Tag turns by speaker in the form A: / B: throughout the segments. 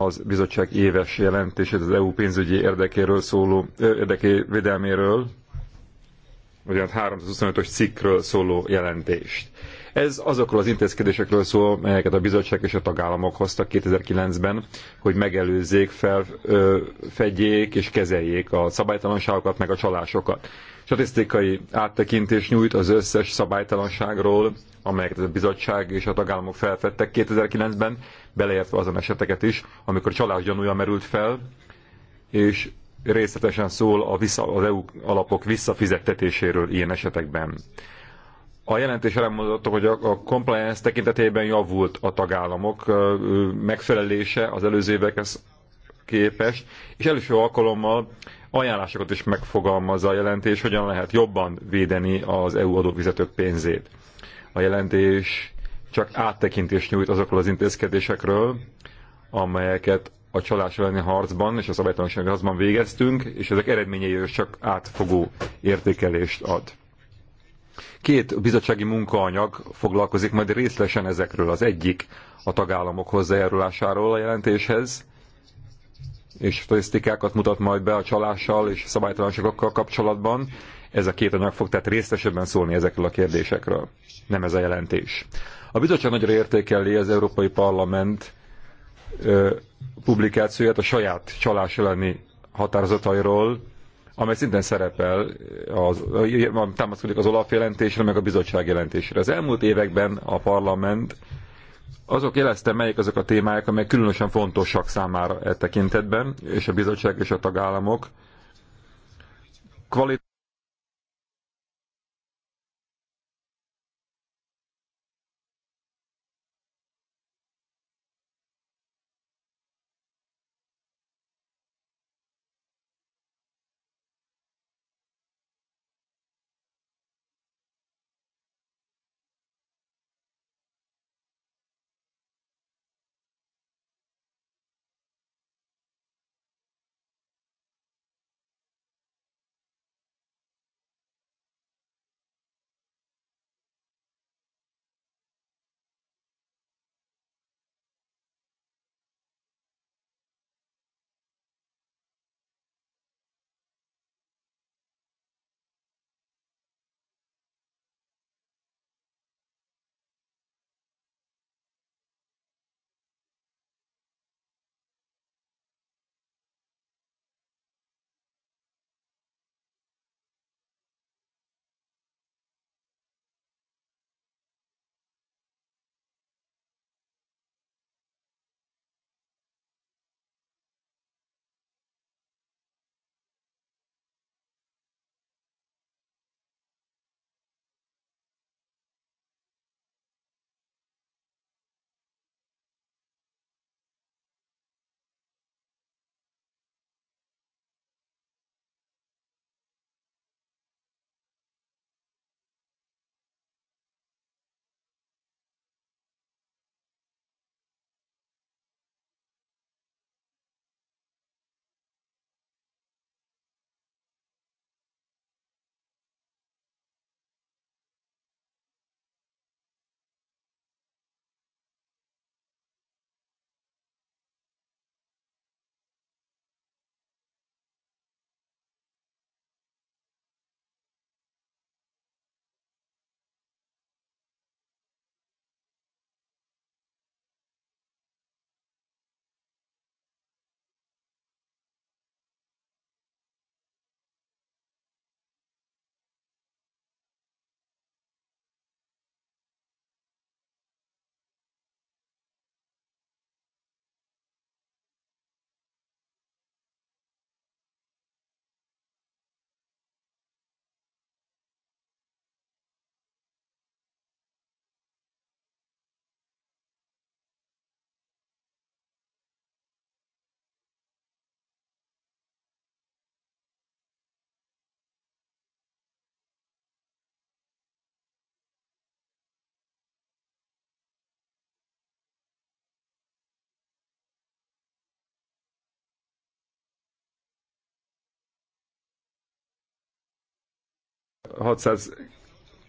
A: az bizottság éves jelentését az EU pénzügyi érdekéről szóló, érdekévédelméről, ugyan 325-ös cikkről szóló jelentést. Ez azokról az intézkedésekről szól, melyeket a bizottság és a tagállamok hoztak 2009-ben, hogy megelőzzék, felfedjék és kezeljék a szabálytalanságokat, meg a csalásokat. Statisztikai áttekintés nyújt az összes szabálytalanságról, amelyeket a bizottság és a tagállamok felfedtek 2009-ben, beleértve azon eseteket is, amikor csalás gyanúja merült fel, és részletesen szól a vissza, az EU alapok visszafizettetéséről ilyen esetekben. A jelentés elmondottak, hogy a, a compliance tekintetében javult a tagállamok megfelelése az előző évekhez képest, és első alkalommal ajánlásokat is megfogalmazza a jelentés, hogyan lehet jobban védeni az EU adófizetők pénzét. A jelentés csak áttekintést nyújt azokról az intézkedésekről, amelyeket a csalás elleni harcban és a szabálytalanság harcban végeztünk, és ezek eredményeiről csak átfogó értékelést ad. Két bizottsági munkaanyag foglalkozik majd részlesen ezekről. Az egyik a tagállamok hozzájárulásáról a jelentéshez, és statisztikákat mutat majd be a csalással és szabálytalanságokkal kapcsolatban. Ez a két anyag fog tehát részlesebben szólni ezekről a kérdésekről. Nem ez a jelentés. A bizottság nagyra értékeli az Európai Parlament ö, publikációját a saját csalás elleni határozatairól, amely szintén szerepel, az, támaszkodik az Olaf jelentésre, meg a bizottság jelentésre. Az elmúlt években a parlament azok jelezte, melyik azok a témák, amelyek különösen fontosak számára e tekintetben, és a bizottság és a tagállamok kvalit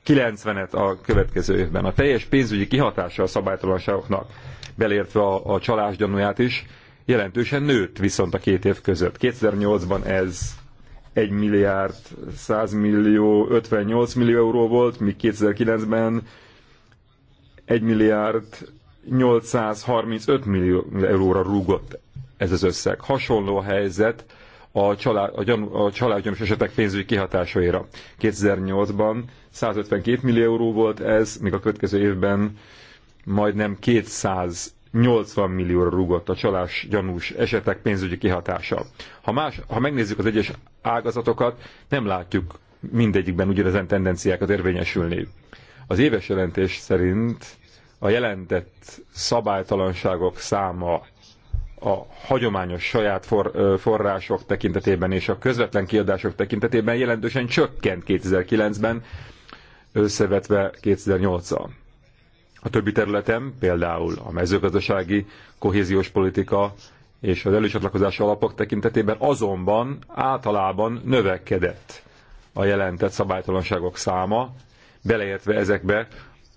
A: 690-et a következő évben. A teljes pénzügyi kihatása a szabálytalanságoknak, belértve a, a csalás gyanúját is, jelentősen nőtt viszont a két év között. 2008-ban ez 1 milliárd 100 millió 58 millió euró volt, míg 2009-ben 1 milliárd 835 millió euróra rúgott ez az összeg. Hasonló a helyzet a, család, a, a családgyanús esetek pénzügyi kihatásaira. 2008-ban 152 millió euró volt ez, míg a következő évben majdnem 200 80 millióra rúgott a csalás gyanús esetek pénzügyi kihatása. Ha, más, ha megnézzük az egyes ágazatokat, nem látjuk mindegyikben ugyanezen tendenciákat érvényesülni. Az éves jelentés szerint a jelentett szabálytalanságok száma a hagyományos saját for, források tekintetében és a közvetlen kiadások tekintetében jelentősen csökkent 2009-ben, összevetve 2008-al. A többi területen, például a mezőgazdasági, kohéziós politika és az előcsatlakozási alapok tekintetében azonban általában növekedett a jelentett szabálytalanságok száma, beleértve ezekbe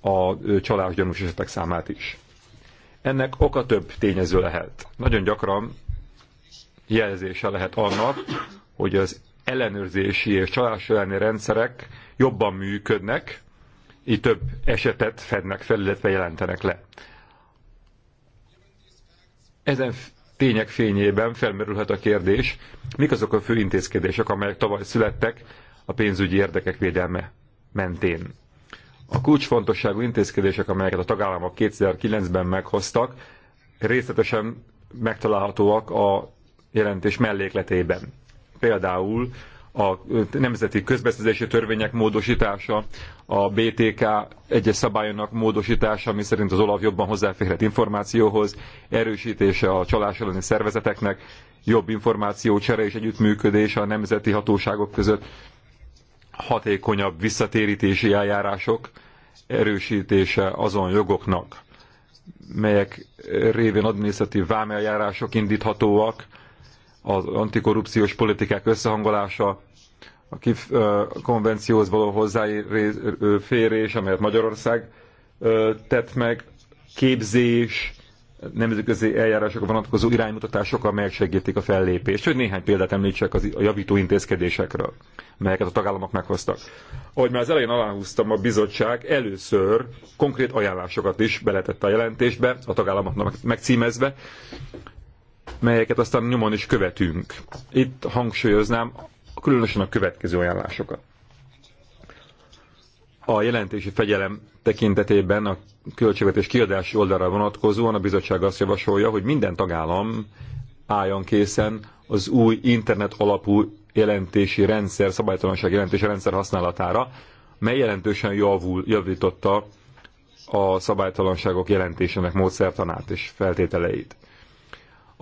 A: a csalásgyanús esetek számát is. Ennek oka több tényező lehet. Nagyon gyakran jelzése lehet annak, hogy az ellenőrzési és csalás elleni rendszerek jobban működnek, így több esetet fednek fel, illetve jelentenek le. Ezen tények fényében felmerülhet a kérdés, mik azok a fő intézkedések, amelyek tavaly születtek a pénzügyi érdekek védelme mentén. A kulcsfontosságú intézkedések, amelyeket a tagállamok 2009-ben meghoztak, részletesen megtalálhatóak a jelentés mellékletében. Például a nemzeti közbeszerzési törvények módosítása, a BTK egyes szabályainak módosítása, ami szerint az OLAV jobban hozzáférhet információhoz, erősítése a csalás elleni szervezeteknek, jobb információcsere és együttműködés a nemzeti hatóságok között, hatékonyabb visszatérítési eljárások erősítése azon jogoknak, melyek révén adminisztratív vámeljárások indíthatóak, az antikorrupciós politikák összehangolása, a KIF konvencióhoz való hozzáférés, amelyet Magyarország tett meg, képzés, nemzetközi eljárásokra vonatkozó iránymutatások, amelyek segítik a fellépést. Hogy néhány példát említsek az, a javító intézkedésekről, melyeket a tagállamok meghoztak. Ahogy már az elején aláhúztam, a bizottság először konkrét ajánlásokat is beletette a jelentésbe, a tagállamoknak megcímezve, melyeket aztán nyomon is követünk. Itt hangsúlyoznám különösen a következő ajánlásokat. A jelentési fegyelem tekintetében a költségvetés kiadási oldalra vonatkozóan a bizottság azt javasolja, hogy minden tagállam álljon készen az új internet alapú jelentési rendszer, szabálytalanság jelentési rendszer használatára, mely jelentősen javul, javította a szabálytalanságok jelentésének módszertanát és feltételeit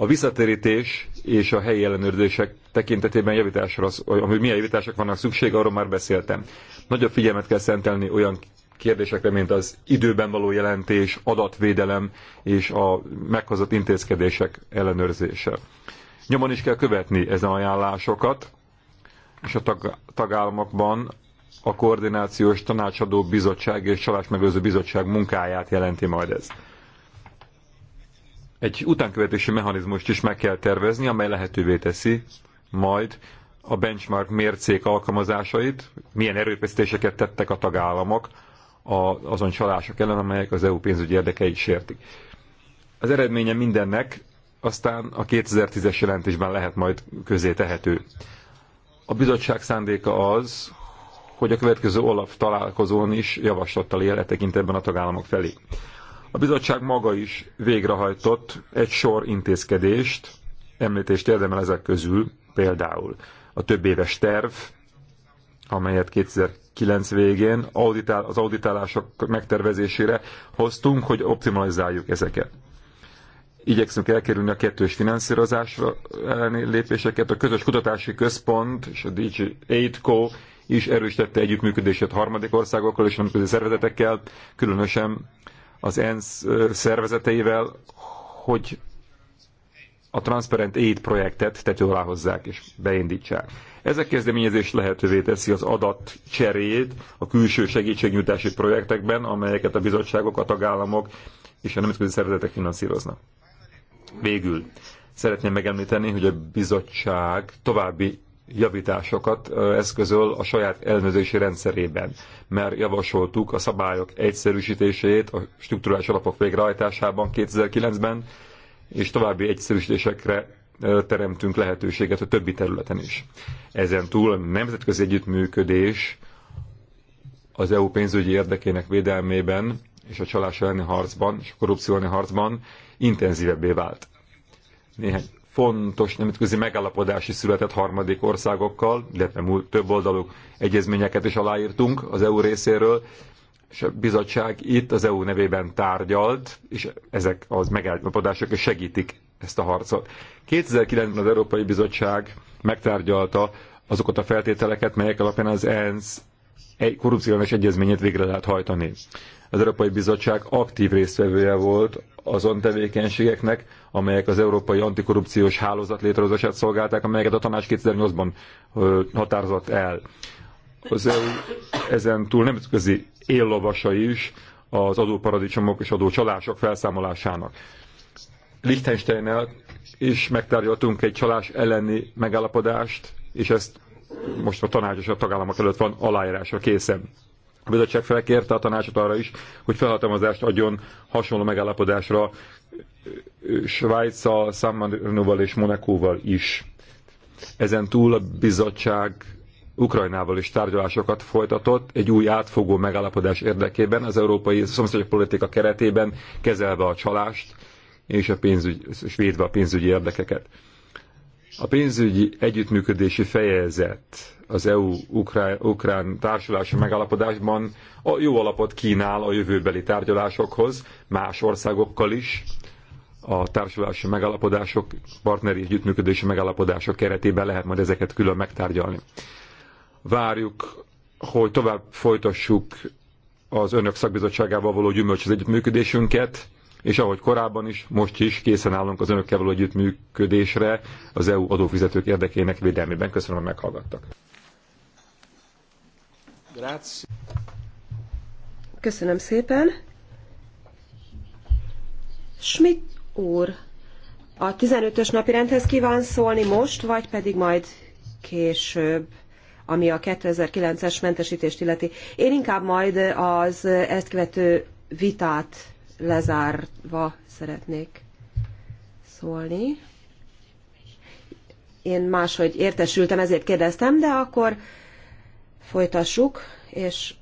A: a visszatérítés és a helyi ellenőrzések tekintetében javításra, hogy milyen javítások vannak szükség, arról már beszéltem. Nagyobb figyelmet kell szentelni olyan kérdésekre, mint az időben való jelentés, adatvédelem és a meghozott intézkedések ellenőrzése. Nyomon is kell követni ezen ajánlásokat, és a tag, tagállamokban a koordinációs tanácsadó bizottság és csalásmegőző bizottság munkáját jelenti majd ez egy utánkövetési mechanizmust is meg kell tervezni, amely lehetővé teszi majd a benchmark mércék alkalmazásait, milyen erőfeszítéseket tettek a tagállamok azon csalások ellen, amelyek az EU pénzügyi érdekeit sértik. Az eredménye mindennek aztán a 2010-es jelentésben lehet majd közé tehető. A bizottság szándéka az, hogy a következő Olaf találkozón is javaslattal él e tekintetben a tagállamok felé. A bizottság maga is végrehajtott egy sor intézkedést, említést érdemel ezek közül, például a több éves terv, amelyet 2009 végén auditál, az auditálások megtervezésére hoztunk, hogy optimalizáljuk ezeket. Igyekszünk elkerülni a kettős finanszírozásra elleni lépéseket. A közös kutatási központ és a DG 8Co is erősítette együttműködését harmadik országokkal és nemzetközi szervezetekkel, különösen az ENSZ szervezeteivel, hogy a Transparent Aid projektet tető alá hozzák és beindítsák. Ez a kezdeményezés lehetővé teszi az adat cserét a külső segítségnyújtási projektekben, amelyeket a bizottságok, a tagállamok és a nemzetközi szervezetek finanszíroznak. Végül szeretném megemlíteni, hogy a bizottság további javításokat eszközöl a saját ellenőrzési rendszerében, mert javasoltuk a szabályok egyszerűsítését a struktúrális alapok végrehajtásában 2009-ben, és további egyszerűsítésekre teremtünk lehetőséget a többi területen is. Ezen túl a nemzetközi együttműködés az EU pénzügyi érdekének védelmében és a csalás elleni harcban és a korrupció elleni harcban intenzívebbé vált. Néhány fontos nemzetközi megállapodás is született harmadik országokkal, illetve több oldalú egyezményeket is aláírtunk az EU részéről, és a bizottság itt az EU nevében tárgyalt, és ezek az megállapodások is segítik ezt a harcot. 2009-ben az Európai Bizottság megtárgyalta azokat a feltételeket, melyek alapján az ENSZ korrupciós egyezményét végre lehet hajtani az Európai Bizottság aktív résztvevője volt azon tevékenységeknek, amelyek az Európai Antikorrupciós Hálózat létrehozását szolgálták, amelyeket a tanács 2008-ban határozott el. Az EU ezen túl nemzetközi éllovasa is az adóparadicsomok és adócsalások felszámolásának. liechtenstein is megtárgyaltunk egy csalás elleni megállapodást, és ezt most a tanács és a tagállamok előtt van aláírásra készen. A bizottság felkérte a tanácsot arra is, hogy felhatalmazást adjon hasonló megállapodásra Svájca, San Marinoval és Monekóval is. Ezen túl a bizottság Ukrajnával is tárgyalásokat folytatott egy új átfogó megállapodás érdekében az európai szomszédos politika keretében kezelve a csalást és a pénzügy, és védve a pénzügyi érdekeket. A pénzügyi együttműködési fejezet az EU-Ukrán társulási megállapodásban a jó alapot kínál a jövőbeli tárgyalásokhoz, más országokkal is, a társulási megállapodások, partneri együttműködési megállapodások keretében lehet majd ezeket külön megtárgyalni. Várjuk, hogy tovább folytassuk az önök szakbizottságával való gyümölcs az együttműködésünket, és ahogy korábban is, most is készen állunk az önökkel való együttműködésre az EU adófizetők érdekének védelmében. Köszönöm, hogy meghallgattak.
B: Köszönöm szépen. Schmidt úr, a 15-ös napi rendhez kíván szólni most, vagy pedig majd később, ami a 2009-es mentesítést illeti. Én inkább majd az ezt követő vitát lezárva szeretnék szólni. Én máshogy értesültem, ezért kérdeztem, de akkor folytassuk, és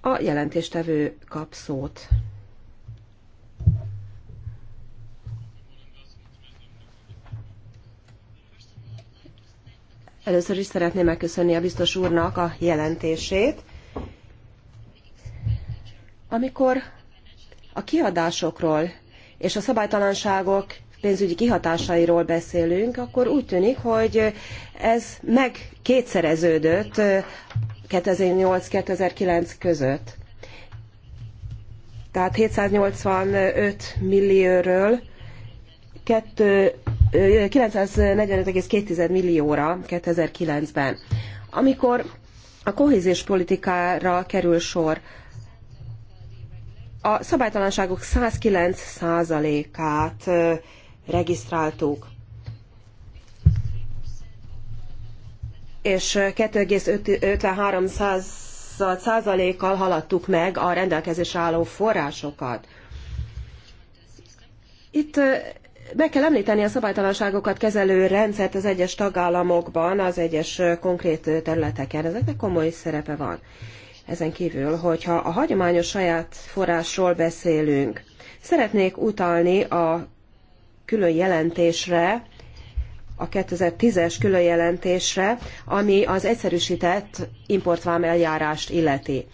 B: a jelentéstevő kap szót. Először is szeretném megköszönni a biztos úrnak a jelentését. Amikor a kiadásokról és a szabálytalanságok pénzügyi kihatásairól beszélünk, akkor úgy tűnik, hogy ez meg kétszereződött 2008-2009 között. Tehát 785 millióról 945,2 millióra 2009-ben. Amikor a kohéziós politikára kerül sor, a szabálytalanságok 109%-át regisztráltuk. És 2,53 százalékkal haladtuk meg a rendelkezésre álló forrásokat. Itt meg kell említeni a szabálytalanságokat kezelő rendszert az egyes tagállamokban, az egyes konkrét területeken. Ezeknek komoly szerepe van. Ezen kívül, hogyha a hagyományos saját forrásról beszélünk, szeretnék utalni a külön jelentésre, a 2010-es külön jelentésre, ami az egyszerűsített importvám eljárást illeti.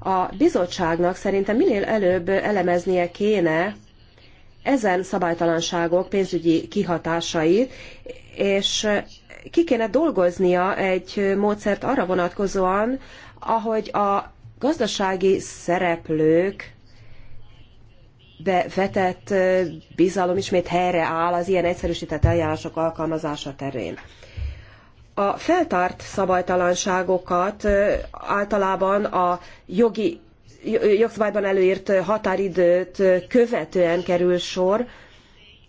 B: A bizottságnak szerintem minél előbb elemeznie kéne ezen szabálytalanságok pénzügyi kihatásait, és ki kéne dolgoznia egy módszert arra vonatkozóan, ahogy a gazdasági szereplők bevetett bizalom ismét helyreáll az ilyen egyszerűsített eljárások alkalmazása terén. A feltárt szabálytalanságokat általában a jogi, jogszabályban előírt határidőt követően kerül sor,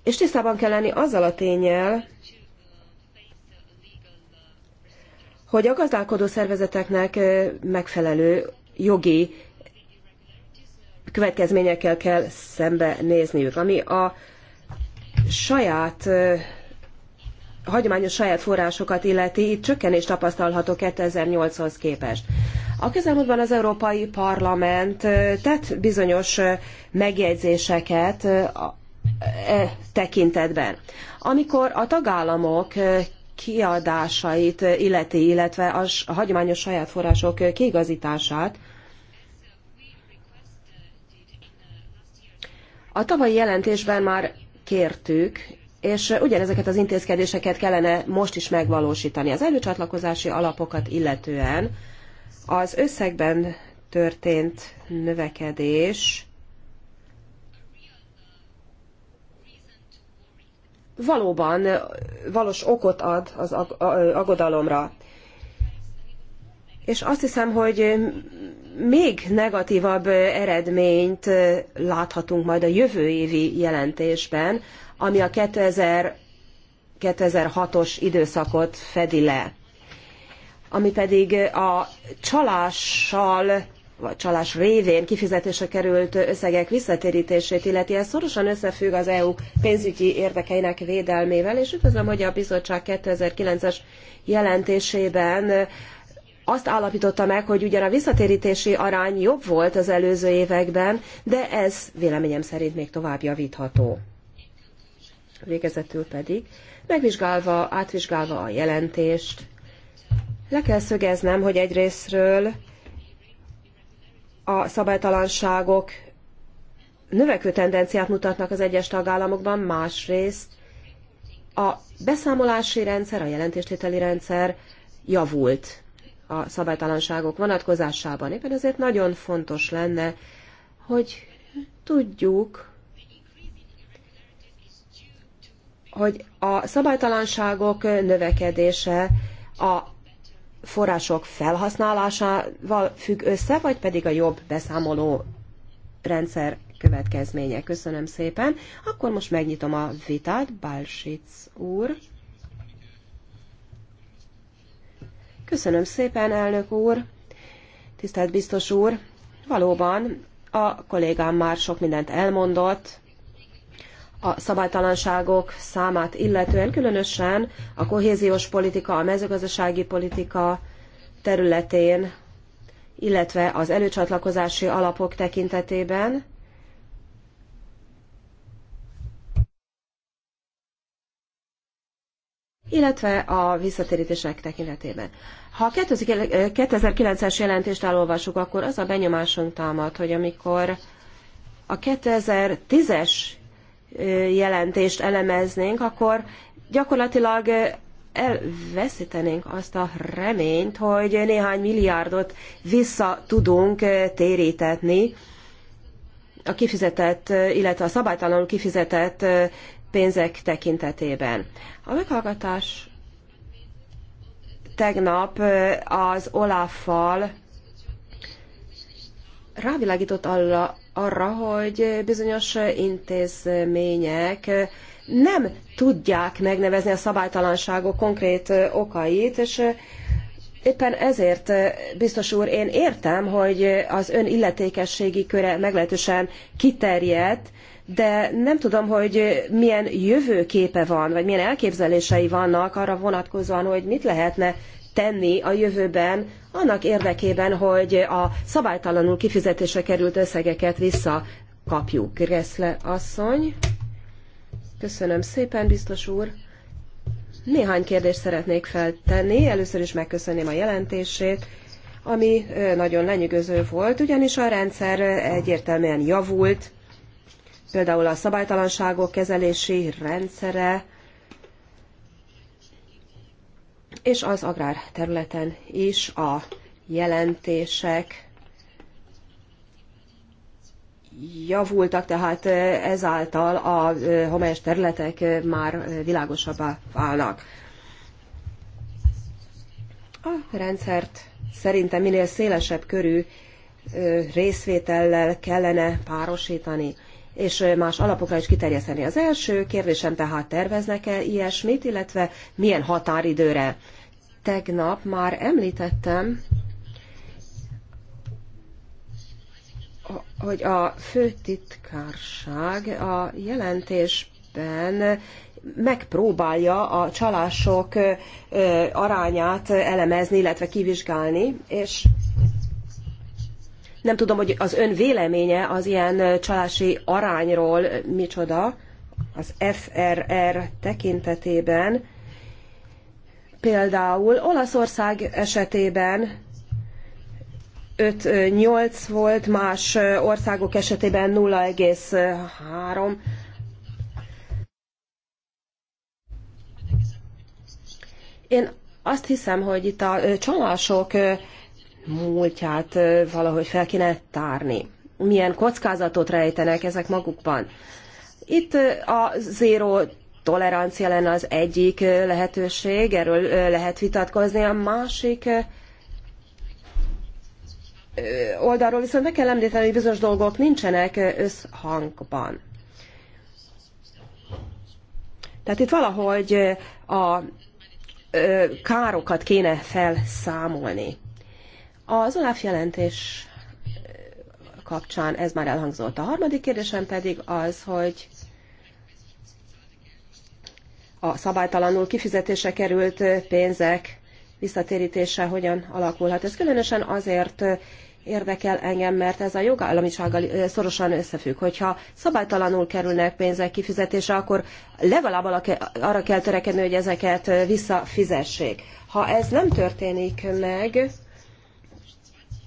B: és tisztában kell lenni azzal a tényel, hogy a gazdálkodó szervezeteknek megfelelő jogi következményekkel kell szembenézniük, ami a saját hagyományos saját forrásokat illeti, itt csökkenést tapasztalható 2008-hoz képest. A közelmúltban az Európai Parlament tett bizonyos megjegyzéseket e tekintetben. Amikor a tagállamok kiadásait illeti, illetve a hagyományos saját források kiigazítását. A tavalyi jelentésben már kértük, és ugyanezeket az intézkedéseket kellene most is megvalósítani. Az előcsatlakozási alapokat illetően az összegben történt növekedés valóban valós okot ad az aggodalomra. És azt hiszem, hogy még negatívabb eredményt láthatunk majd a jövő évi jelentésben, ami a 2006-os időszakot fedi le, ami pedig a csalással vagy csalás révén kifizetése került összegek visszatérítését illeti. Ez szorosan összefügg az EU pénzügyi érdekeinek védelmével, és üdvözlöm, hogy a bizottság 2009-es jelentésében azt állapította meg, hogy ugyan a visszatérítési arány jobb volt az előző években, de ez véleményem szerint még tovább javítható. Végezetül pedig, megvizsgálva, átvizsgálva a jelentést, le kell szögeznem, hogy egyrésztről a szabálytalanságok növekvő tendenciát mutatnak az egyes tagállamokban, másrészt a beszámolási rendszer, a jelentéstételi rendszer javult a szabálytalanságok vonatkozásában. Éppen ezért nagyon fontos lenne, hogy tudjuk, hogy a szabálytalanságok növekedése a források felhasználásával függ össze, vagy pedig a jobb beszámoló rendszer következménye. Köszönöm szépen. Akkor most megnyitom a vitát, Balsic úr. Köszönöm szépen, elnök úr. Tisztelt biztos úr, valóban a kollégám már sok mindent elmondott, a szabálytalanságok számát illetően, különösen a kohéziós politika, a mezőgazdasági politika területén, illetve az előcsatlakozási alapok tekintetében. illetve a visszatérítések tekintetében. Ha a 2009-es eh, jelentést elolvassuk, akkor az a benyomásunk támad, hogy amikor a 2010-es jelentést elemeznénk, akkor gyakorlatilag elveszítenénk azt a reményt, hogy néhány milliárdot vissza tudunk térítetni a kifizetett, illetve a szabálytalanul kifizetett pénzek tekintetében. A meghallgatás tegnap az Olaf-fal rávilágított arra, arra, hogy bizonyos intézmények nem tudják megnevezni a szabálytalanságok konkrét okait, és éppen ezért, biztos úr, én értem, hogy az ön illetékességi köre meglehetősen kiterjedt, de nem tudom, hogy milyen jövőképe van, vagy milyen elképzelései vannak arra vonatkozóan, hogy mit lehetne tenni a jövőben annak érdekében, hogy a szabálytalanul kifizetése került összegeket visszakapjuk. Greszle asszony. Köszönöm szépen, biztos úr. Néhány kérdést szeretnék feltenni. Először is megköszönném a jelentését, ami nagyon lenyűgöző volt, ugyanis a rendszer egyértelműen javult, például a szabálytalanságok kezelési rendszere, és az agrárterületen is a jelentések javultak, tehát ezáltal a homályos területek már világosabbá válnak. A rendszert szerintem minél szélesebb körű részvétellel kellene párosítani és más alapokra is kiterjeszteni. Az első kérdésem tehát terveznek-e ilyesmit, illetve milyen határidőre? tegnap már említettem, hogy a főtitkárság a jelentésben megpróbálja a csalások arányát elemezni, illetve kivizsgálni, és nem tudom, hogy az ön véleménye az ilyen csalási arányról micsoda az FRR tekintetében Például Olaszország esetében 5-8 volt, más országok esetében 0,3. Én azt hiszem, hogy itt a csalások múltját valahogy fel kéne tárni. Milyen kockázatot rejtenek ezek magukban. Itt a 0 tolerancia lenne az egyik lehetőség, erről lehet vitatkozni, a másik oldalról viszont meg kell említeni, hogy bizonyos dolgok nincsenek összhangban. Tehát itt valahogy a károkat kéne felszámolni. Az Olaf jelentés kapcsán ez már elhangzott. A harmadik kérdésem pedig az, hogy a szabálytalanul kifizetése került pénzek visszatérítése hogyan alakulhat. Ez különösen azért érdekel engem, mert ez a jogállamisággal szorosan összefügg. Hogyha szabálytalanul kerülnek pénzek kifizetése, akkor legalább arra kell törekedni, hogy ezeket visszafizessék. Ha ez nem történik meg,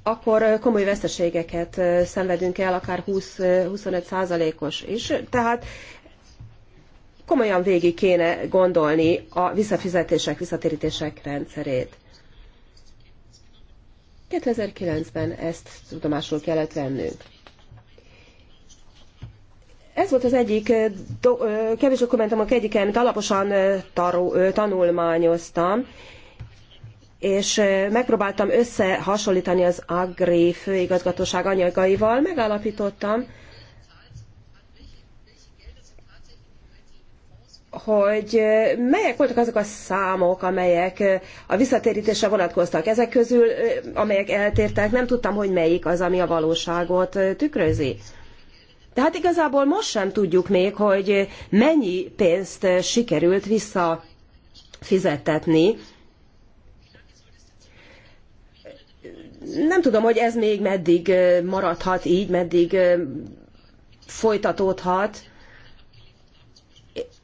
B: akkor komoly veszteségeket szenvedünk el, akár 20-25 százalékos is. Tehát komolyan végig kéne gondolni a visszafizetések, visszatérítések rendszerét. 2009-ben ezt tudomásul kellett vennünk. Ez volt az egyik eh, do, eh, kevés dokumentumok egyik, amit alaposan eh, taró, tanulmányoztam, és megpróbáltam összehasonlítani az Agri főigazgatóság anyagaival, megállapítottam, hogy melyek voltak azok a számok, amelyek a visszatérítésre vonatkoztak. Ezek közül, amelyek eltértek, nem tudtam, hogy melyik az, ami a valóságot tükrözi. Tehát igazából most sem tudjuk még, hogy mennyi pénzt sikerült visszafizettetni. Nem tudom, hogy ez még meddig maradhat így, meddig folytatódhat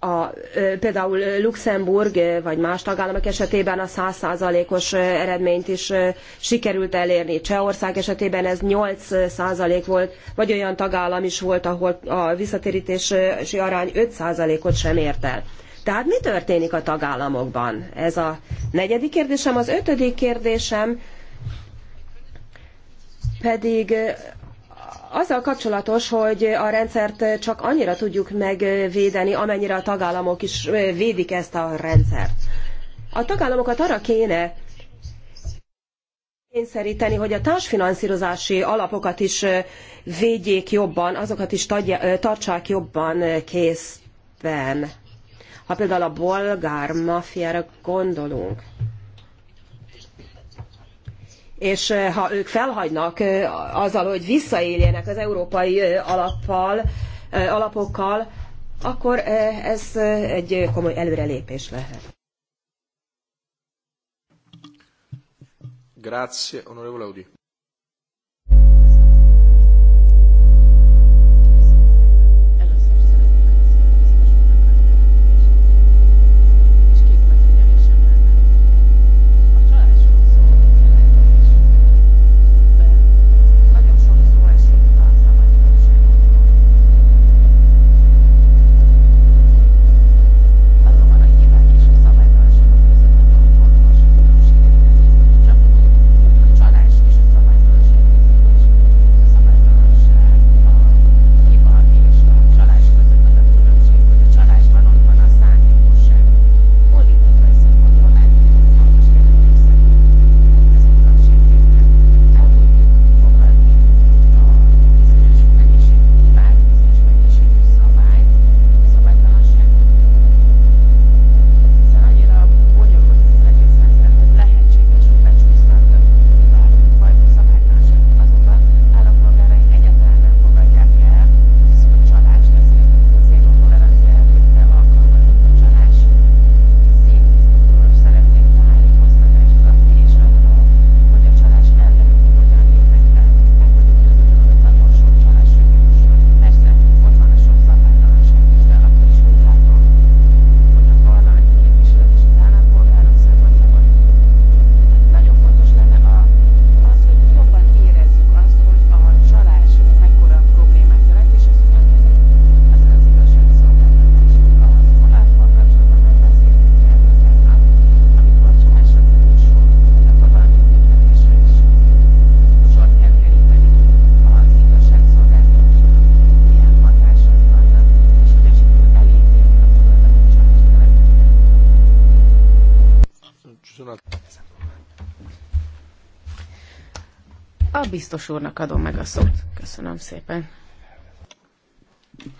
B: a, például Luxemburg vagy más tagállamok esetében a 100%-os eredményt is sikerült elérni. Csehország esetében ez 8% volt, vagy olyan tagállam is volt, ahol a visszatérítési arány 5%-ot sem ért el. Tehát mi történik a tagállamokban? Ez a negyedik kérdésem. Az ötödik kérdésem pedig azzal kapcsolatos, hogy a rendszert csak annyira tudjuk megvédeni, amennyire a tagállamok is védik ezt a rendszert. A tagállamokat arra kéne kényszeríteni, hogy a társfinanszírozási alapokat is védjék jobban, azokat is tadja, tartsák jobban készben. Ha például a bolgár mafiára gondolunk, és eh, ha ők felhagynak eh, azzal, hogy visszaéljenek az európai eh, alappal, alapokkal, akkor ez egy komoly előrelépés lehet.
C: Grazie, onorevole Audi.
D: biztos úrnak adom meg a szót. Köszönöm szépen.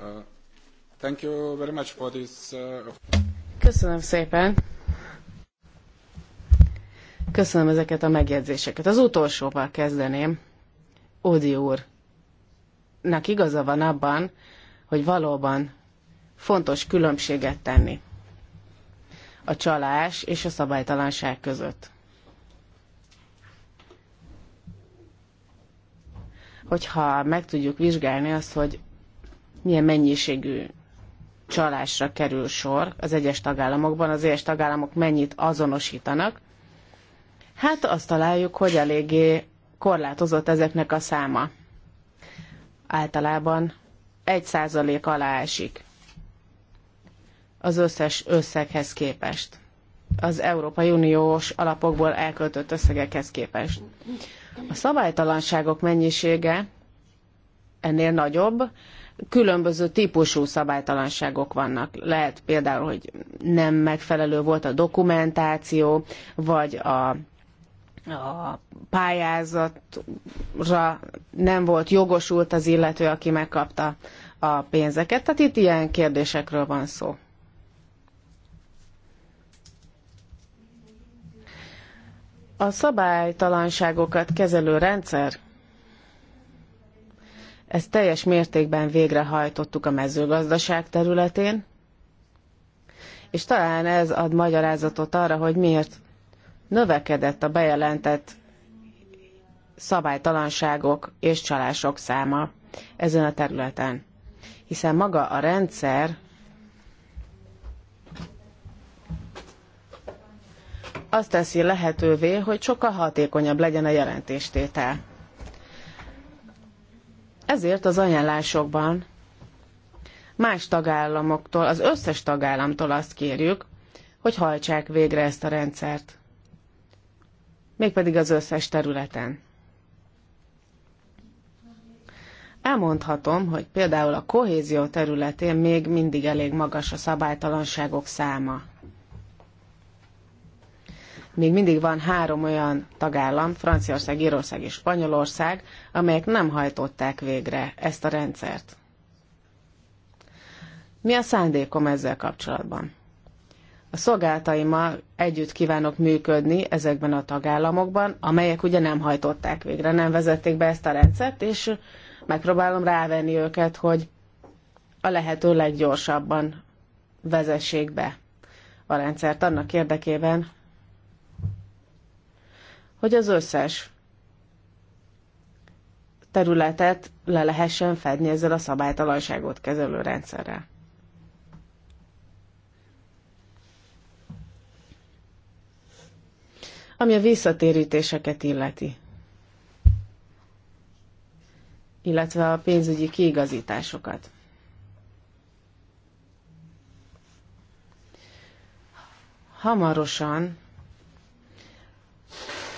A: Uh, thank you very much for this, uh,
D: Köszönöm szépen. Köszönöm ezeket a megjegyzéseket. Az utolsóval kezdeném. Ódi úrnak igaza van abban, hogy valóban fontos különbséget tenni a csalás és a szabálytalanság között. hogyha meg tudjuk vizsgálni azt, hogy milyen mennyiségű csalásra kerül sor az egyes tagállamokban, az egyes tagállamok mennyit azonosítanak, hát azt találjuk, hogy eléggé korlátozott ezeknek a száma. Általában egy százalék alá esik az összes összeghez képest. Az Európai Uniós alapokból elköltött összegekhez képest. A szabálytalanságok mennyisége ennél nagyobb, különböző típusú szabálytalanságok vannak. Lehet például, hogy nem megfelelő volt a dokumentáció, vagy a, a pályázatra nem volt jogosult az illető, aki megkapta a pénzeket. Tehát itt ilyen kérdésekről van szó. A szabálytalanságokat kezelő rendszer, ezt teljes mértékben végrehajtottuk a mezőgazdaság területén, és talán ez ad magyarázatot arra, hogy miért növekedett a bejelentett szabálytalanságok és csalások száma ezen a területen. Hiszen maga a rendszer azt teszi lehetővé, hogy sokkal hatékonyabb legyen a jelentéstétel. Ezért az ajánlásokban más tagállamoktól, az összes tagállamtól azt kérjük, hogy hajtsák végre ezt a rendszert. Mégpedig az összes területen. Elmondhatom, hogy például a kohézió területén még mindig elég magas a szabálytalanságok száma még mindig van három olyan tagállam, Franciaország, Írország és Spanyolország, amelyek nem hajtották végre ezt a rendszert. Mi a szándékom ezzel kapcsolatban? A szolgáltaimmal együtt kívánok működni ezekben a tagállamokban, amelyek ugye nem hajtották végre, nem vezették be ezt a rendszert, és megpróbálom rávenni őket, hogy a lehető leggyorsabban vezessék be a rendszert annak érdekében, hogy az összes területet le lehessen fedni ezzel a szabálytalanságot kezelő rendszerrel. Ami a visszatérítéseket illeti, illetve a pénzügyi kiigazításokat. Hamarosan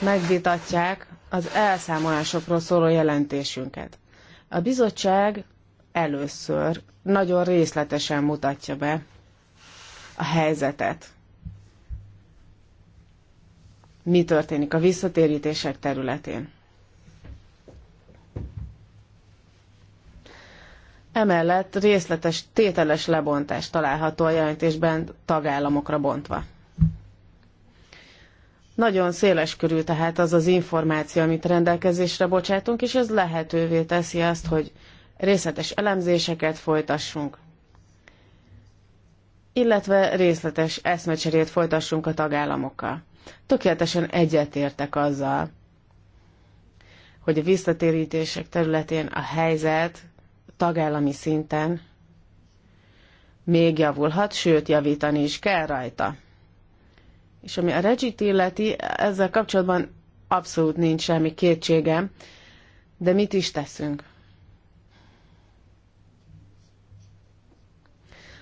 D: megvitatják az elszámolásokról szóló jelentésünket. A bizottság először nagyon részletesen mutatja be a helyzetet. Mi történik a visszatérítések területén? Emellett részletes tételes lebontás található a jelentésben tagállamokra bontva. Nagyon széles körül tehát az az információ, amit rendelkezésre bocsátunk, és ez lehetővé teszi azt, hogy részletes elemzéseket folytassunk, illetve részletes eszmecserét folytassunk a tagállamokkal. Tökéletesen egyetértek azzal, hogy a visszatérítések területén a helyzet tagállami szinten még javulhat, sőt javítani is kell rajta. És ami a Regit illeti, ezzel kapcsolatban abszolút nincs semmi kétségem, de mit is teszünk?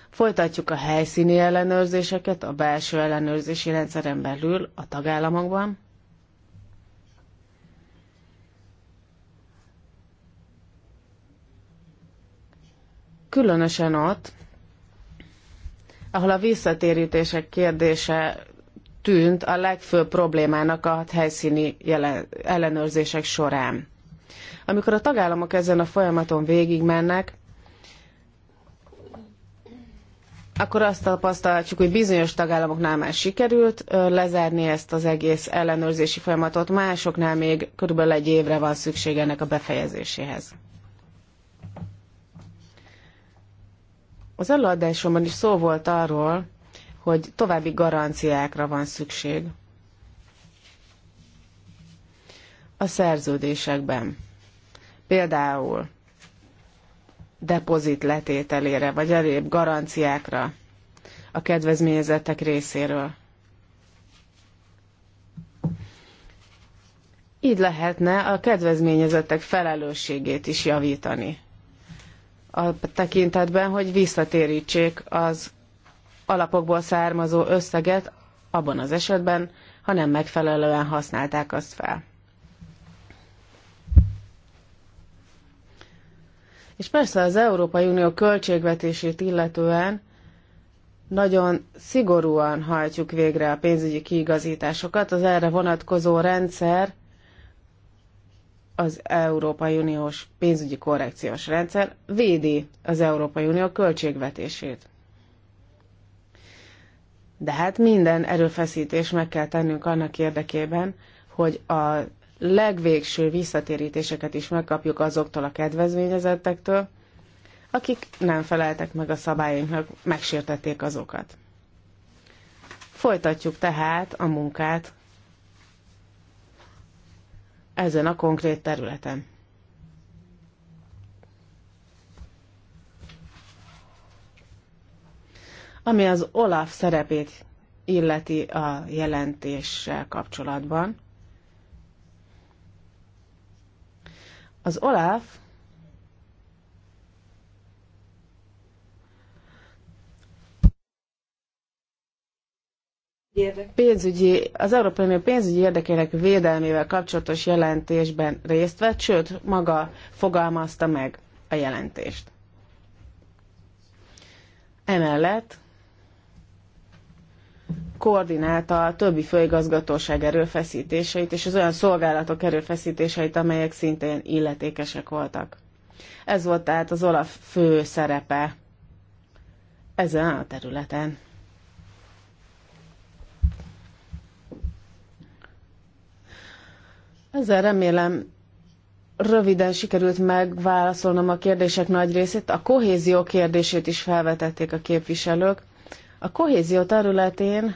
D: Folytatjuk a helyszíni ellenőrzéseket a belső ellenőrzési rendszeren belül a tagállamokban. Különösen ott, ahol a visszatérítések kérdése tűnt a legfőbb problémának a helyszíni jelen, ellenőrzések során. Amikor a tagállamok ezen a folyamaton végigmennek, akkor azt tapasztalhatjuk, hogy bizonyos tagállamoknál már sikerült lezárni ezt az egész ellenőrzési folyamatot, másoknál még körülbelül egy évre van szükség ennek a befejezéséhez. Az előadásomban is szó volt arról, hogy további garanciákra van szükség a szerződésekben. Például depozit letételére, vagy elébb garanciákra a kedvezményezettek részéről. Így lehetne a kedvezményezettek felelősségét is javítani. A tekintetben, hogy visszatérítsék az alapokból származó összeget abban az esetben, ha nem megfelelően használták azt fel. És persze az Európai Unió költségvetését illetően nagyon szigorúan hajtjuk végre a pénzügyi kiigazításokat. Az erre vonatkozó rendszer az Európai Uniós pénzügyi korrekciós rendszer védi az Európai Unió költségvetését. De hát minden erőfeszítés meg kell tennünk annak érdekében, hogy a legvégső visszatérítéseket is megkapjuk azoktól a kedvezményezettektől, akik nem feleltek meg a szabályainknak, megsértették azokat. Folytatjuk tehát a munkát ezen a konkrét területen. Ami az Olaf szerepét illeti a jelentéssel kapcsolatban. Az Olaf pénzügyi, az Európai Unió pénzügyi érdekének védelmével kapcsolatos jelentésben részt vett, sőt, maga fogalmazta meg a jelentést. Emellett koordinálta a többi főigazgatóság erőfeszítéseit és az olyan szolgálatok erőfeszítéseit, amelyek szintén illetékesek voltak. Ez volt tehát az Olaf fő szerepe ezen a területen. Ezzel remélem röviden sikerült megválaszolnom a kérdések nagy részét. A kohézió kérdését is felvetették a képviselők. A kohézió területén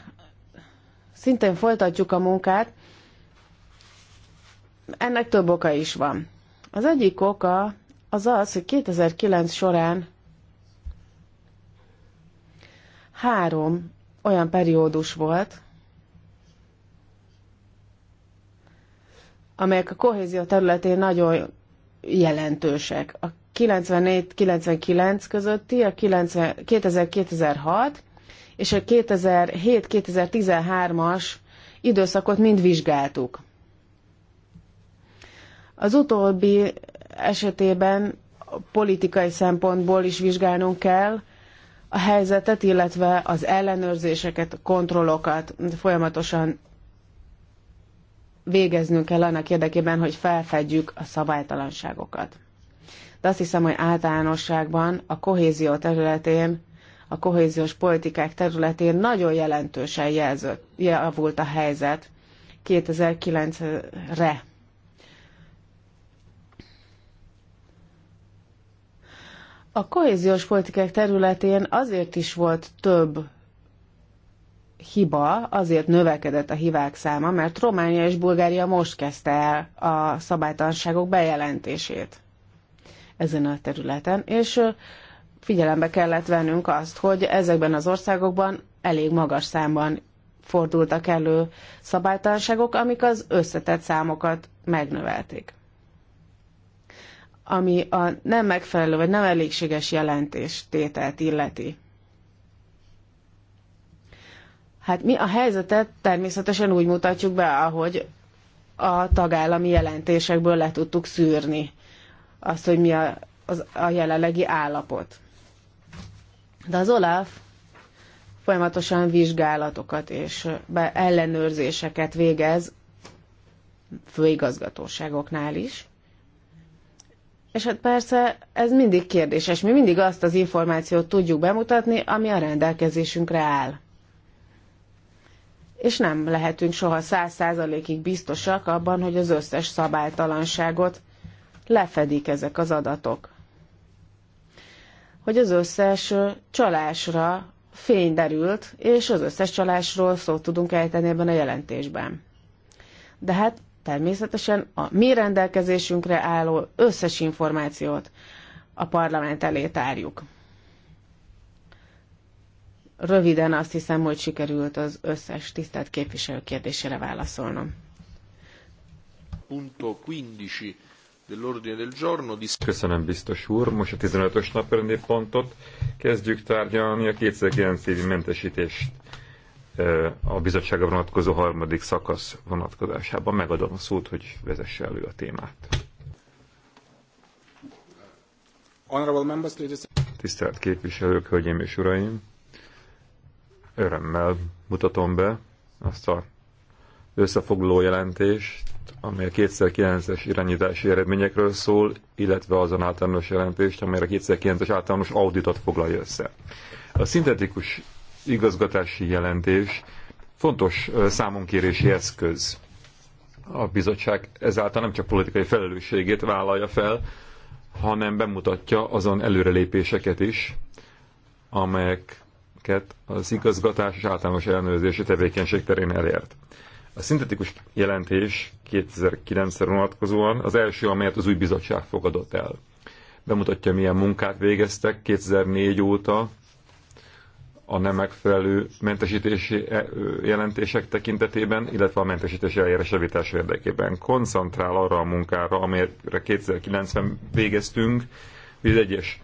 D: szintén folytatjuk a munkát, ennek több oka is van. Az egyik oka az az, hogy 2009 során három olyan periódus volt, amelyek a kohézió területén nagyon jelentősek. A 94-99 közötti, a 2006 és a 2007-2013-as időszakot mind vizsgáltuk. Az utóbbi esetében politikai szempontból is vizsgálnunk kell a helyzetet, illetve az ellenőrzéseket, kontrollokat folyamatosan végeznünk kell annak érdekében, hogy felfedjük a szabálytalanságokat. De azt hiszem, hogy általánosságban a kohézió területén a kohéziós politikák területén nagyon jelentősen jelzött, javult a helyzet 2009-re. A kohéziós politikák területén azért is volt több hiba, azért növekedett a hibák száma, mert Románia és Bulgária most kezdte el a szabálytalanságok bejelentését ezen a területen, és figyelembe kellett vennünk azt, hogy ezekben az országokban elég magas számban fordultak elő szabálytalanságok, amik az összetett számokat megnövelték. Ami a nem megfelelő vagy nem elégséges jelentés tételt illeti. Hát mi a helyzetet természetesen úgy mutatjuk be, ahogy a tagállami jelentésekből le tudtuk szűrni azt, hogy mi a, az, a jelenlegi állapot. De az OLAF folyamatosan vizsgálatokat és ellenőrzéseket végez főigazgatóságoknál is. És hát persze ez mindig kérdéses. Mi mindig azt az információt tudjuk bemutatni, ami a rendelkezésünkre áll. És nem lehetünk soha száz százalékig biztosak abban, hogy az összes szabálytalanságot lefedik ezek az adatok hogy az összes csalásra fény derült, és az összes csalásról szót tudunk ejteni ebben a jelentésben. De hát természetesen a mi rendelkezésünkre álló összes információt a parlament elé tárjuk. Röviden azt hiszem, hogy sikerült az összes tisztelt képviselő kérdésére válaszolnom.
C: Punto 15
A: Köszönöm, biztos úr. Most a 15-ös napörendi pontot kezdjük tárgyalni a 2009 évi mentesítést a bizottsága vonatkozó harmadik szakasz vonatkozásában. Megadom a szót, hogy vezesse elő a témát. Tisztelt képviselők, hölgyeim és uraim! Örömmel mutatom be azt a összefoglaló jelentést, amely a 2009-es irányítási eredményekről szól, illetve azon általános jelentést, amely a 2009-es általános auditot foglalja össze. A szintetikus igazgatási jelentés fontos számonkérési eszköz. A bizottság ezáltal nem csak politikai felelősségét vállalja fel, hanem bemutatja azon előrelépéseket is, amelyeket az igazgatás és általános ellenőrzési tevékenység terén elért. A szintetikus jelentés 2009-re vonatkozóan az első, amelyet az új bizottság fogadott el. Bemutatja, milyen munkát végeztek 2004 óta a nem megfelelő mentesítési e, jelentések tekintetében, illetve a mentesítési eljárás javítása érdekében. Koncentrál arra a munkára, amelyre 2090 végeztünk, hogy az egyes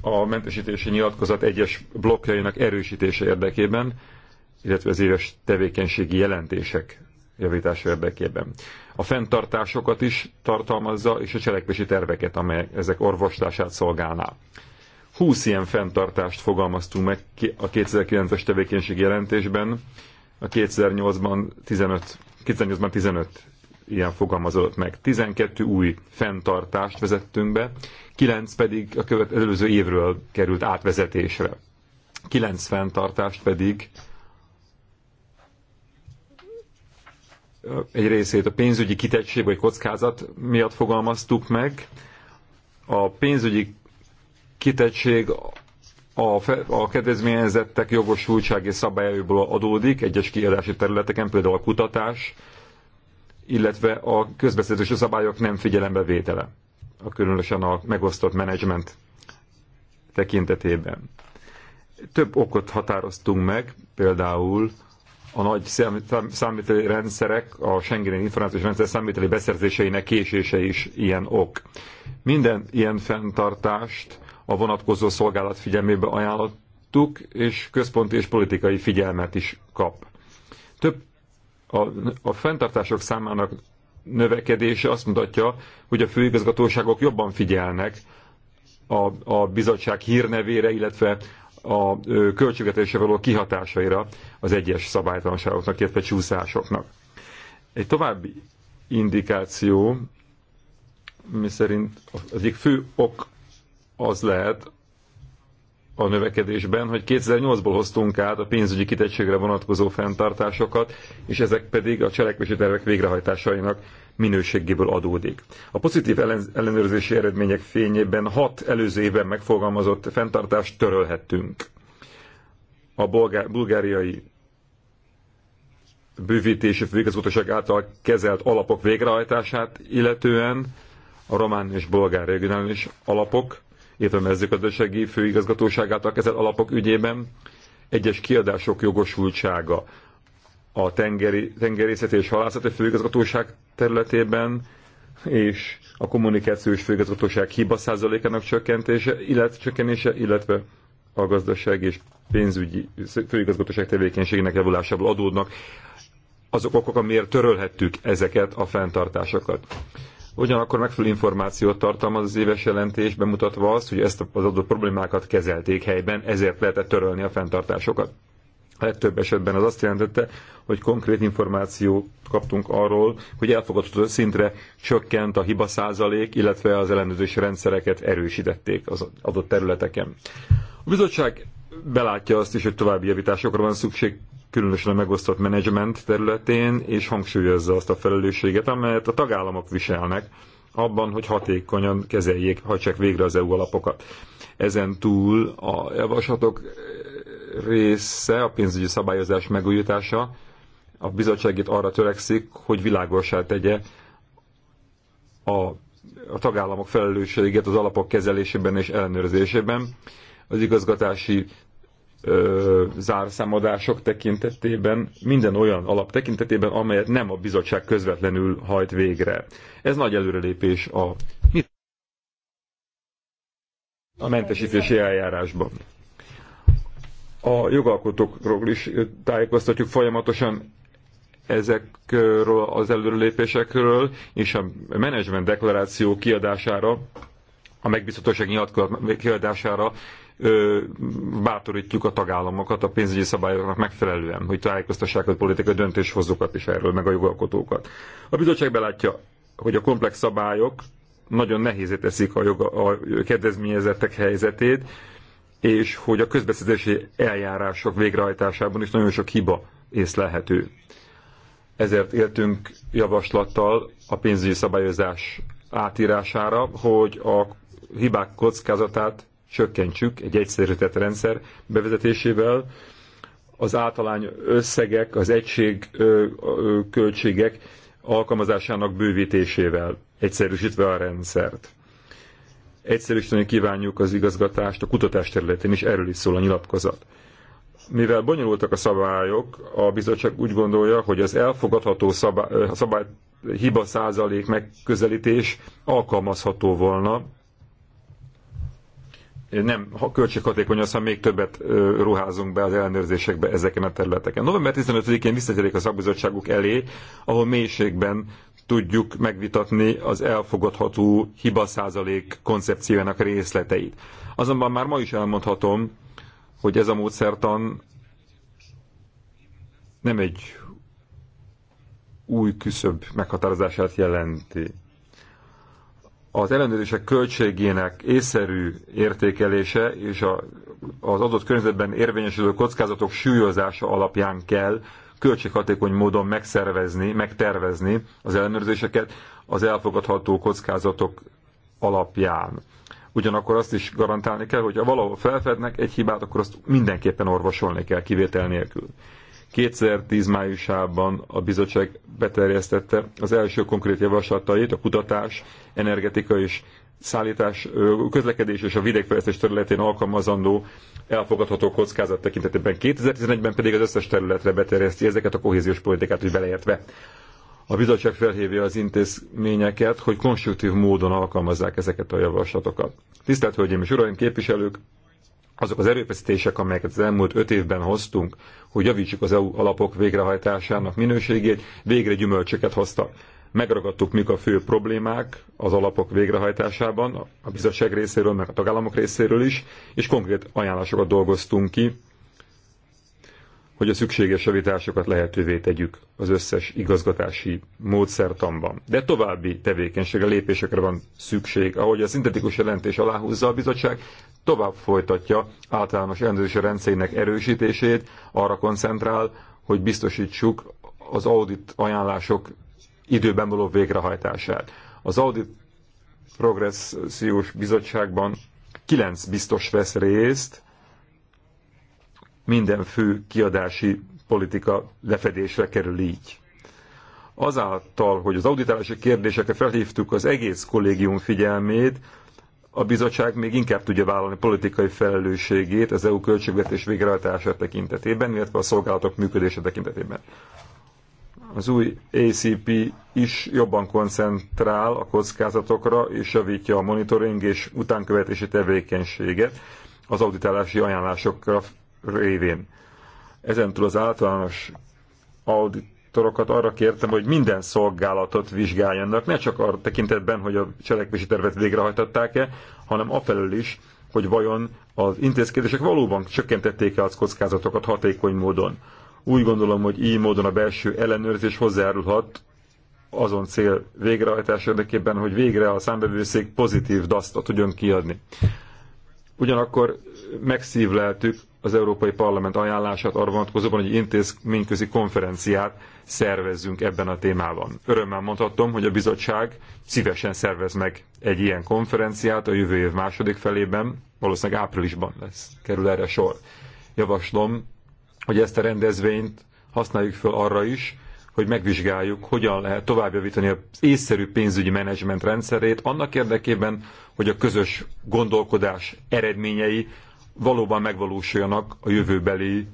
A: a mentesítési nyilatkozat egyes blokkjainak erősítése érdekében, illetve az éves tevékenységi jelentések javítás érdekében. A fenntartásokat is tartalmazza, és a cselekvési terveket, amelyek ezek orvoslását szolgálná. 20 ilyen fenntartást fogalmaztunk meg a 2009-es tevékenység jelentésben, a 2008-ban 15, 2008-ban 15 ilyen fogalmazott meg. 12 új fenntartást vezettünk be, 9 pedig a követ, előző évről került átvezetésre. 9 fenntartást pedig egy részét a pénzügyi kitettség vagy kockázat miatt fogalmaztuk meg. A pénzügyi kitettség a, a kedvezményezettek jogosultsági szabályaiból adódik egyes kiadási területeken, például a kutatás, illetve a közbeszerzési szabályok nem figyelembe vétele, a különösen a megosztott menedzsment tekintetében. Több okot határoztunk meg, például a nagy számíteli rendszerek, a Schengeni információs rendszer számíteli beszerzéseinek késése is ilyen ok. Minden ilyen fenntartást a vonatkozó szolgálat figyelmébe ajánlottuk, és központi és politikai figyelmet is kap. Több a, a fenntartások számának növekedése azt mutatja, hogy a főigazgatóságok jobban figyelnek a, a bizottság hírnevére, illetve a költségvetésre való kihatásaira az egyes szabálytalanságoknak, illetve csúszásoknak. Egy további indikáció, miszerint az egyik fő ok az lehet, a növekedésben, hogy 2008-ból hoztunk át a pénzügyi kitettségre vonatkozó fenntartásokat, és ezek pedig a cselekvési tervek végrehajtásainak minőségéből adódik. A pozitív ellenőrzési eredmények fényében hat előző évben megfogalmazott fenntartást törölhettünk. A bulgá- bulgáriai bővítési főigazgatóság által kezelt alapok végrehajtását illetően a román és bulgár regionális alapok illetve a mezőgazdasági főigazgatóságát által kezelt alapok ügyében, egyes kiadások jogosultsága a tengeri, tengerészeti és halászati főigazgatóság területében, és a kommunikációs főigazgatóság hiba százalékának csökkentése, illetve csökkenése, illetve a gazdaság és pénzügyi főigazgatóság tevékenységének javulásából adódnak azok okok, amiért törölhettük ezeket a fenntartásokat. Ugyanakkor megfelelő információt tartalmaz az éves jelentés, bemutatva azt, hogy ezt az adott problémákat kezelték helyben, ezért lehetett törölni a fenntartásokat. A legtöbb esetben az azt jelentette, hogy konkrét információt kaptunk arról, hogy elfogadható szintre csökkent a hiba százalék, illetve az ellenőrzési rendszereket erősítették az adott területeken. A bizottság belátja azt is, hogy további javításokra van szükség különösen a megosztott menedzsment területén, és hangsúlyozza azt a felelősséget, amelyet a tagállamok viselnek abban, hogy hatékonyan kezeljék, ha csak végre az EU alapokat. Ezen túl a javaslatok része, a pénzügyi szabályozás megújítása, a bizottság itt arra törekszik, hogy világosá tegye a, a tagállamok felelősséget az alapok kezelésében és ellenőrzésében, az igazgatási ö, zárszámadások tekintetében, minden olyan alap tekintetében, amelyet nem a bizottság közvetlenül hajt végre. Ez nagy előrelépés a, a mentesítési eljárásban. A jogalkotókról is tájékoztatjuk folyamatosan ezekről az előrelépésekről, és a menedzsment deklaráció kiadására, a megbízhatóság nyilatkozat kiadására bátorítjuk a tagállamokat a pénzügyi szabályoknak megfelelően, hogy tájékoztassák a politikai döntéshozókat is erről, meg a jogalkotókat. A bizottság belátja, hogy a komplex szabályok nagyon nehézé teszik a, joga, a kedvezményezettek helyzetét, és hogy a közbeszedési eljárások végrehajtásában is nagyon sok hiba észlelhető. Ezért éltünk javaslattal a pénzügyi szabályozás átírására, hogy a hibák kockázatát csökkentsük egy egyszerűtett rendszer bevezetésével, az általány összegek, az egység ö, ö, költségek alkalmazásának bővítésével, egyszerűsítve a rendszert. Egyszerűsíteni kívánjuk az igazgatást a kutatás területén, is, erről is szól a nyilatkozat. Mivel bonyolultak a szabályok, a bizottság úgy gondolja, hogy az elfogadható szabály, szabály hiba százalék megközelítés alkalmazható volna nem költséghatékony az, ha még többet ruházunk be az ellenőrzésekbe ezeken a területeken. November 15-én visszatérjék a szakbizottságuk elé, ahol mélységben tudjuk megvitatni az elfogadható hibaszázalék koncepciójának részleteit. Azonban már ma is elmondhatom, hogy ez a módszertan nem egy új küszöb meghatározását jelenti az ellenőrzések költségének észszerű értékelése és a, az adott környezetben érvényesülő kockázatok súlyozása alapján kell költséghatékony módon megszervezni, megtervezni az ellenőrzéseket az elfogadható kockázatok alapján. Ugyanakkor azt is garantálni kell, hogy ha valahol felfednek egy hibát, akkor azt mindenképpen orvosolni kell kivétel nélkül. 2010 májusában a bizottság beterjesztette az első konkrét javaslatait a kutatás, energetika és szállítás, közlekedés és a vidékfejlesztés területén alkalmazandó elfogadható kockázat tekintetében. 2011-ben pedig az összes területre beterjeszti ezeket a kohéziós politikát is beleértve. A bizottság felhívja az intézményeket, hogy konstruktív módon alkalmazzák ezeket a javaslatokat. Tisztelt Hölgyeim és Uraim, képviselők, azok az erőfeszítések, amelyeket az elmúlt öt évben hoztunk, hogy javítsuk az EU alapok végrehajtásának minőségét, végre gyümölcsöket hoztak. Megragadtuk, mik a fő problémák az alapok végrehajtásában, a bizottság részéről, meg a tagállamok részéről is, és konkrét ajánlásokat dolgoztunk ki, hogy a szükséges javításokat lehetővé tegyük az összes igazgatási módszertamban. De további tevékenységre, lépésekre van szükség. Ahogy a szintetikus jelentés aláhúzza a bizottság, tovább folytatja általános ellenőrzési rendszerének erősítését, arra koncentrál, hogy biztosítsuk az audit ajánlások időben való végrehajtását. Az Audit Progressziós Bizottságban kilenc biztos vesz részt, minden fő kiadási politika lefedésre kerül így. Azáltal, hogy az auditálási kérdésekre felhívtuk az egész kollégium figyelmét, a bizottság még inkább tudja vállalni politikai felelősségét az EU költségvetés végrehajtása tekintetében, illetve a szolgálatok működése tekintetében. Az új ACP is jobban koncentrál a kockázatokra és javítja a monitoring és utánkövetési tevékenységet az auditálási ajánlásokra révén. Ezentúl az általános auditorokat arra kértem, hogy minden szolgálatot vizsgáljanak, ne csak a tekintetben, hogy a cselekvési tervet végrehajtották-e, hanem afelől is, hogy vajon az intézkedések valóban csökkentették-e az kockázatokat hatékony módon. Úgy gondolom, hogy így módon a belső ellenőrzés hozzájárulhat azon cél végrehajtás érdekében, hogy végre a számbevőszék pozitív dasztot tudjon kiadni. Ugyanakkor megszívleltük az Európai Parlament ajánlását arra vonatkozóban, hogy intézményközi konferenciát szervezzünk ebben a témában. Örömmel mondhatom, hogy a bizottság szívesen szervez meg egy ilyen konferenciát a jövő év második felében, valószínűleg áprilisban lesz, kerül erre sor. Javaslom, hogy ezt a rendezvényt használjuk fel arra is, hogy megvizsgáljuk, hogyan lehet továbbjavítani az észszerű pénzügyi menedzsment rendszerét, annak érdekében, hogy a közös gondolkodás eredményei valóban megvalósuljanak a jövőbeli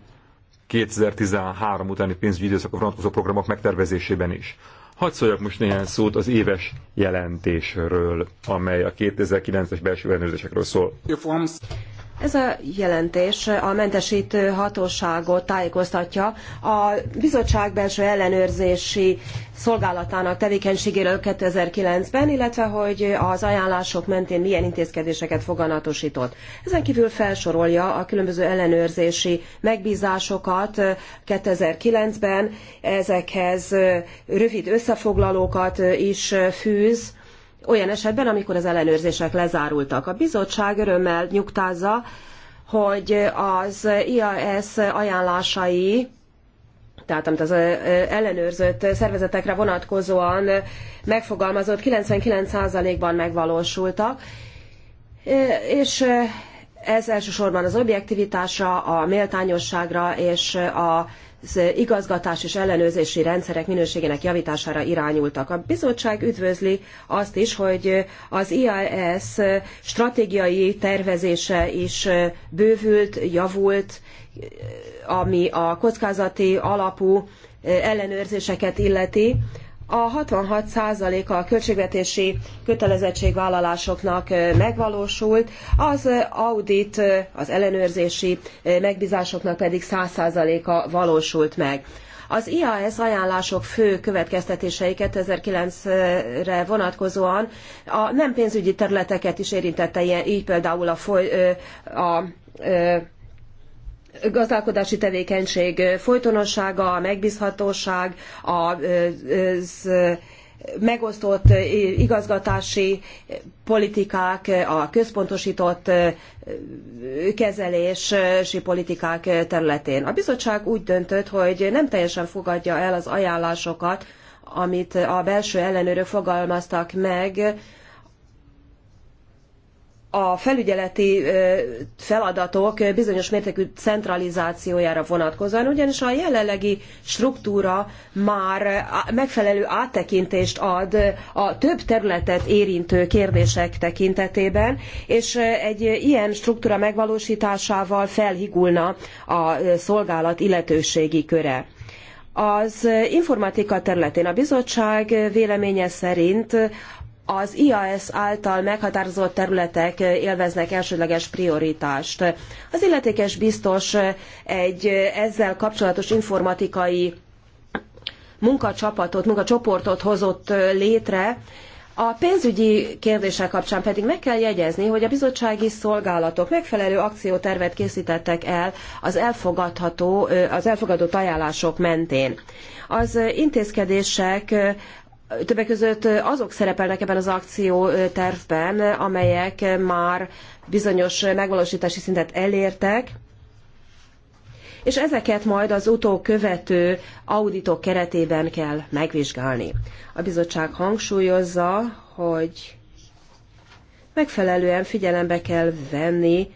A: 2013 utáni pénzügyi időszakra vonatkozó programok megtervezésében is. Hadd szóljak most néhány szót az éves jelentésről, amely a 2009-es belső ellenőrzésekről szól.
B: Ez a jelentés a mentesítő hatóságot tájékoztatja a bizottság belső ellenőrzési szolgálatának tevékenységéről 2009-ben, illetve hogy az ajánlások mentén milyen intézkedéseket foganatosított. Ezen kívül felsorolja a különböző ellenőrzési megbízásokat 2009-ben, ezekhez rövid összefoglalókat is fűz, olyan esetben, amikor az ellenőrzések lezárultak. A bizottság örömmel nyugtázza, hogy az IAS ajánlásai tehát amit az ellenőrzött szervezetekre vonatkozóan megfogalmazott, 99%-ban megvalósultak, és ez elsősorban az objektivitásra, a méltányosságra és a az igazgatás és ellenőrzési rendszerek minőségének javítására irányultak. A bizottság üdvözli azt is, hogy az IAS stratégiai tervezése is bővült, javult, ami a kockázati alapú ellenőrzéseket illeti. A 66%-a a költségvetési kötelezettségvállalásoknak megvalósult, az audit, az ellenőrzési megbízásoknak pedig 100%-a valósult meg. Az IAS ajánlások fő következtetései 2009-re vonatkozóan a nem pénzügyi területeket is érintette, ilyen, így például a, foly, a, a gazdálkodási tevékenység folytonossága, a megbízhatóság, az megosztott igazgatási politikák, a központosított kezelési politikák területén. A bizottság úgy döntött, hogy nem teljesen fogadja el az ajánlásokat, amit a belső ellenőrök fogalmaztak meg, a felügyeleti feladatok bizonyos mértékű centralizációjára vonatkozóan, ugyanis a jelenlegi struktúra már megfelelő áttekintést ad a több területet érintő kérdések tekintetében, és egy ilyen struktúra megvalósításával felhigulna a szolgálat illetőségi köre. Az informatika területén a bizottság véleménye szerint az IAS által meghatározott területek élveznek elsődleges prioritást. Az illetékes biztos egy ezzel kapcsolatos informatikai munkacsapatot, munkacsoportot hozott létre, a pénzügyi kérdések kapcsán pedig meg kell jegyezni, hogy a bizottsági szolgálatok megfelelő akciótervet készítettek el az, elfogadható, az elfogadott ajánlások mentén. Az intézkedések többek között azok szerepelnek ebben az akciótervben, amelyek már bizonyos megvalósítási szintet elértek, és ezeket majd az utókövető auditok keretében kell megvizsgálni. A bizottság hangsúlyozza, hogy megfelelően figyelembe kell venni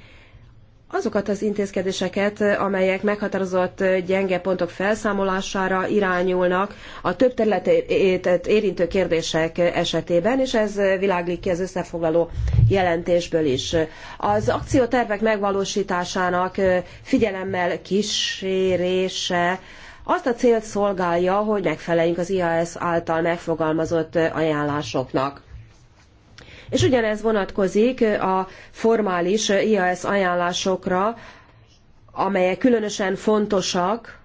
B: azokat az intézkedéseket, amelyek meghatározott gyenge pontok felszámolására irányulnak a több területet érintő kérdések esetében, és ez világlik ki az összefoglaló jelentésből is. Az akciótervek megvalósításának figyelemmel kísérése azt a célt szolgálja, hogy megfeleljünk az IAS által megfogalmazott ajánlásoknak. És ugyanez vonatkozik a formális IAS ajánlásokra, amelyek különösen fontosak,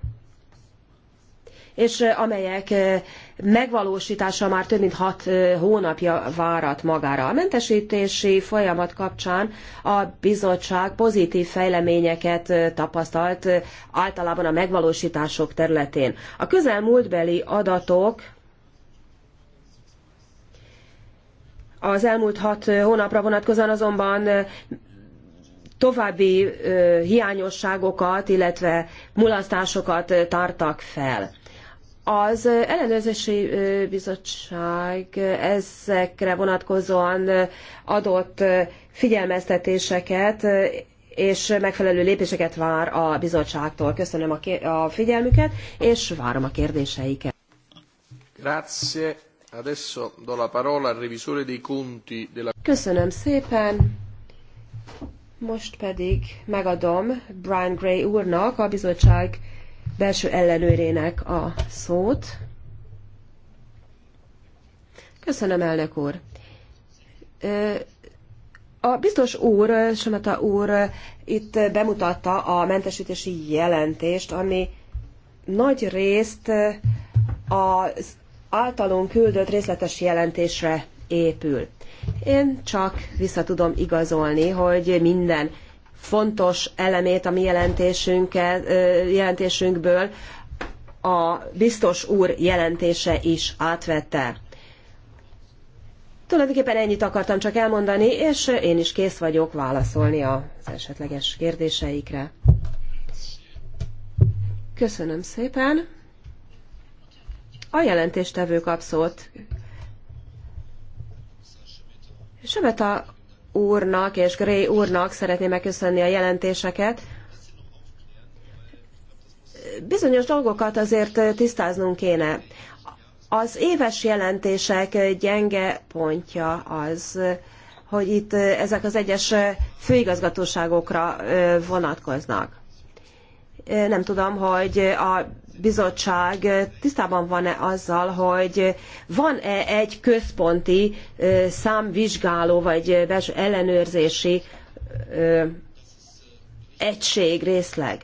B: és amelyek megvalósítása már több mint hat hónapja várat magára. A mentesítési folyamat kapcsán a bizottság pozitív fejleményeket tapasztalt általában a megvalósítások területén. A közelmúltbeli adatok Az elmúlt hat hónapra vonatkozóan azonban további hiányosságokat, illetve mulasztásokat tartak fel. Az ellenőrzési bizottság ezekre vonatkozóan adott figyelmeztetéseket, és megfelelő lépéseket vár a bizottságtól. Köszönöm a, figyelmüket, és várom a kérdéseiket.
C: Grazie. Adesso do la parola al revisore dei conti della...
B: Köszönöm szépen. Most pedig megadom Brian Gray úrnak, a bizottság belső ellenőrének a szót. Köszönöm, elnök úr. A biztos úr, Somata úr itt bemutatta a mentesítési jelentést, ami nagy részt az általunk küldött részletes jelentésre épül. Én csak vissza tudom igazolni, hogy minden fontos elemét a mi jelentésünkből a biztos úr jelentése is átvette. Tulajdonképpen ennyit akartam csak elmondani, és én is kész vagyok válaszolni az esetleges kérdéseikre. Köszönöm szépen! A jelentéstevő kap szót. a úrnak és Gray úrnak szeretném megköszönni a jelentéseket. Bizonyos dolgokat azért tisztáznunk kéne. Az éves jelentések gyenge pontja az, hogy itt ezek az egyes főigazgatóságokra vonatkoznak. Nem tudom, hogy a bizottság tisztában van-e azzal, hogy van-e egy központi számvizsgáló vagy belső ellenőrzési egység, részleg?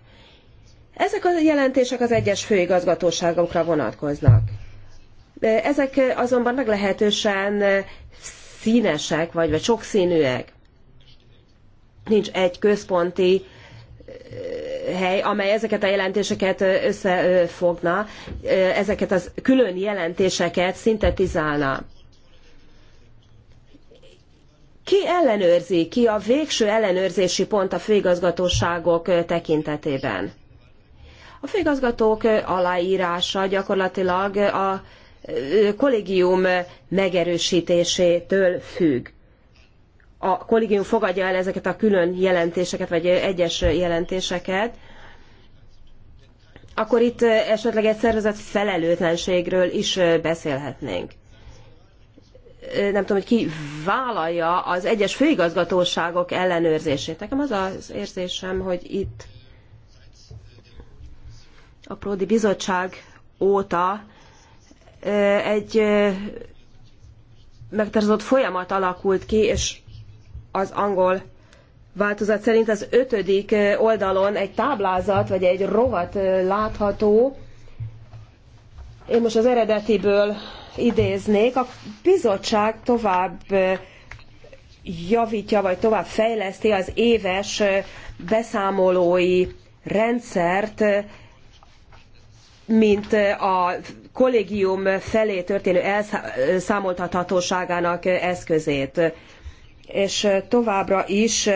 B: Ezek a jelentések az egyes főigazgatóságokra vonatkoznak. Ezek azonban meglehetősen színesek, vagy, vagy sokszínűek. Nincs egy központi hely, amely ezeket a jelentéseket összefogna, ezeket az külön jelentéseket szintetizálna. Ki ellenőrzi, ki a végső ellenőrzési pont a főigazgatóságok tekintetében? A főigazgatók aláírása gyakorlatilag a kollégium megerősítésétől függ a kollégium fogadja el ezeket a külön jelentéseket, vagy egyes jelentéseket, akkor itt esetleg egy szervezet felelőtlenségről is beszélhetnénk. Nem tudom, hogy ki vállalja az egyes főigazgatóságok ellenőrzését. Nekem az az érzésem, hogy itt a Pródi Bizottság óta egy megtartozott folyamat alakult ki, és az angol változat szerint az ötödik oldalon egy táblázat, vagy egy rovat látható. Én most az eredetiből idéznék. A bizottság tovább javítja, vagy tovább fejleszti az éves beszámolói rendszert, mint a kollégium felé történő elszámoltathatóságának eszközét és továbbra is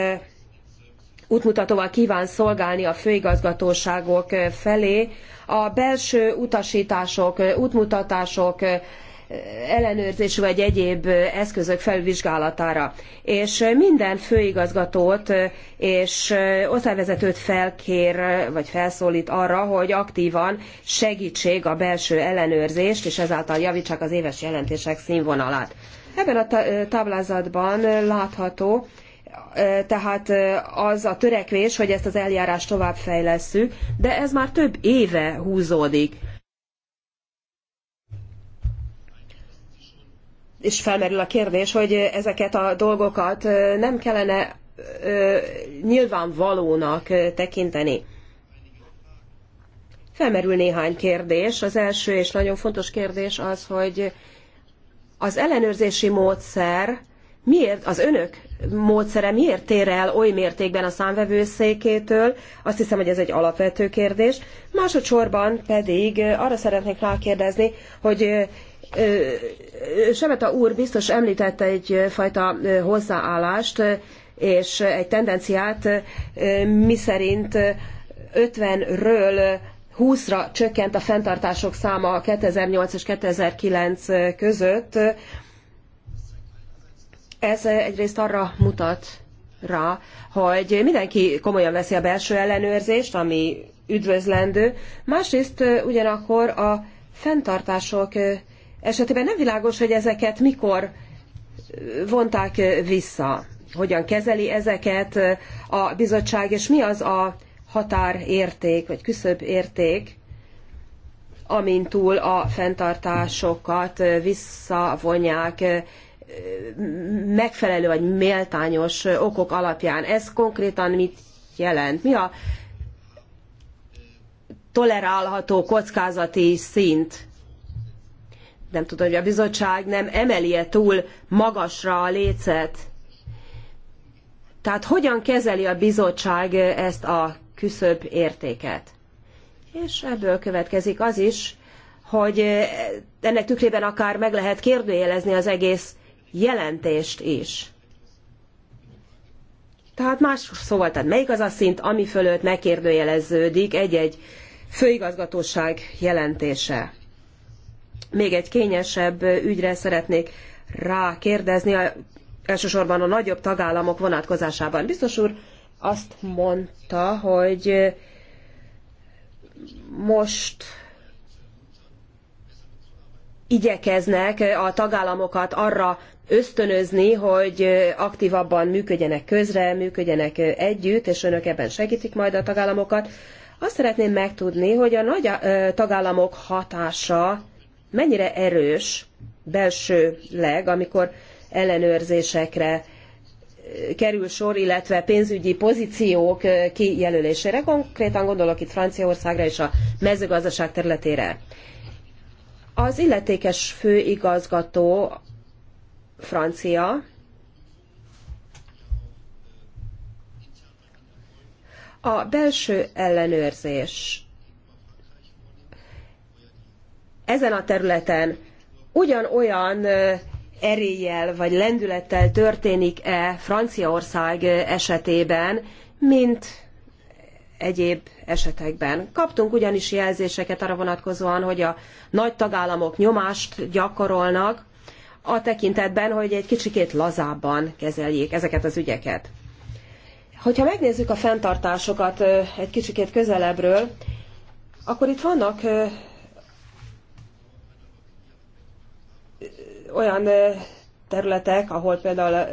B: útmutatóval kíván szolgálni a főigazgatóságok felé. A belső utasítások, útmutatások, ellenőrzésű vagy egyéb eszközök felvizsgálatára. És minden főigazgatót és osztályvezetőt felkér, vagy felszólít arra, hogy aktívan segítsék a belső ellenőrzést, és ezáltal javítsák az éves jelentések színvonalát. Ebben a táblázatban látható, e, tehát e, az a törekvés, hogy ezt az eljárást továbbfejlesszük, de ez már több éve húzódik. És felmerül a kérdés, hogy ezeket a dolgokat e, nem kellene nyilvánvalónak tekinteni. Felmerül néhány kérdés. Az első és nagyon fontos kérdés az, hogy az ellenőrzési módszer miért, az önök módszere miért tér el oly mértékben a számvevőszékétől? Azt hiszem, hogy ez egy alapvető kérdés. Másodszorban pedig arra szeretnék rákérdezni, hogy Semeta úr biztos említette egyfajta hozzáállást és egy tendenciát, miszerint 50-ről 20-ra csökkent a fenntartások száma 2008 és 2009 között. Ez egyrészt arra mutat rá, hogy mindenki komolyan veszi a belső ellenőrzést, ami üdvözlendő, másrészt ugyanakkor a fenntartások esetében nem világos, hogy ezeket mikor vonták vissza, hogyan kezeli ezeket a bizottság, és mi az a határérték, vagy küszöbb érték, amin túl a fenntartásokat visszavonják megfelelő vagy méltányos okok alapján. Ez konkrétan mit jelent? Mi a tolerálható kockázati szint? Nem tudom, hogy a bizottság nem emelje túl magasra a lécet. Tehát hogyan kezeli a bizottság ezt a küszöbb értéket. És ebből következik az is, hogy ennek tükrében akár meg lehet kérdőjelezni az egész jelentést is. Tehát más szóval, tehát melyik az a szint, ami fölött megkérdőjeleződik egy-egy főigazgatóság jelentése. Még egy kényesebb ügyre szeretnék rákérdezni, elsősorban a nagyobb tagállamok vonatkozásában. Biztos úr, azt mondta, hogy most igyekeznek a tagállamokat arra ösztönözni, hogy aktívabban működjenek közre, működjenek együtt, és önök ebben segítik majd a tagállamokat. Azt szeretném megtudni, hogy a nagy tagállamok hatása mennyire erős belsőleg, amikor ellenőrzésekre kerül sor, illetve pénzügyi pozíciók kijelölésére. Konkrétan gondolok itt Franciaországra és a mezőgazdaság területére. Az illetékes főigazgató francia, a belső ellenőrzés ezen a területen ugyanolyan eréllyel vagy lendülettel történik-e Franciaország esetében, mint egyéb esetekben. Kaptunk ugyanis jelzéseket arra vonatkozóan, hogy a nagy tagállamok nyomást gyakorolnak a tekintetben, hogy egy kicsikét lazábban kezeljék ezeket az ügyeket. Hogyha megnézzük a fenntartásokat egy kicsikét közelebbről, akkor itt vannak olyan területek, ahol például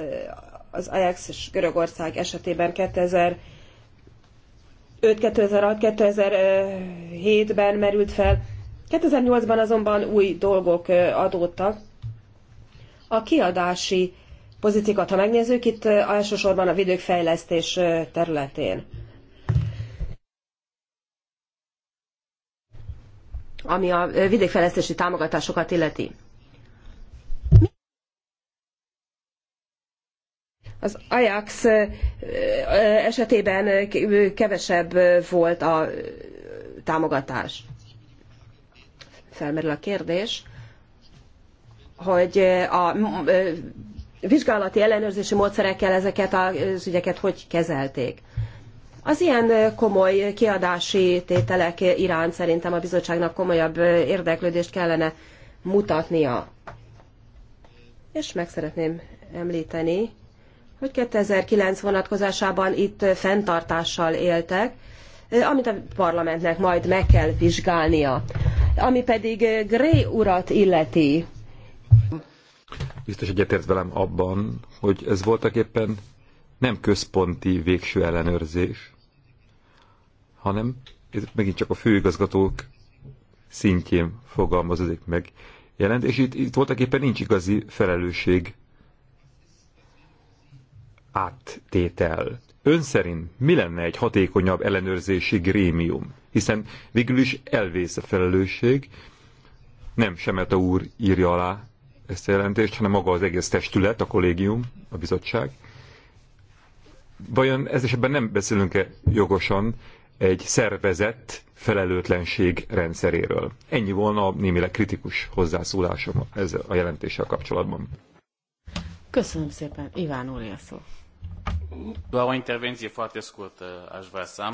B: az Ajax és Görögország esetében 2000 2005-2007-ben merült fel. 2008-ban azonban új dolgok adódtak. A kiadási pozíciókat, ha megnézzük, itt elsősorban a vidékfejlesztés területén. Ami a vidékfejlesztési támogatásokat illeti. Az Ajax esetében kevesebb volt a támogatás. Felmerül a kérdés, hogy a vizsgálati ellenőrzési módszerekkel ezeket az ügyeket hogy kezelték. Az ilyen komoly kiadási tételek iránt szerintem a bizottságnak komolyabb érdeklődést kellene mutatnia. És meg szeretném említeni, hogy 2009 vonatkozásában itt fenntartással éltek, amit a parlamentnek majd meg kell vizsgálnia. Ami pedig Gray urat illeti.
A: Biztos egyetért velem abban, hogy ez voltak éppen nem központi végső ellenőrzés, hanem ez megint csak a főigazgatók szintjén fogalmazódik meg jelent, és itt, itt voltak éppen nincs igazi felelősség áttétel. Ön szerint mi lenne egy hatékonyabb ellenőrzési grémium? Hiszen végül is elvész a felelősség, nem Semeta úr írja alá ezt a jelentést, hanem maga az egész testület, a kollégium, a bizottság. Vajon ez esetben nem beszélünk-e jogosan egy szervezett felelőtlenség rendszeréről? Ennyi volna a némileg kritikus hozzászólásom ez a jelentéssel kapcsolatban.
D: Köszönöm szépen, Iván úr,
E: szó. Doar o intervenție foarte scurtă aș vrea să am.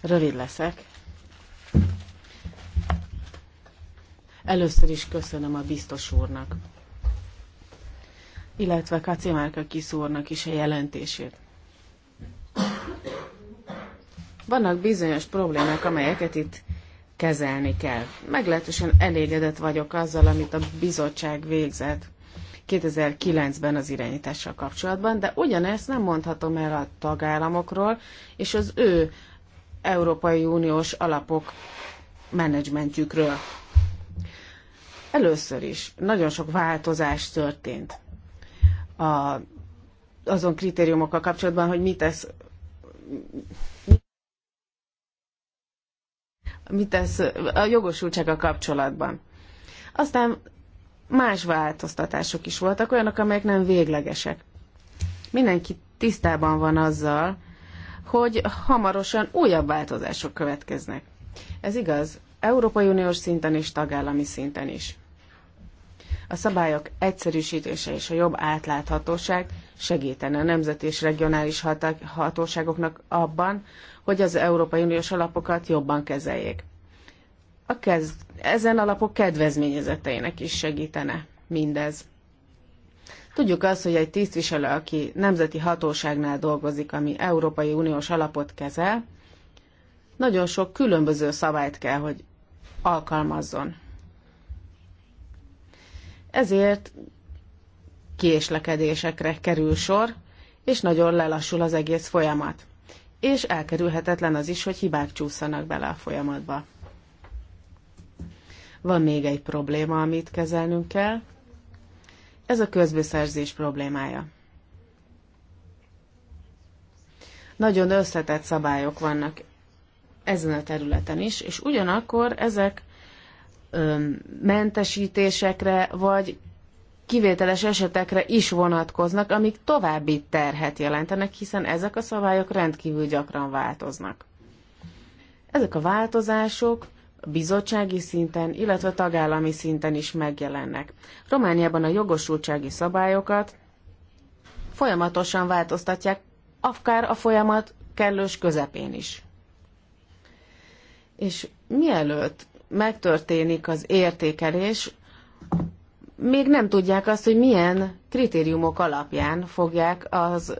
D: Rövid leszek. Először is köszönöm a biztos úrnak, illetve Kacimárka kiszúrnak is a jelentését. Vannak bizonyos problémák, amelyeket itt kezelni kell. Meglehetősen elégedett vagyok azzal, amit a bizottság végzett. 2009-ben az irányítással kapcsolatban, de ugyanezt nem mondhatom el a tagállamokról és az ő Európai Uniós alapok menedzsmentjükről. Először is nagyon sok változás történt a, azon kritériumokkal kapcsolatban, hogy mit tesz mit tesz a jogosultsága kapcsolatban. Aztán más változtatások is voltak, olyanok, amelyek nem véglegesek. Mindenki tisztában van azzal, hogy hamarosan újabb változások következnek. Ez igaz, Európai Uniós szinten és tagállami szinten is. A szabályok egyszerűsítése és a jobb átláthatóság segítene a nemzeti és regionális hatóságoknak abban, hogy az Európai Uniós alapokat jobban kezeljék. A kezd ezen alapok kedvezményezeteinek is segítene mindez. Tudjuk azt, hogy egy tisztviselő, aki nemzeti hatóságnál dolgozik, ami Európai Uniós alapot kezel, nagyon sok különböző szabályt kell, hogy alkalmazzon. Ezért késlekedésekre kerül sor, és nagyon lelassul az egész folyamat. És elkerülhetetlen az is, hogy hibák csúszanak bele a folyamatba. Van még egy probléma, amit kezelnünk kell. Ez a közbeszerzés problémája. Nagyon összetett szabályok vannak ezen a területen is, és ugyanakkor ezek mentesítésekre vagy kivételes esetekre is vonatkoznak, amik további terhet jelentenek, hiszen ezek a szabályok rendkívül gyakran változnak. Ezek a változások bizottsági szinten, illetve tagállami szinten is megjelennek. Romániában a jogosultsági szabályokat folyamatosan változtatják, akár a folyamat kellős közepén is. És mielőtt megtörténik az értékelés, még nem tudják azt, hogy milyen kritériumok alapján fogják az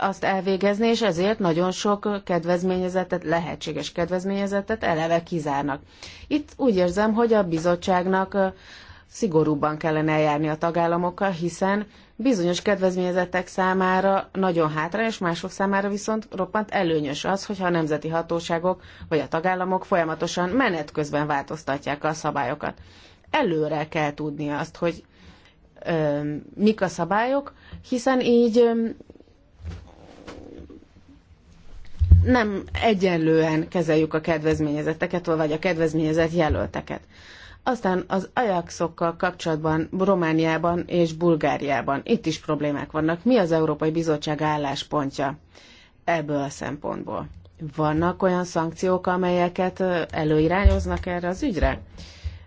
D: azt elvégezni, és ezért nagyon sok kedvezményezetet, lehetséges kedvezményezetet eleve kizárnak. Itt úgy érzem, hogy a bizottságnak szigorúban kellene eljárni a tagállamokkal, hiszen bizonyos kedvezményezettek számára nagyon hátrányos, mások számára viszont roppant előnyös az, hogyha a nemzeti hatóságok vagy a tagállamok folyamatosan menet közben változtatják a szabályokat. Előre kell tudni azt, hogy ö, mik a szabályok, hiszen így ö, nem egyenlően kezeljük a kedvezményezetteket, vagy a kedvezményezett jelölteket. Aztán az Ajaxokkal kapcsolatban Romániában és Bulgáriában itt is problémák vannak. Mi az Európai Bizottság álláspontja ebből a szempontból? Vannak olyan szankciók, amelyeket előirányoznak erre az ügyre?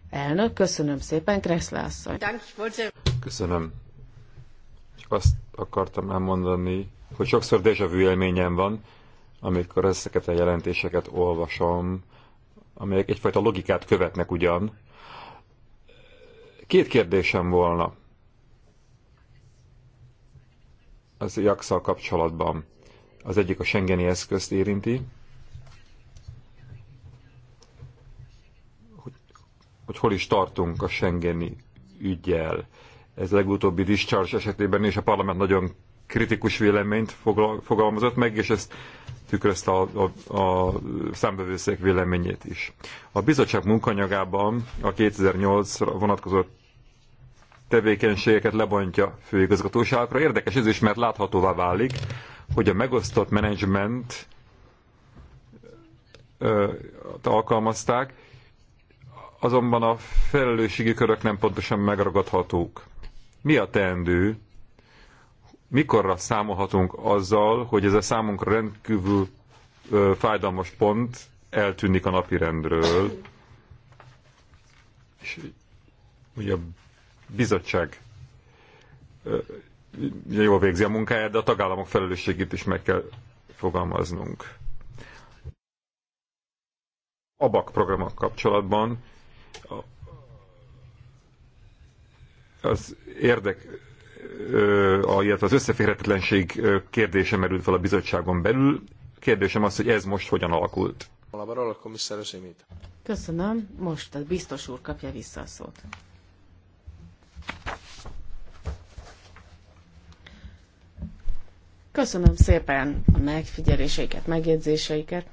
D: Elnök, köszönöm szépen, Kreszle asszony.
A: Köszönöm. Csak azt akartam elmondani, hogy sokszor déjà vu élményem van, amikor ezeket a jelentéseket olvasom, amelyek egyfajta logikát követnek ugyan. Két kérdésem volna az jaksal kapcsolatban. Az egyik a Schengeni eszközt érinti, hogy, hogy hol is tartunk a Schengeni ügyel. Ez legutóbbi discharge esetében is a parlament nagyon kritikus véleményt fogalmazott meg, és ezt tükrözte a, a, a számbevőszék véleményét is. A bizottság munkanyagában a 2008-ra vonatkozó tevékenységeket lebontja főigazgatóságra. Érdekes ez is, mert láthatóvá válik, hogy a megosztott menedzsment alkalmazták, azonban a felelősségi körök nem pontosan megragadhatók. Mi a teendő mikorra számolhatunk azzal, hogy ez a számunkra rendkívül ö, fájdalmas pont eltűnik a napirendről, és ugye a bizottság ö, jól végzi a munkáját, de a tagállamok felelősségét is meg kell fogalmaznunk. A BAK programok kapcsolatban az érdek illetve az összeférhetetlenség kérdése merült fel a bizottságon belül. Kérdésem az, hogy ez most hogyan alakult.
D: Köszönöm. Most a biztos úr kapja vissza a szót. Köszönöm szépen a megfigyeléseiket, megjegyzéseiket.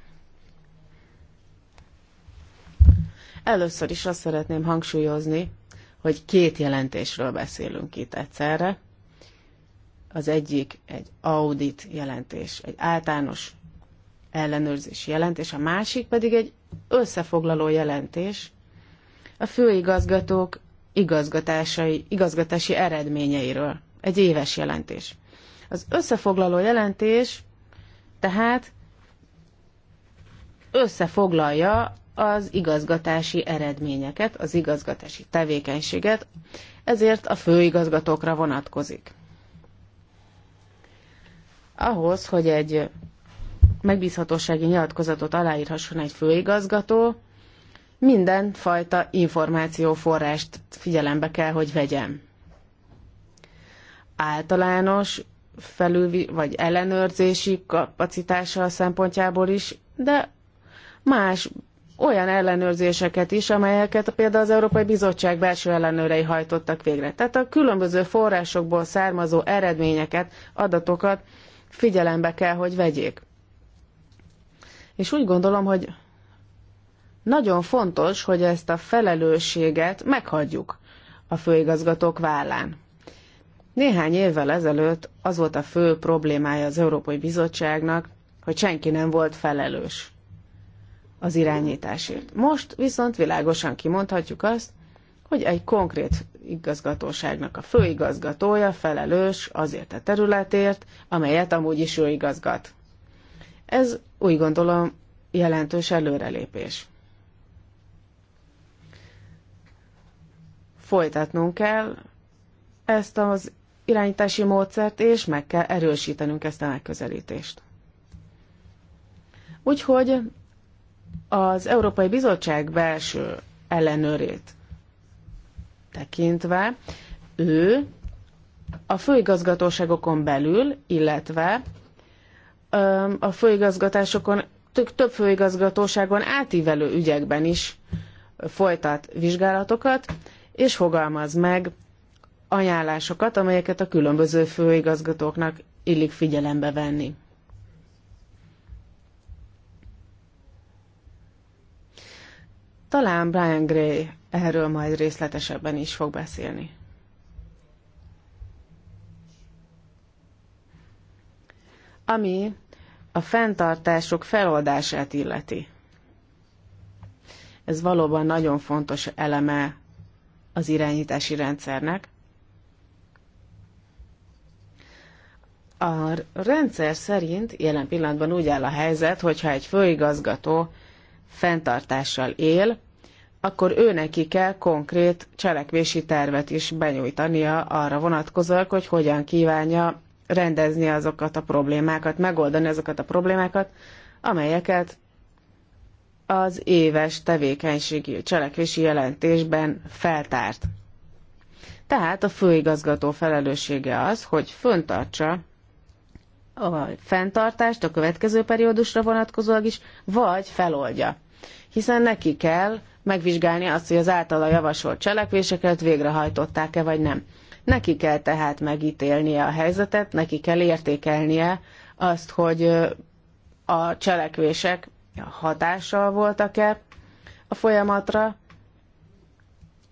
D: Először is azt szeretném hangsúlyozni, hogy két jelentésről beszélünk itt egyszerre. Az egyik egy audit jelentés, egy általános ellenőrzés jelentés, a másik pedig egy összefoglaló jelentés a főigazgatók igazgatásai, igazgatási eredményeiről. Egy éves jelentés. Az összefoglaló jelentés tehát összefoglalja az igazgatási eredményeket, az igazgatási tevékenységet, ezért a főigazgatókra vonatkozik ahhoz, hogy egy megbízhatósági nyilatkozatot aláírhasson egy főigazgató, mindenfajta információforrást figyelembe kell, hogy vegyem. Általános felül vagy ellenőrzési kapacitása szempontjából is, de más olyan ellenőrzéseket is, amelyeket például az Európai Bizottság belső ellenőrei hajtottak végre. Tehát a különböző forrásokból származó eredményeket, adatokat figyelembe kell, hogy vegyék. És úgy gondolom, hogy nagyon fontos, hogy ezt a felelősséget meghagyjuk a főigazgatók vállán. Néhány évvel ezelőtt az volt a fő problémája az Európai Bizottságnak, hogy senki nem volt felelős az irányításért. Most viszont világosan kimondhatjuk azt, hogy egy konkrét igazgatóságnak a főigazgatója felelős azért a területért, amelyet amúgy is ő igazgat. Ez úgy gondolom jelentős előrelépés. Folytatnunk kell ezt az irányítási módszert, és meg kell erősítenünk ezt a megközelítést. Úgyhogy az Európai Bizottság belső ellenőrét tekintve ő a főigazgatóságokon belül, illetve a főigazgatásokon, több, több főigazgatóságon átívelő ügyekben is folytat vizsgálatokat, és fogalmaz meg ajánlásokat, amelyeket a különböző főigazgatóknak illik figyelembe venni. Talán Brian Gray erről majd részletesebben is fog beszélni. Ami a fenntartások feloldását illeti. Ez valóban nagyon fontos eleme az irányítási rendszernek. A rendszer szerint jelen pillanatban úgy áll a helyzet, hogyha egy főigazgató fenntartással él, akkor ő neki kell konkrét cselekvési tervet is benyújtania arra vonatkozóak, hogy hogyan kívánja rendezni azokat a problémákat, megoldani azokat a problémákat, amelyeket az éves tevékenységi cselekvési jelentésben feltárt. Tehát a főigazgató felelőssége az, hogy föntartsa a fenntartást a következő periódusra vonatkozólag is, vagy feloldja. Hiszen neki kell megvizsgálni azt, hogy az általa javasolt cselekvéseket végrehajtották-e vagy nem. Neki kell tehát megítélnie a helyzetet, neki kell értékelnie azt, hogy a cselekvések hatással voltak-e a folyamatra,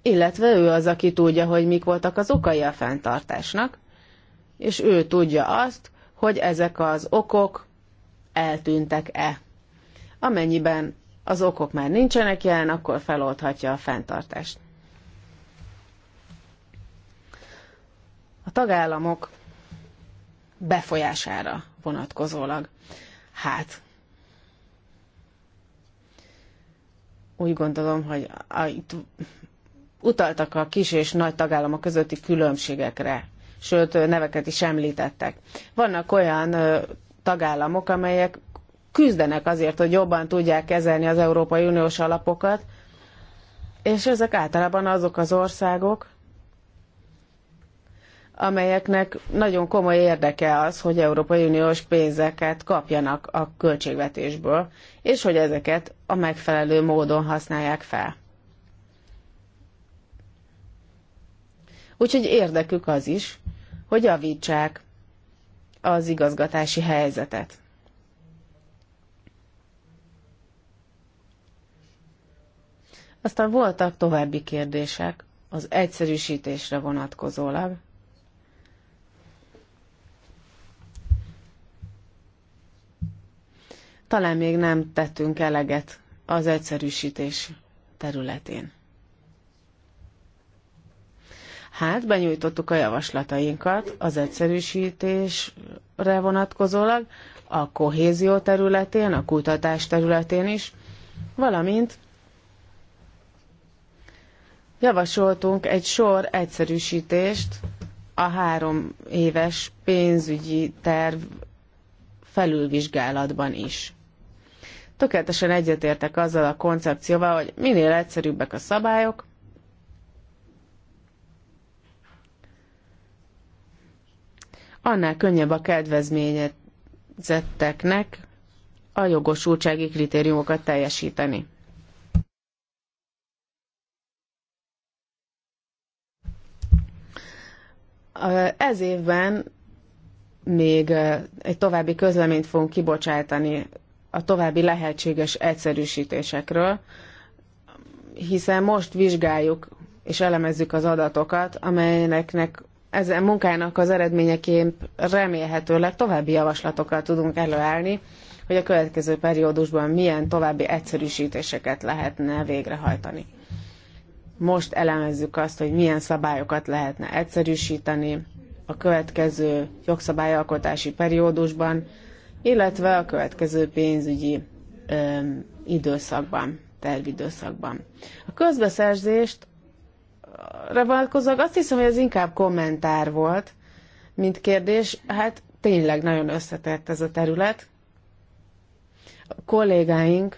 D: illetve ő az, aki tudja, hogy mik voltak az okai a fenntartásnak, és ő tudja azt, hogy ezek az okok eltűntek-e. Amennyiben az okok már nincsenek jelen, akkor feloldhatja a fenntartást. A tagállamok befolyására vonatkozólag. Hát, úgy gondolom, hogy a, itt utaltak a kis és nagy tagállamok közötti különbségekre sőt neveket is említettek. Vannak olyan tagállamok, amelyek küzdenek azért, hogy jobban tudják kezelni az Európai Uniós alapokat, és ezek általában azok az országok, amelyeknek nagyon komoly érdeke az, hogy Európai Uniós pénzeket kapjanak a költségvetésből, és hogy ezeket a megfelelő módon használják fel. Úgyhogy érdekük az is, hogy javítsák az igazgatási helyzetet. Aztán voltak további kérdések az egyszerűsítésre vonatkozólag. Talán még nem tettünk eleget az egyszerűsítés területén. Hát benyújtottuk a javaslatainkat az egyszerűsítésre vonatkozólag, a kohézió területén, a kutatás területén is, valamint javasoltunk egy sor egyszerűsítést a három éves pénzügyi terv felülvizsgálatban is. Tökéletesen egyetértek azzal a koncepcióval, hogy minél egyszerűbbek a szabályok, annál könnyebb a kedvezményezetteknek a jogosultsági kritériumokat teljesíteni. Ez évben még egy további közleményt fogunk kibocsátani a további lehetséges egyszerűsítésekről, hiszen most vizsgáljuk és elemezzük az adatokat, amelyeknek ezen munkának az eredményeként remélhetőleg további javaslatokkal tudunk előállni, hogy a következő periódusban milyen további egyszerűsítéseket lehetne végrehajtani. Most elemezzük azt, hogy milyen szabályokat lehetne egyszerűsíteni a következő jogszabályalkotási periódusban, illetve a következő pénzügyi ö, időszakban, tervidőszakban. A közbeszerzést vonatkozóan azt hiszem, hogy ez inkább kommentár volt, mint kérdés. Hát tényleg nagyon összetett ez a terület. A kollégáink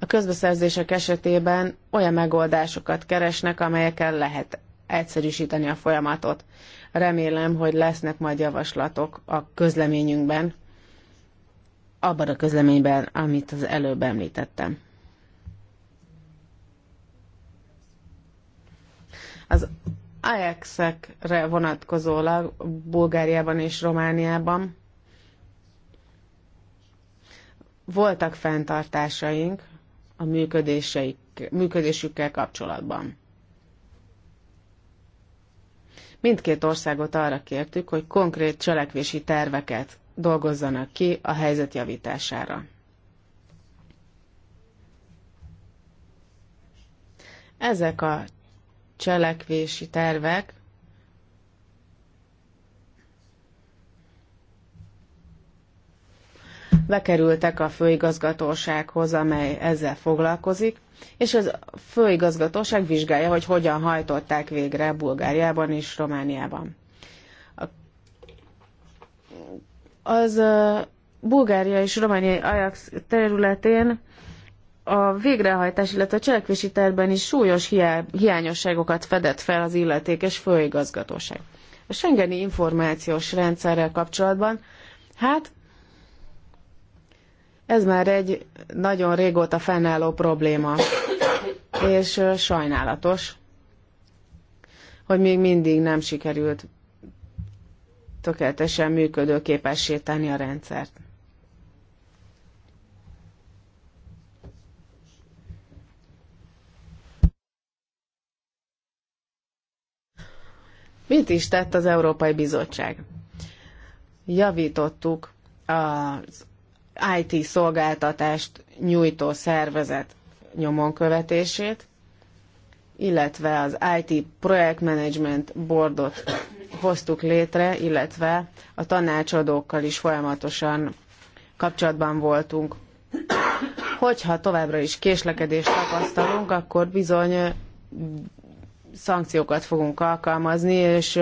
D: a közbeszerzések esetében olyan megoldásokat keresnek, amelyekkel lehet egyszerűsíteni a folyamatot. Remélem, hogy lesznek majd javaslatok a közleményünkben, abban a közleményben, amit az előbb említettem. Az Ajax-ekre vonatkozólag Bulgáriában és Romániában voltak fenntartásaink a működéseik, működésükkel kapcsolatban. Mindkét országot arra kértük, hogy konkrét cselekvési terveket dolgozzanak ki a helyzet javítására. Ezek a cselekvési tervek bekerültek a főigazgatósághoz, amely ezzel foglalkozik, és az főigazgatóság vizsgálja, hogy hogyan hajtották végre Bulgáriában és Romániában. Az Bulgária és Románia Ajax területén a végrehajtás, illetve a cselekvési tervben is súlyos hiányosságokat fedett fel az illetékes főigazgatóság. A Schengeni információs rendszerrel kapcsolatban, hát ez már egy nagyon régóta fennálló probléma, és sajnálatos, hogy még mindig nem sikerült tökéletesen működőképessé tenni a rendszert. Mit is tett az Európai Bizottság? Javítottuk az IT szolgáltatást nyújtó szervezet nyomon követését, illetve az IT projektmenedzsment boardot hoztuk létre, illetve a tanácsadókkal is folyamatosan kapcsolatban voltunk. Hogyha továbbra is késlekedést tapasztalunk, akkor bizony szankciókat fogunk alkalmazni, és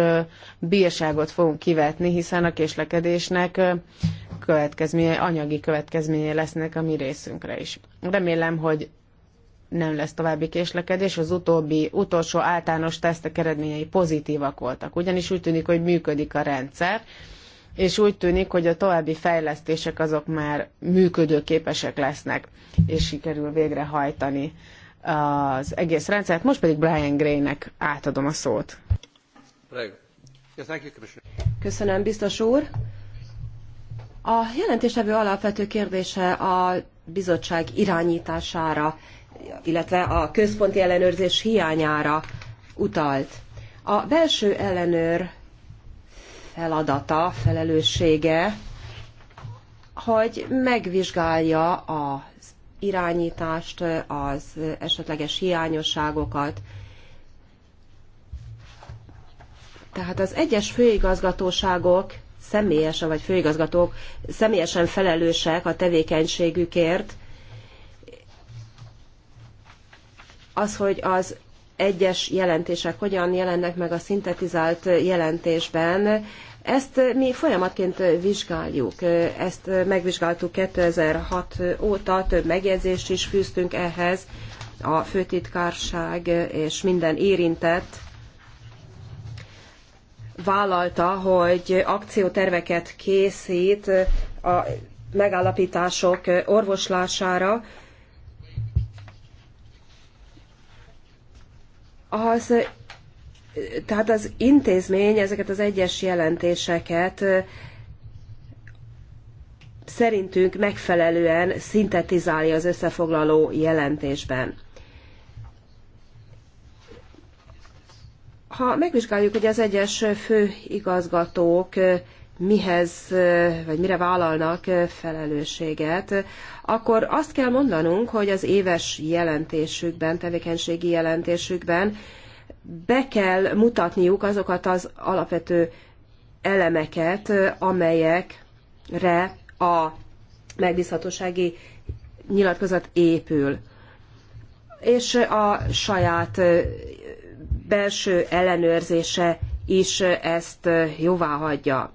D: bírságot fogunk kivetni, hiszen a késlekedésnek következménye, anyagi következménye lesznek a mi részünkre is. Remélem, hogy nem lesz további késlekedés, az utóbbi, utolsó általános tesztek eredményei pozitívak voltak, ugyanis úgy tűnik, hogy működik a rendszer, és úgy tűnik, hogy a további fejlesztések azok már működőképesek lesznek, és sikerül végrehajtani az egész rendszert. Most pedig Brian Graynek átadom a szót. Köszönöm, biztos úr. A jelentéstevő
B: alapvető kérdése a bizottság irányítására, illetve a központi ellenőrzés hiányára utalt. A belső ellenőr feladata, felelőssége, hogy megvizsgálja a irányítást, az esetleges hiányosságokat. Tehát az egyes főigazgatóságok személyesen, vagy főigazgatók személyesen felelősek a tevékenységükért. Az, hogy az egyes jelentések hogyan jelennek meg a szintetizált jelentésben, ezt mi folyamatként vizsgáljuk. Ezt megvizsgáltuk 2006 óta, több megjegyzést is fűztünk ehhez. A főtitkárság és minden érintett vállalta, hogy akcióterveket készít a megállapítások orvoslására. Az tehát az intézmény ezeket az egyes jelentéseket szerintünk megfelelően szintetizálja az összefoglaló jelentésben. Ha megvizsgáljuk, hogy az egyes főigazgatók mihez, vagy mire vállalnak felelősséget, akkor azt kell mondanunk, hogy az éves jelentésükben, tevékenységi jelentésükben be kell mutatniuk azokat az alapvető elemeket, amelyekre a megbízhatósági nyilatkozat épül. És a saját belső ellenőrzése is ezt jóvá hagyja.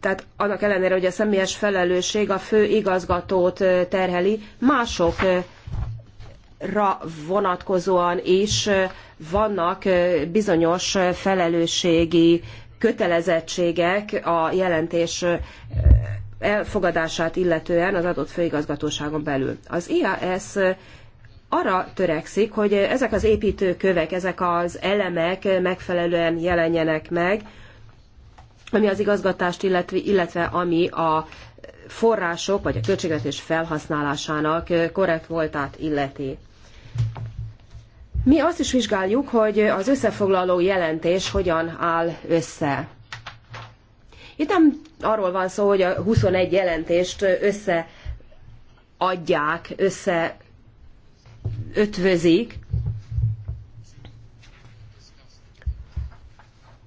B: tehát annak ellenére, hogy a személyes felelősség a fő igazgatót terheli, mások ra vonatkozóan is vannak bizonyos felelősségi kötelezettségek a jelentés elfogadását illetően az adott főigazgatóságon belül. Az IAS arra törekszik, hogy ezek az építőkövek, ezek az elemek megfelelően jelenjenek meg, ami az igazgatást, illetve, illetve ami a források vagy a költségvetés felhasználásának korrekt voltát illeti. Mi azt is vizsgáljuk, hogy az összefoglaló jelentés hogyan áll össze. Itt nem arról van szó, hogy a 21 jelentést összeadják, összeötvözik,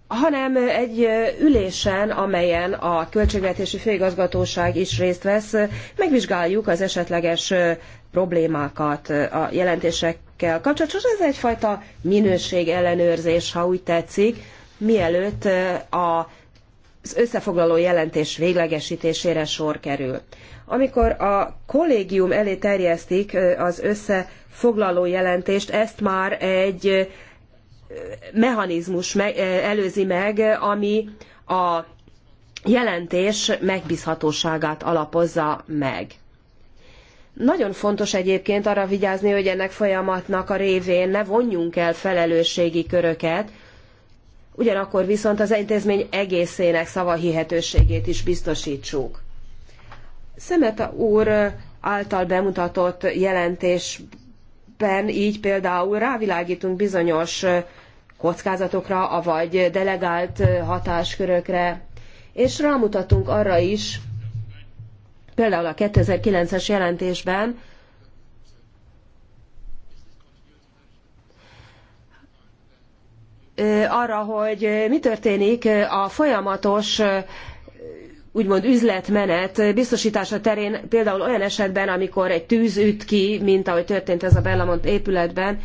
B: hanem egy ülésen, amelyen a Költségvetési Főigazgatóság is részt vesz, megvizsgáljuk az esetleges problémákat a jelentésekkel kapcsolatos. Ez egyfajta minőség ellenőrzés, ha úgy tetszik, mielőtt a az összefoglaló jelentés véglegesítésére sor kerül. Amikor a kollégium elé terjesztik az összefoglaló jelentést, ezt már egy mechanizmus előzi meg, ami a jelentés megbízhatóságát alapozza meg. Nagyon fontos egyébként arra vigyázni, hogy ennek folyamatnak a révén ne vonjunk el felelősségi köröket, ugyanakkor viszont az intézmény egészének szavahihetőségét is biztosítsuk. Szemeta úr által bemutatott jelentésben így például rávilágítunk bizonyos kockázatokra, avagy delegált hatáskörökre, és rámutatunk arra is, például a 2009-es jelentésben, arra, hogy mi történik a folyamatos úgymond üzletmenet biztosítása terén, például olyan esetben, amikor egy tűz üt ki, mint ahogy történt ez a Bellamont épületben,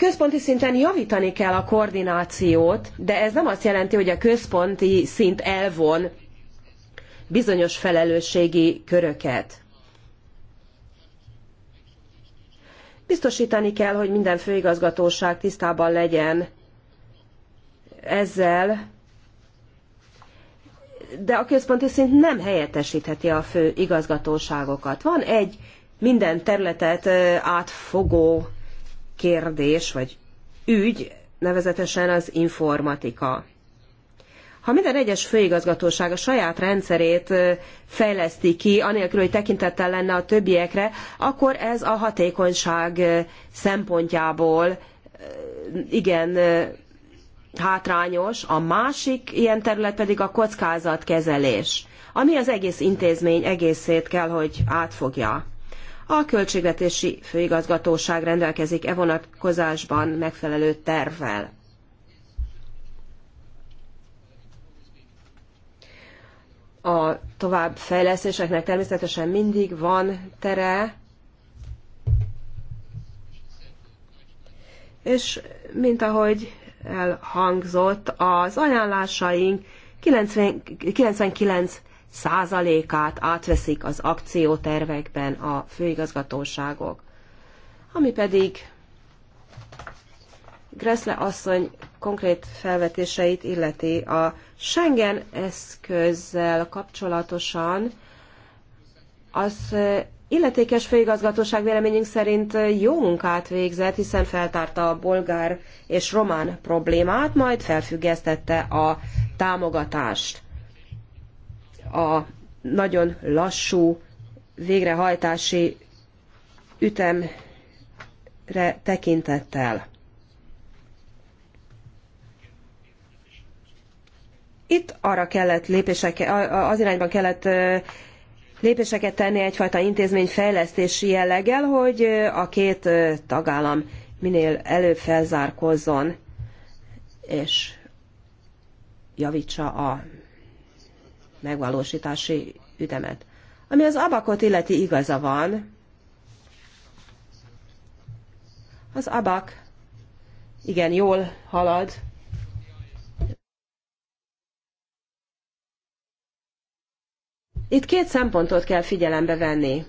B: Központi szinten javítani kell a koordinációt, de ez nem azt jelenti, hogy a központi szint elvon bizonyos felelősségi köröket. Biztosítani kell, hogy minden főigazgatóság tisztában legyen ezzel, de a központi szint nem helyettesítheti a fő igazgatóságokat. Van egy minden területet átfogó kérdés, vagy ügy, nevezetesen az informatika. Ha minden egyes főigazgatóság a saját rendszerét fejleszti ki, anélkül, hogy tekintettel lenne a többiekre, akkor ez a hatékonyság szempontjából igen hátrányos, a másik ilyen terület pedig a kockázatkezelés, ami az egész intézmény egészét kell, hogy átfogja. A Költségvetési Főigazgatóság rendelkezik e vonatkozásban megfelelő tervvel. A tovább fejlesztéseknek természetesen mindig van tere, és mint ahogy elhangzott, az ajánlásaink 90, 99 százalékát átveszik az akciótervekben a főigazgatóságok. Ami pedig Gressle asszony konkrét felvetéseit illeti a Schengen eszközzel kapcsolatosan, az illetékes főigazgatóság véleményünk szerint jó munkát végzett, hiszen feltárta a bolgár és román problémát, majd felfüggesztette a támogatást a nagyon lassú végrehajtási ütemre tekintettel. Itt arra kellett lépések, az irányban kellett lépéseket tenni egyfajta intézményfejlesztési jelleggel, hogy a két tagállam minél előbb felzárkozzon, és javítsa a megvalósítási ütemet. Ami az abakot illeti igaza van, az abak igen jól halad, Itt két szempontot kell figyelembe venni.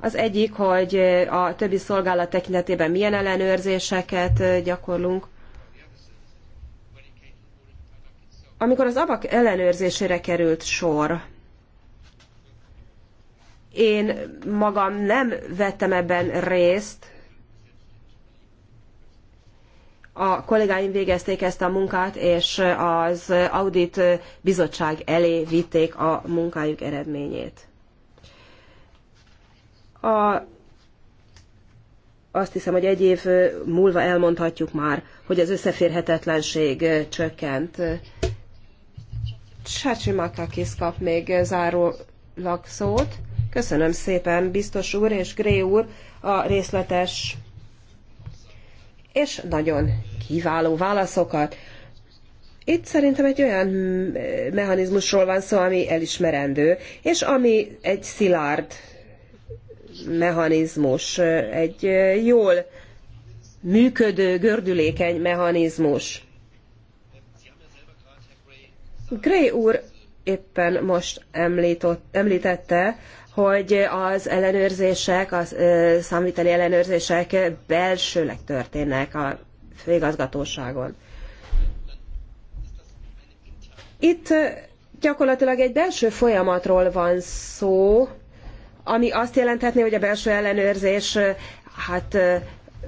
B: Az egyik, hogy a többi szolgálat tekintetében milyen ellenőrzéseket gyakorlunk. Amikor az abak ellenőrzésére került sor, én magam nem vettem ebben részt, a kollégáim végezték ezt a munkát, és az audit bizottság elé vitték a munkájuk eredményét. A, azt hiszem, hogy egy év múlva elmondhatjuk már, hogy az összeférhetetlenség csökkent. Csácsimakakis kap még zárólag szót. Köszönöm szépen, biztos úr és Gré úr, a részletes és nagyon kiváló válaszokat. Itt szerintem egy olyan mechanizmusról van szó, ami elismerendő, és ami egy szilárd mechanizmus, egy jól működő, gördülékeny mechanizmus. Gray úr éppen most említott, említette, hogy az ellenőrzések, a számviteli ellenőrzések belsőleg történnek a főigazgatóságon. Itt gyakorlatilag egy belső folyamatról van szó, ami azt jelenthetné, hogy a belső ellenőrzés hát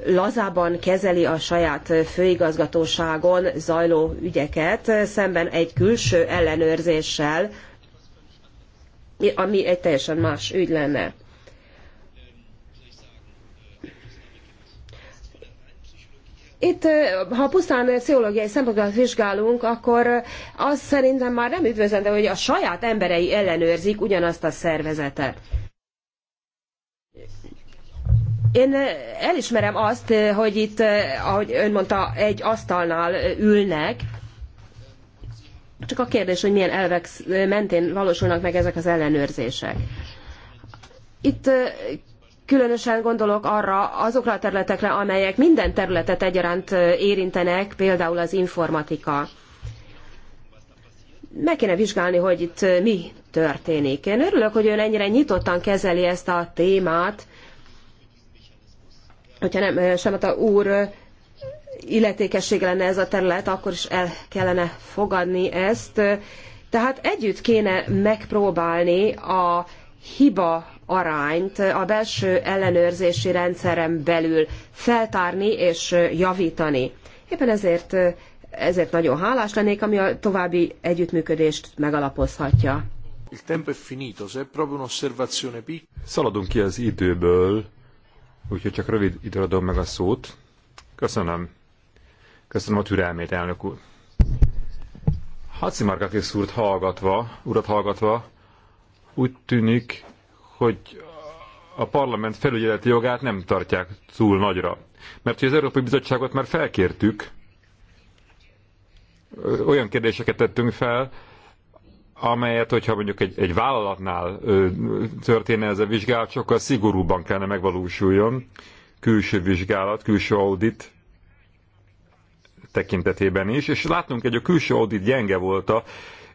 B: lazában kezeli a saját főigazgatóságon zajló ügyeket, szemben egy külső ellenőrzéssel, ami egy teljesen más ügy lenne. Itt, ha pusztán pszichológiai szempontból vizsgálunk, akkor az szerintem már nem üdvözlendő, hogy a saját emberei ellenőrzik ugyanazt a szervezetet. Én eh, elismerem azt, eh, hogy itt, eh, ahogy ön mondta, egy asztalnál ülnek, csak a kérdés, hogy milyen elvek mentén valósulnak meg ezek az ellenőrzések. Itt különösen gondolok arra azokra a területekre, amelyek minden területet egyaránt érintenek, például az informatika. Meg kéne vizsgálni, hogy itt mi történik. Én örülök, hogy ön ennyire nyitottan kezeli ezt a témát, hogyha nem Semeta úr illetékessége lenne ez a terület, akkor is el kellene fogadni ezt. Tehát együtt kéne megpróbálni a hiba arányt a belső ellenőrzési rendszeren belül feltárni és javítani. Éppen ezért, ezért nagyon hálás lennék, ami a további együttműködést megalapozhatja.
C: Szaladunk ki az időből,
A: úgyhogy csak rövid időre adom meg a szót. Köszönöm. Köszönöm a türelmét, elnök úr. Hacimarkakis úrt hallgatva, urat hallgatva, úgy tűnik, hogy a parlament felügyeleti jogát nem tartják túl nagyra. Mert hogy az Európai Bizottságot már felkértük, olyan kérdéseket tettünk fel, amelyet, hogyha mondjuk egy, egy vállalatnál ö, történne ez a vizsgálat, sokkal szigorúban kellene megvalósuljon külső vizsgálat, külső audit tekintetében is, és látnunk, hogy a külső audit gyenge volt a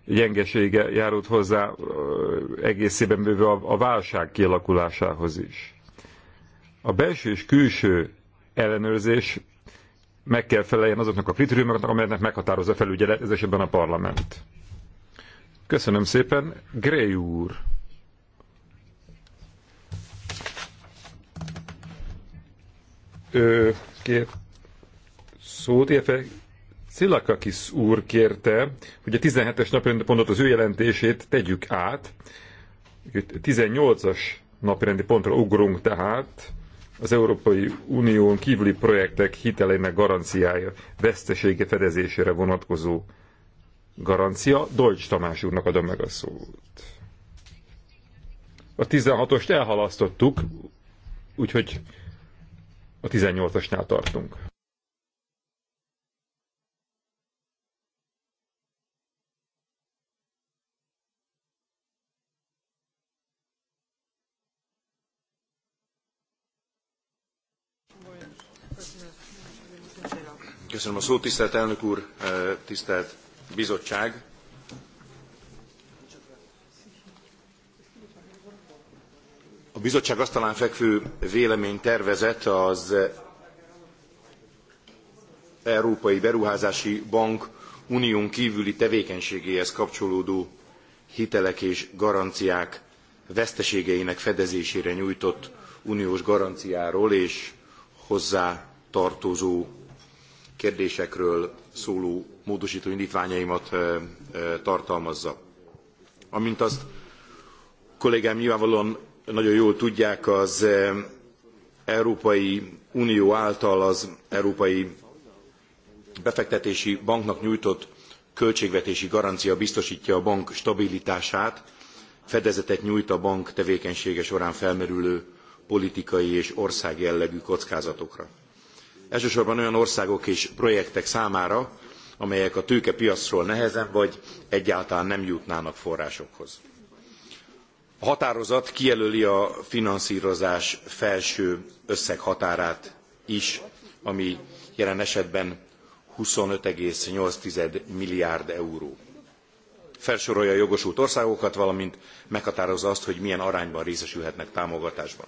A: gyengesége járult hozzá ö, egészében bőve a, a válság kialakulásához is. A belső és külső ellenőrzés meg kell feleljen azoknak a kritériumoknak, amelyeknek meghatározza felügyelet, ez esetben a parlament. Köszönöm szépen. Gray úr. Ő kér szót, illetve Szilakakis úr kérte, hogy a 17-es napirendi pontot az ő jelentését tegyük át. 18-as napirendi pontra ugrunk tehát az Európai Unión kívüli projektek hitelének garanciája, vesztesége fedezésére vonatkozó garancia. Dolcs Tamás úrnak adom meg a szót. A 16-ost elhalasztottuk, úgyhogy a 18-asnál tartunk.
E: Köszönöm
C: a szót, tisztelt elnök úr, tisztelt bizottság a bizottság asztalán fekvő véleménytervezet az Európai Beruházási Bank unión kívüli tevékenységéhez kapcsolódó hitelek és garanciák veszteségeinek fedezésére nyújtott uniós garanciáról és hozzá tartozó kérdésekről szóló módosító indítványaimat tartalmazza. Amint azt kollégám nyilvánvalóan nagyon jól tudják, az Európai Unió által az Európai Befektetési Banknak nyújtott költségvetési garancia biztosítja a bank stabilitását, fedezetet nyújt a bank tevékenysége során felmerülő politikai és országjellegű kockázatokra elsősorban olyan országok és projektek számára, amelyek a tőkepiacról nehezen vagy egyáltalán nem jutnának forrásokhoz. A határozat kijelöli a finanszírozás felső összeghatárát is, ami jelen esetben eight milliárd euró. Felsorolja a jogosult országokat, valamint meghatározza azt, hogy milyen arányban részesülhetnek támogatásban.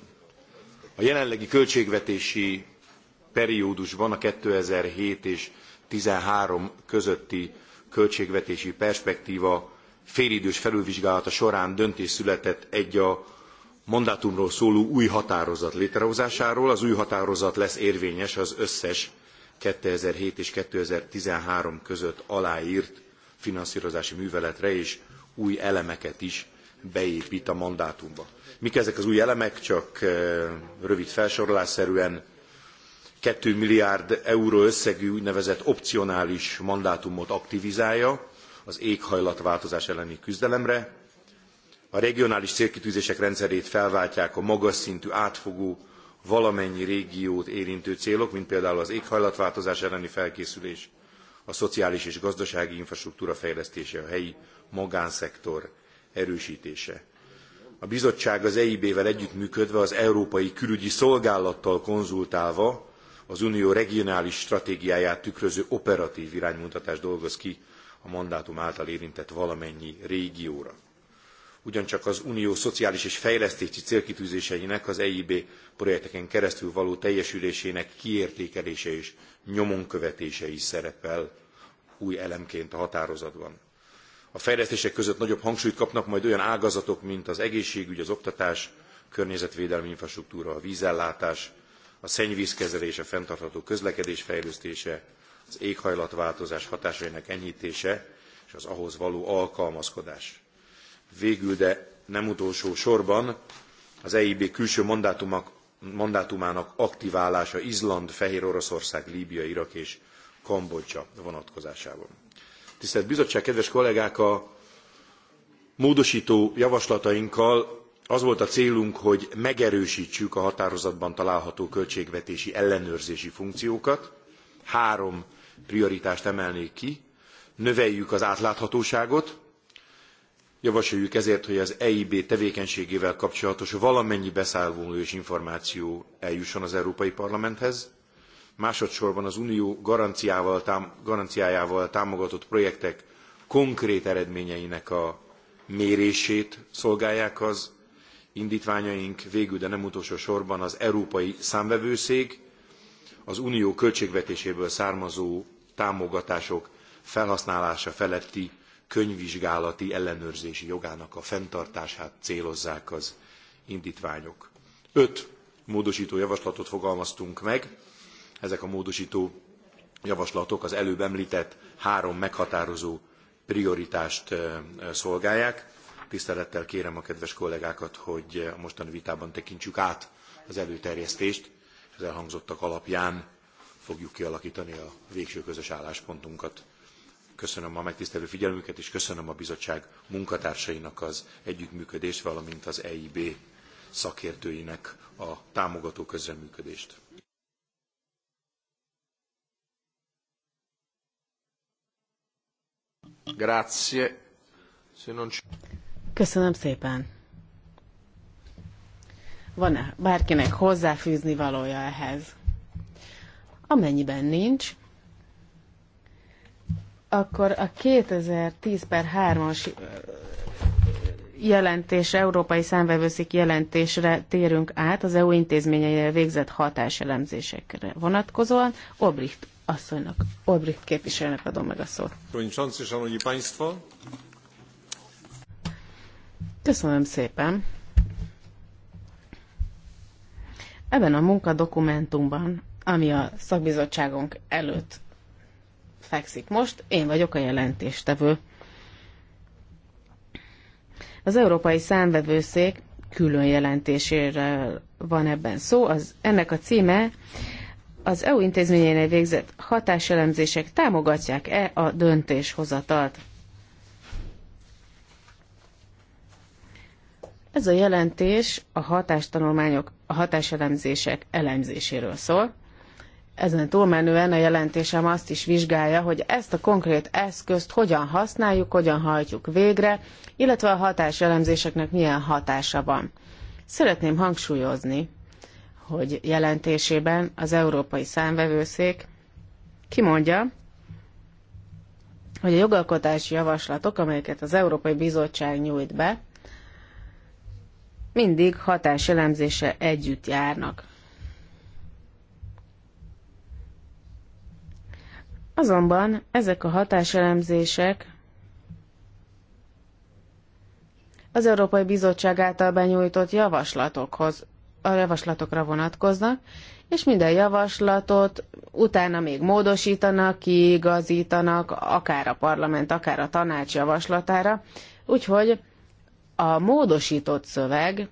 C: A jelenlegi költségvetési periódusban, a 2007 és 2013 közötti költségvetési perspektíva félidős felülvizsgálata során döntés született egy a mandátumról szóló új határozat létrehozásáról. Az új határozat lesz érvényes az összes 2007 és 2013 között aláírt finanszírozási műveletre, és új elemeket is beépt a mandátumba. Mik ezek az új elemek? Csak eh, rövid felsorolásszerűen two milliárd euró összegű úgynevezett opcionális mandátumot aktivizálja az éghajlatváltozás elleni küzdelemre, a regionális célkitűzések rendszerét felváltják a magas szintű átfogó valamennyi régiót érintő célok, mint például az éghajlatváltozás elleni felkészülés, a szociális és gazdasági infrastruktúra fejlesztése, a helyi magánszektor erősítése. A bizottság az EIB-vel együttműködve az Európai Külügyi Szolgálattal konzultálva az unió regionális stratégiáját tükröző operatv iránymutatást dolgoz ki a mandátum által érintett valamennyi régióra. ugyancsak az unió szociális és fejlesztési célkitűzéseinek az eib projekteken keresztül való teljesülésének kiértékelése és követése is szerepel új elemként a határozatban. a fejlesztések között nagyobb hangsúlyt kapnak majd olyan ágazatok mint az egészségügy az oktatás környezetvédelmi infrastruktúra a vízellátás a szennyvíz a fenntartható közlekedés fejlesztése, az éghajlatváltozás hatásainak enyhítése és az ahhoz való alkalmazkodás. Végül, de nem utolsó sorban az EIB külső mandátumának aktiválása Izland, Fehér Oroszország, Líbia, Irak és Kambodzsa vonatkozásában. Tisztelt Bizottság, kedves kollégák, a módosító javaslatainkkal az volt a célunk, hogy megerősítsük a határozatban található költségvetési ellenőrzési funkciókat. Három prioritást emelnék ki. Növeljük az átláthatóságot, Javasoljuk ezért, hogy az EIB tevékenységével kapcsolatos valamennyi beszámoló és információ eljusson az Európai Parlamenthez. Másodszorban az Unió garanciával, garanciájával támogatott projektek konkrét eredményeinek a mérését szolgálják az indítványaink végül, de nem utolsó sorban az Európai Számvevőszék, az unió költségvetéséből származó támogatások felhasználása feletti könyvvizsgálati ellenőrzési jogának a fenntartását célozzák az indítványok. Öt módosító javaslatot fogalmaztunk meg. Ezek a módosító javaslatok az előbb említett három meghatározó prioritást szolgálják. Tisztelettel kérem a kedves kollégákat, hogy a mostani vitában tekintsük át az előterjesztést, és az elhangzottak alapján fogjuk kialakítani a végső közös álláspontunkat. Köszönöm a megtisztelő figyelmüket, és köszönöm a bizottság munkatársainak az együttműködést, valamint az EIB szakértőinek a támogató közreműködést. Grazie.
D: Köszönöm szépen. Van-e bárkinek hozzáfűzni valója ehhez? Amennyiben nincs, akkor a 2010 per 3-as jelentés, európai számvevőszik jelentésre térünk át az EU intézményeire végzett hatáselemzésekre vonatkozóan. Obricht asszonynak, Obricht képviselőnek adom meg a szót. Köszönöm szépen. Ebben a munkadokumentumban, ami a szakbizottságunk előtt fekszik most, én vagyok a jelentéstevő. Az Európai Számvevőszék külön jelentéséről van ebben szó. Az, ennek a címe az EU intézményeinél végzett hatáselemzések támogatják-e a döntéshozatalt? Ez a jelentés a hatástanulmányok, a hatáselemzések elemzéséről szól. Ezen túlmenően a jelentésem azt is vizsgálja, hogy ezt a konkrét eszközt hogyan használjuk, hogyan hajtjuk végre, illetve a hatáselemzéseknek milyen hatása van. Szeretném hangsúlyozni, hogy jelentésében az Európai Számvevőszék kimondja, hogy a jogalkotási javaslatok, amelyeket az Európai Bizottság nyújt be, mindig hatáselemzése együtt járnak. Azonban ezek a hatáselemzések az Európai Bizottság által benyújtott javaslatokhoz, a javaslatokra vonatkoznak, és minden javaslatot utána még módosítanak, kiigazítanak, akár a parlament, akár a tanács javaslatára, úgyhogy a módosított szöveg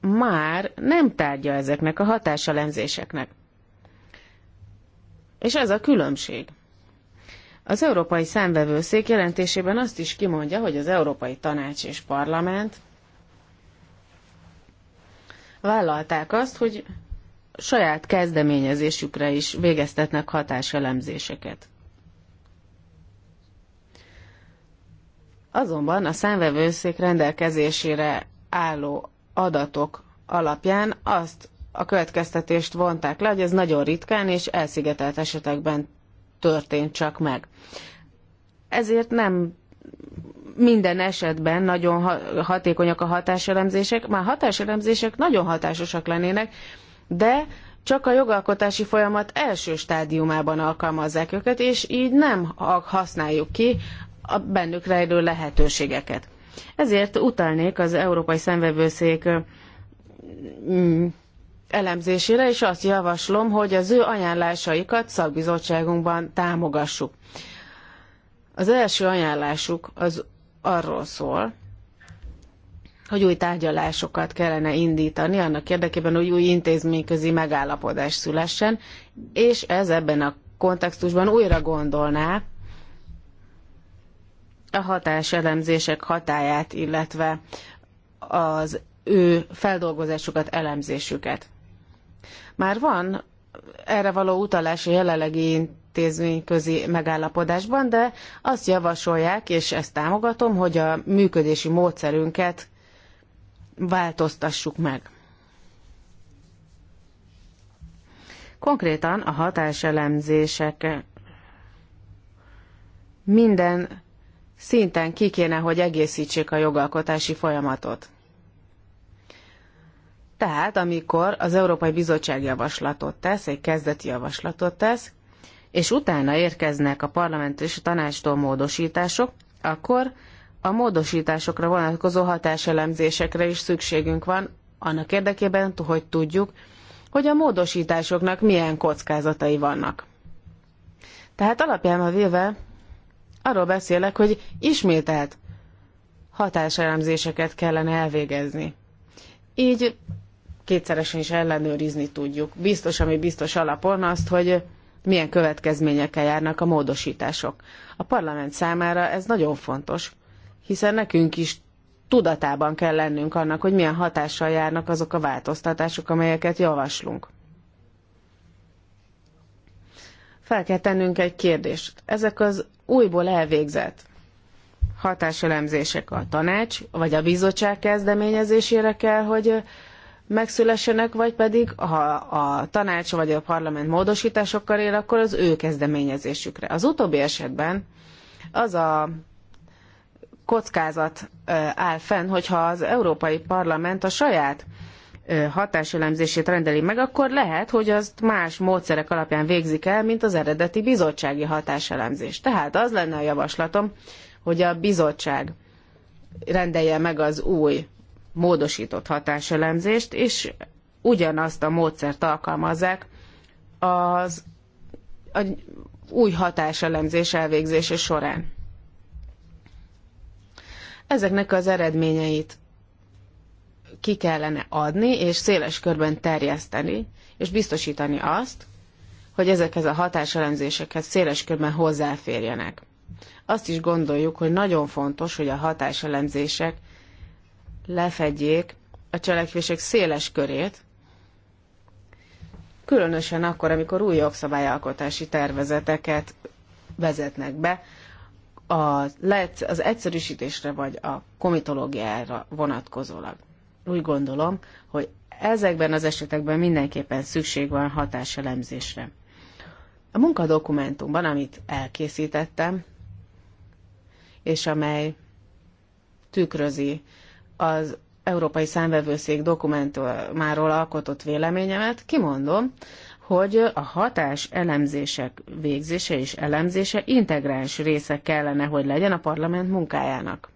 D: már nem tárgya ezeknek a hatásalenzéseknek. És ez a különbség. Az Európai Számvevőszék jelentésében azt is kimondja, hogy az Európai Tanács és Parlament vállalták azt, hogy saját kezdeményezésükre is végeztetnek hatáselemzéseket. Azonban a számvevőszék rendelkezésére álló adatok alapján azt a következtetést vonták le, hogy ez nagyon ritkán és elszigetelt esetekben történt csak meg. Ezért nem minden esetben nagyon hatékonyak a hatáselemzések, már hatáselemzések nagyon hatásosak lennének, de csak a jogalkotási folyamat első stádiumában alkalmazzák őket, és így nem használjuk ki a bennük rejlő lehetőségeket. Ezért utalnék az Európai Szenvevőszék mm, elemzésére, és azt javaslom, hogy az ő ajánlásaikat szakbizottságunkban támogassuk. Az első ajánlásuk az arról szól, hogy új tárgyalásokat kellene indítani, annak érdekében, hogy új intézményközi megállapodás szülessen, és ez ebben a kontextusban újra gondolná a hatáselemzések hatáját, illetve az ő feldolgozásukat, elemzésüket. Már van erre való utalás a jelenlegi intézményközi megállapodásban, de azt javasolják, és ezt támogatom, hogy a működési módszerünket változtassuk meg. Konkrétan a hatáselemzések minden szinten ki kéne, hogy egészítsék a jogalkotási folyamatot. Tehát, amikor az Európai Bizottság javaslatot tesz, egy kezdeti javaslatot tesz, és utána érkeznek a parlament és a tanácstól módosítások, akkor a módosításokra vonatkozó hatáselemzésekre is szükségünk van, annak érdekében, hogy tudjuk, hogy a módosításoknak milyen kockázatai vannak. Tehát alapjában véve Arról beszélek, hogy ismételt hatáselemzéseket kellene elvégezni. Így kétszeresen is ellenőrizni tudjuk, biztos, ami biztos alapon azt, hogy milyen következményekkel járnak a módosítások. A parlament számára ez nagyon fontos, hiszen nekünk is tudatában kell lennünk annak, hogy milyen hatással járnak azok a változtatások, amelyeket javaslunk. Fel kell tennünk egy kérdést. Ezek az újból elvégzett hatáselemzések a tanács vagy a bizottság kezdeményezésére kell, hogy megszülessenek, vagy pedig ha a tanács vagy a parlament módosításokkal él, akkor az ő kezdeményezésükre. Az utóbbi esetben az a kockázat áll fenn, hogyha az Európai Parlament a saját hatáselemzését rendeli meg, akkor lehet, hogy azt más módszerek alapján végzik el, mint az eredeti bizottsági hatáselemzés. Tehát az lenne a javaslatom, hogy a bizottság rendelje meg az új módosított hatáselemzést, és ugyanazt a módszert alkalmazzák az a új hatáselemzés elvégzése során. Ezeknek az eredményeit ki kellene adni, és széles körben terjeszteni, és biztosítani azt, hogy ezekhez a hatáselemzésekhez széles körben hozzáférjenek. Azt is gondoljuk, hogy nagyon fontos, hogy a hatáselemzések lefedjék a cselekvések széles körét, különösen akkor, amikor új jogszabályalkotási tervezeteket vezetnek be, az egyszerűsítésre vagy a komitológiára vonatkozólag úgy gondolom, hogy ezekben az esetekben mindenképpen szükség van hatáselemzésre. A munkadokumentumban, amit elkészítettem, és amely tükrözi az Európai Számvevőszék dokumentumáról alkotott véleményemet, kimondom, hogy a hatás elemzések végzése és elemzése integráns része kellene, hogy legyen a parlament munkájának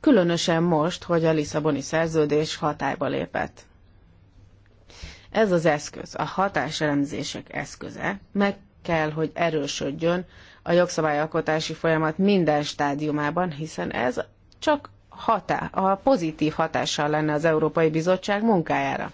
D: különösen most, hogy a Lisszaboni szerződés hatályba lépett. Ez az eszköz, a hatáselemzések eszköze meg kell, hogy erősödjön a jogszabályalkotási folyamat minden stádiumában, hiszen ez csak hatá, a pozitív hatással lenne az Európai Bizottság munkájára.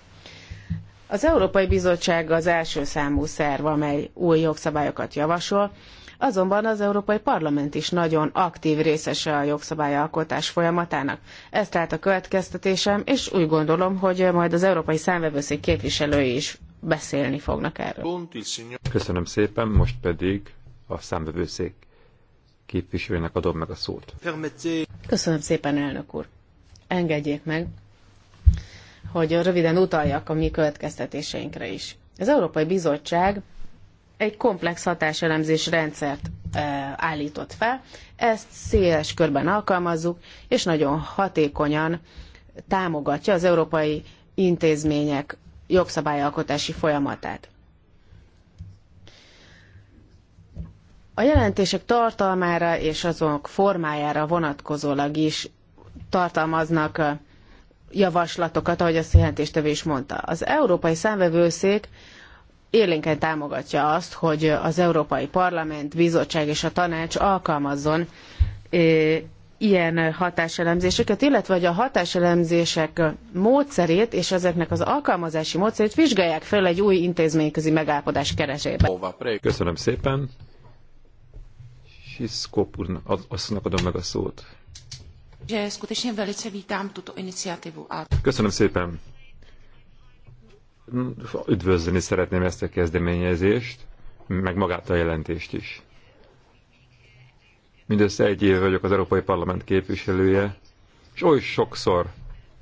D: Az Európai Bizottság az első számú szerv, amely új jogszabályokat javasol, Azonban az Európai Parlament is nagyon aktív részese a jogszabályalkotás folyamatának. Ez tehát a következtetésem, és úgy gondolom, hogy majd az Európai Számvevőszék képviselői is beszélni fognak erről.
A: Köszönöm szépen, most pedig a számvevőszék képviselőnek adom meg a szót.
D: Köszönöm szépen, elnök úr. Engedjék meg, hogy röviden utaljak a mi következtetéseinkre is. Az Európai Bizottság egy komplex hatáselemzés rendszert állított fel. Ezt széles körben alkalmazzuk, és nagyon hatékonyan támogatja az európai intézmények jogszabályalkotási folyamatát. A jelentések tartalmára és azok formájára vonatkozólag is tartalmaznak javaslatokat, ahogy azt a jelentéstevő is mondta. Az Európai Számvevőszék élénken támogatja azt, hogy az Európai Parlament, Bizottság és a Tanács alkalmazzon e, ilyen hatáselemzéseket, illetve hogy a hatáselemzések módszerét és ezeknek az alkalmazási módszerét vizsgálják fel egy új intézményközi megállapodás keresében.
A: Köszönöm szépen. Siszkop úrnak, adom meg a szót. Köszönöm szépen üdvözleni szeretném ezt a kezdeményezést, meg magát a jelentést is. Mindössze egy éve vagyok az Európai Parlament képviselője, és oly sokszor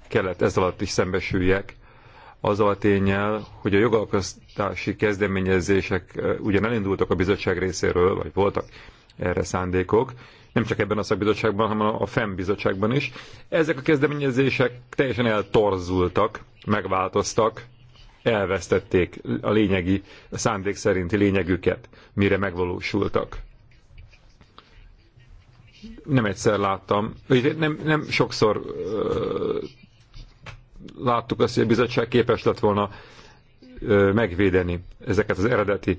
A: kellett ez alatt is szembesüljek, azzal a tényel, hogy a jogalkotási kezdeményezések eh, ugyan elindultak a bizottság részéről, vagy voltak erre szándékok, nem csak ebben a szakbizottságban, hanem a FEM bizottságban is. Ezek a kezdeményezések teljesen eltorzultak, megváltoztak, elvesztették a lényegi, a szándék szerinti lényegüket, mire megvalósultak. Nem egyszer láttam, nem, nem sokszor ö, láttuk azt, hogy a bizottság képes lett volna ö, megvédeni ezeket az eredeti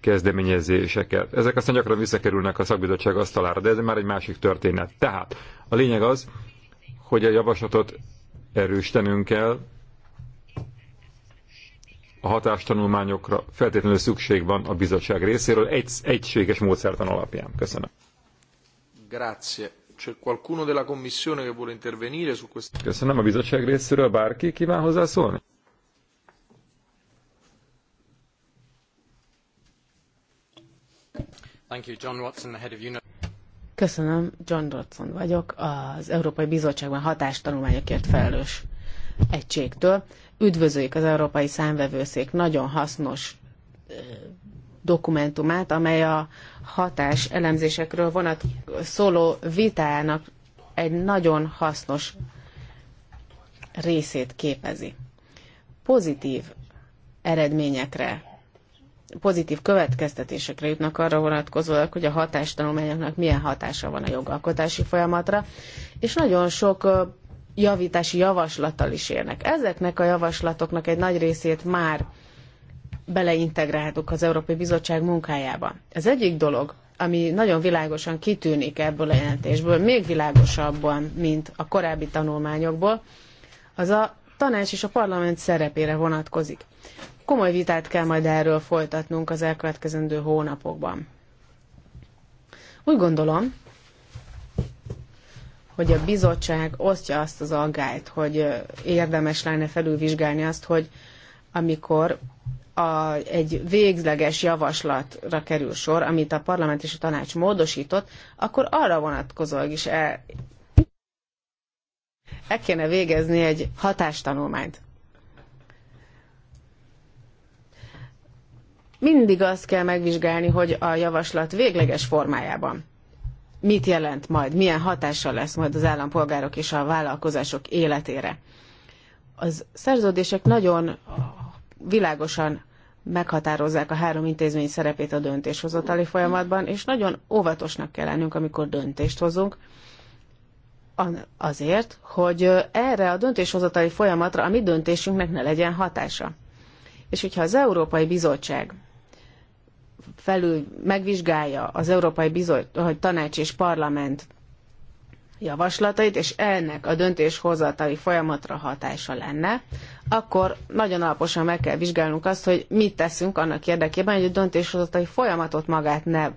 A: kezdeményezéseket. Ezek aztán gyakran visszakerülnek a szakbizottság asztalára, de ez már egy másik történet. Tehát a lényeg az, hogy a javaslatot erőstenünk kell, a hatástanulmányokra feltétlenül szükség van a bizottság részéről egy, egységes módszertan alapján. Köszönöm.
C: Grazie. C'è qualcuno della commissione che vuole intervenire su questo?
A: Köszönöm a bizottság részéről. Bárki kíván hozzászólni?
E: Thank you, John Watson, the head of UNO.
A: Köszönöm,
D: John Watson vagyok, az Európai Bizottságban hatástanulmányokért felelős egységtől üdvözöljük az Európai Számvevőszék nagyon hasznos dokumentumát, amely a hatás elemzésekről vonat szóló vitának egy nagyon hasznos részét képezi. Pozitív eredményekre, pozitív következtetésekre jutnak arra vonatkozólag, hogy a hatástanulmányoknak milyen hatása van a jogalkotási folyamatra, és nagyon sok javítási javaslattal is érnek. Ezeknek a javaslatoknak egy nagy részét már beleintegráltuk az Európai Bizottság munkájába. Ez egyik dolog, ami nagyon világosan kitűnik ebből a jelentésből, még világosabban, mint a korábbi tanulmányokból, az a tanács és a parlament szerepére vonatkozik. Komoly vitát kell majd erről folytatnunk az elkövetkezendő hónapokban. Úgy gondolom, hogy a bizottság osztja azt az aggályt, hogy érdemes lenne felülvizsgálni azt, hogy amikor a, egy végleges javaslatra kerül sor, amit a parlament és a tanács módosított, akkor arra vonatkozóan is el, el kéne végezni egy hatástanulmányt. Mindig azt kell megvizsgálni, hogy a javaslat végleges formájában mit jelent majd, milyen hatással lesz majd az állampolgárok és a vállalkozások életére. Az szerződések nagyon világosan meghatározzák a három intézmény szerepét a döntéshozatali folyamatban, és nagyon óvatosnak kell lennünk, amikor döntést hozunk, azért, hogy erre a döntéshozatali folyamatra a mi döntésünknek ne legyen hatása. És hogyha az Európai Bizottság felül megvizsgálja az Európai Bizottság, Tanács és Parlament javaslatait, és ennek a döntéshozatali folyamatra hatása lenne, akkor nagyon alaposan meg kell vizsgálnunk azt, hogy mit teszünk annak érdekében, hogy a döntéshozatali folyamatot magát ne,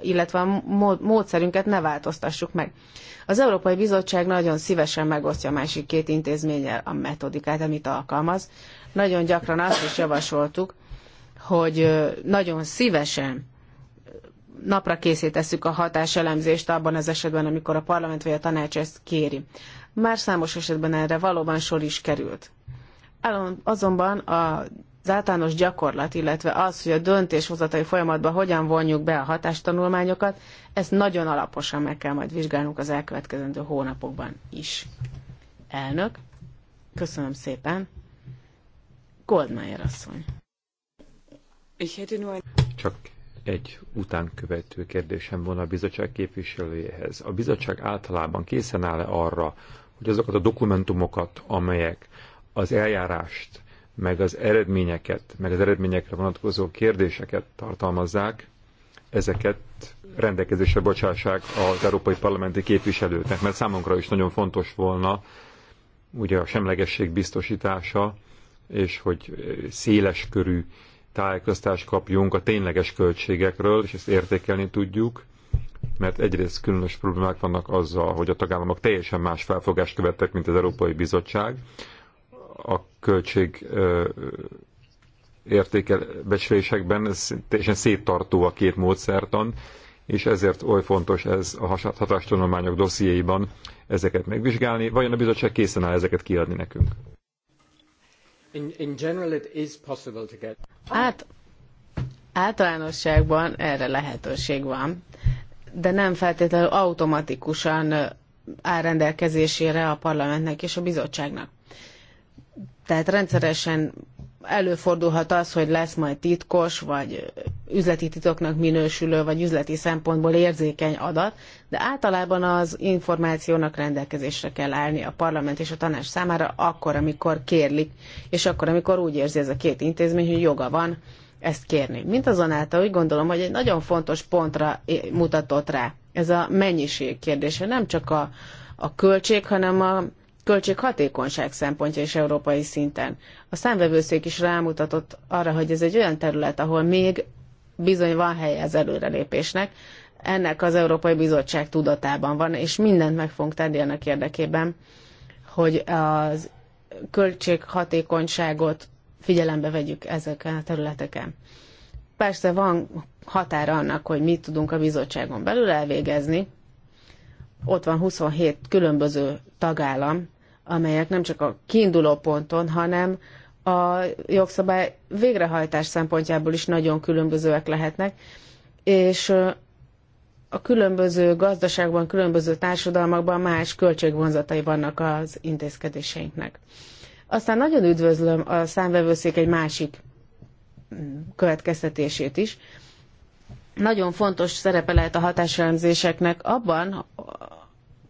D: illetve a módszerünket ne változtassuk meg. Az Európai Bizottság nagyon szívesen megosztja a másik két intézménnyel a metodikát, amit alkalmaz. Nagyon gyakran azt is javasoltuk, hogy nagyon szívesen napra készítesszük a hatáselemzést abban az esetben, amikor a parlament vagy a tanács ezt kéri. Már számos esetben erre valóban sor is került. Azonban az általános gyakorlat, illetve az, hogy a döntéshozatai folyamatban hogyan vonjuk be a hatástanulmányokat, ezt nagyon alaposan meg kell majd vizsgálnunk az elkövetkezendő hónapokban is. Elnök, köszönöm szépen. Goldmeier asszony.
A: Csak egy utánkövető kérdésem volna a bizottság képviselőjéhez. A bizottság általában készen áll-e arra, hogy azokat a dokumentumokat, amelyek az eljárást, meg az eredményeket, meg az eredményekre vonatkozó kérdéseket tartalmazzák, ezeket rendelkezésre bocsássák az európai parlamenti képviselőknek, mert számunkra is nagyon fontos volna ugye a semlegesség biztosítása, és hogy széles körű tájékoztást kapjunk a tényleges költségekről, és ezt értékelni tudjuk, mert egyrészt különös problémák vannak azzal, hogy a tagállamok teljesen más felfogást követtek, mint az Európai Bizottság. A költség értékelbecslésekben teljesen széttartó a két módszertan, és ezért oly fontos ez a hatástanulmányok dossziéiban ezeket megvizsgálni. Vajon a bizottság készen áll ezeket kiadni nekünk?
E: in, general it is possible to get... Át,
D: általánosságban erre lehetőség van, de nem feltétlenül automatikusan áll rendelkezésére a parlamentnek és a bizottságnak. Tehát rendszeresen előfordulhat az, hogy lesz majd titkos, vagy üzleti titoknak minősülő, vagy üzleti szempontból érzékeny adat, de általában az információnak rendelkezésre kell állni a parlament és a tanács számára akkor, amikor kérlik, és akkor, amikor úgy érzi ez a két intézmény, hogy joga van ezt kérni. Mint azonáltal úgy gondolom, hogy egy nagyon fontos pontra mutatott rá. Ez a mennyiség kérdése, nem csak a, a költség, hanem a hatékonyság szempontja is európai szinten. A számvevőszék is rámutatott arra, hogy ez egy olyan terület, ahol még bizony van helye az előrelépésnek, ennek az Európai Bizottság tudatában van, és mindent meg fogunk tenni ennek érdekében, hogy az költséghatékonyságot figyelembe vegyük ezeken a területeken. Persze van határa annak, hogy mit tudunk a bizottságon belül elvégezni. Ott van 27 különböző tagállam, amelyek nem csak a kiinduló ponton, hanem a jogszabály végrehajtás szempontjából is nagyon különbözőek lehetnek, és a különböző gazdaságban, különböző társadalmakban más költségvonzatai vannak az intézkedéseinknek. Aztán nagyon üdvözlöm a számvevőszék egy másik mm, következtetését is. Nagyon fontos szerepe lehet a hatáselemzéseknek abban,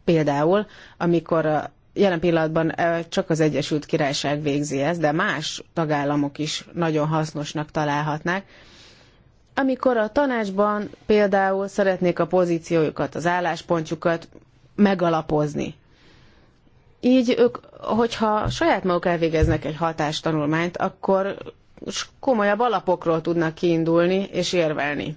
D: például, amikor a jelen pillanatban csak az Egyesült Királyság végzi ezt, de más tagállamok is nagyon hasznosnak találhatnák, amikor a tanácsban például szeretnék a pozíciójukat, az álláspontjukat megalapozni. Így ők, hogyha saját maguk elvégeznek egy hatástanulmányt, akkor komolyabb alapokról tudnak kiindulni és érvelni.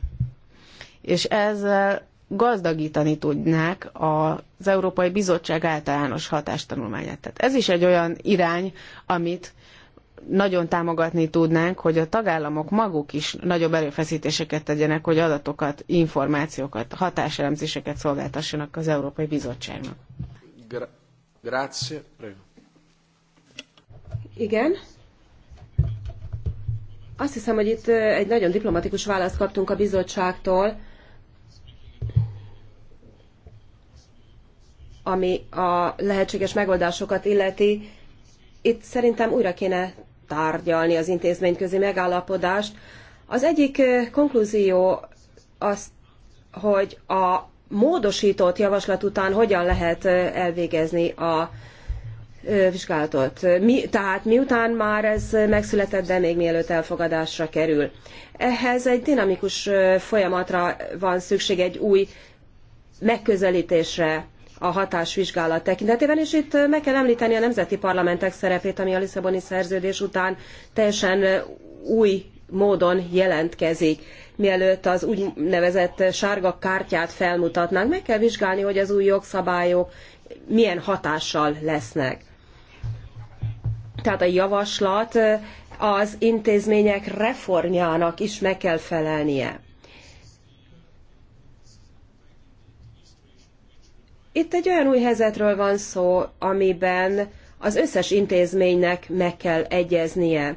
D: És ezzel gazdagítani tudnák az Európai Bizottság általános hatástanulmányát. Tehát ez is egy olyan irány, amit nagyon támogatni tudnánk, hogy a tagállamok maguk is nagyobb erőfeszítéseket tegyenek, hogy adatokat, információkat, hatáselemzéseket szolgáltassanak az Európai Bizottságnak.
C: Gra- grazie.
B: Igen. Azt hiszem, hogy itt egy nagyon diplomatikus választ kaptunk a bizottságtól, ami a lehetséges megoldásokat illeti. Itt szerintem újra kéne tárgyalni az intézményközi megállapodást. Az egyik konklúzió az, hogy a módosított javaslat után hogyan lehet elvégezni a vizsgálatot. Mi, tehát miután már ez megszületett, de még mielőtt elfogadásra kerül. Ehhez egy dinamikus folyamatra van szükség, egy új megközelítésre a hatásvizsgálat tekintetében, és itt meg kell említeni a nemzeti parlamentek szerepét, ami a Lisszaboni szerződés után teljesen új módon jelentkezik. Mielőtt az úgynevezett sárga kártyát felmutatnánk, meg kell vizsgálni, hogy az új jogszabályok milyen hatással lesznek. Tehát a javaslat az intézmények reformjának is meg kell felelnie. Itt egy olyan új helyzetről van szó, amiben az összes intézménynek meg kell egyeznie.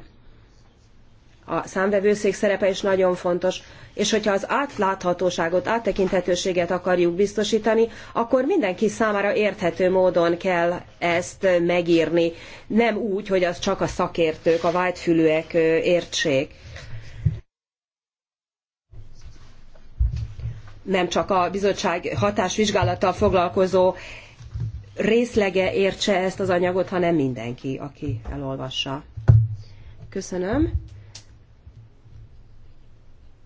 B: A számvevőszék szerepe is nagyon fontos, és hogyha az átláthatóságot, áttekinthetőséget akarjuk biztosítani, akkor mindenki számára érthető módon kell ezt megírni. Nem úgy, hogy az csak a szakértők, a vágyfülűek értsék. nem csak a bizottság hatásvizsgálattal foglalkozó részlege értse ezt az anyagot, hanem mindenki, aki elolvassa. Köszönöm.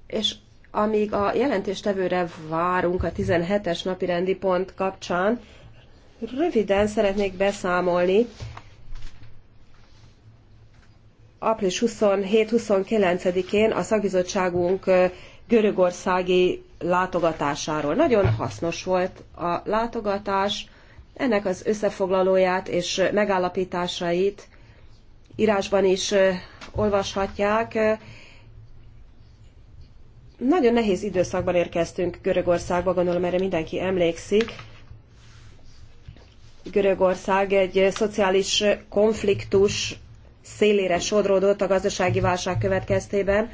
B: És amíg a jelentéstevőre várunk a 17-es napirendi pont kapcsán, röviden szeretnék beszámolni április 27-29-én a szakbizottságunk görögországi látogatásáról. Nagyon hasznos volt a látogatás, ennek az összefoglalóját és megállapításait írásban is olvashatják. Nagyon nehéz időszakban érkeztünk Görögországba, gondolom erre mindenki emlékszik. Görögország egy szociális konfliktus szélére sodródott a gazdasági válság következtében,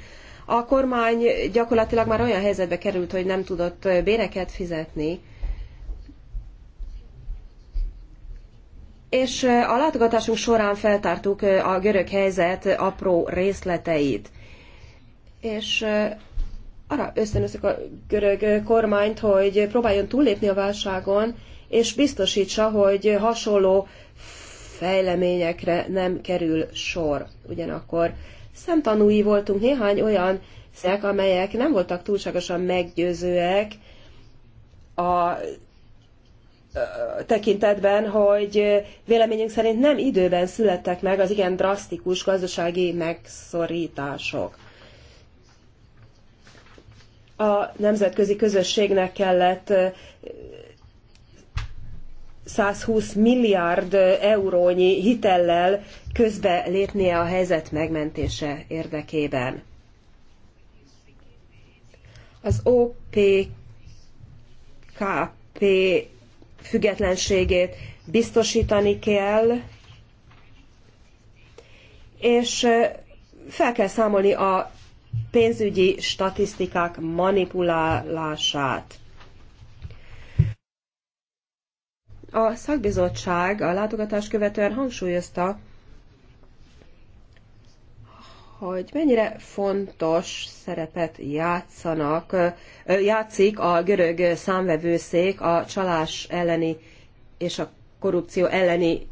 B: a kormány gyakorlatilag már olyan helyzetbe került, hogy nem tudott béreket fizetni, és a látogatásunk során feltártuk a görög helyzet apró részleteit. És arra ösztönöztük a görög kormányt, hogy próbáljon túllépni a válságon, és biztosítsa, hogy hasonló fejleményekre nem kerül sor. Ugyanakkor szemtanúi voltunk néhány olyan szek, amelyek nem voltak túlságosan meggyőzőek a tekintetben, hogy véleményünk szerint nem időben születtek meg az igen drasztikus gazdasági megszorítások. A nemzetközi közösségnek kellett 120 milliárd eurónyi hitellel közbe lépnie a helyzet megmentése érdekében. Az OPKP függetlenségét biztosítani kell, és fel kell számolni a pénzügyi statisztikák manipulálását. A szakbizottság a látogatás követően hangsúlyozta, hogy mennyire fontos szerepet játszanak, játszik a görög számvevőszék a csalás elleni és a korrupció elleni,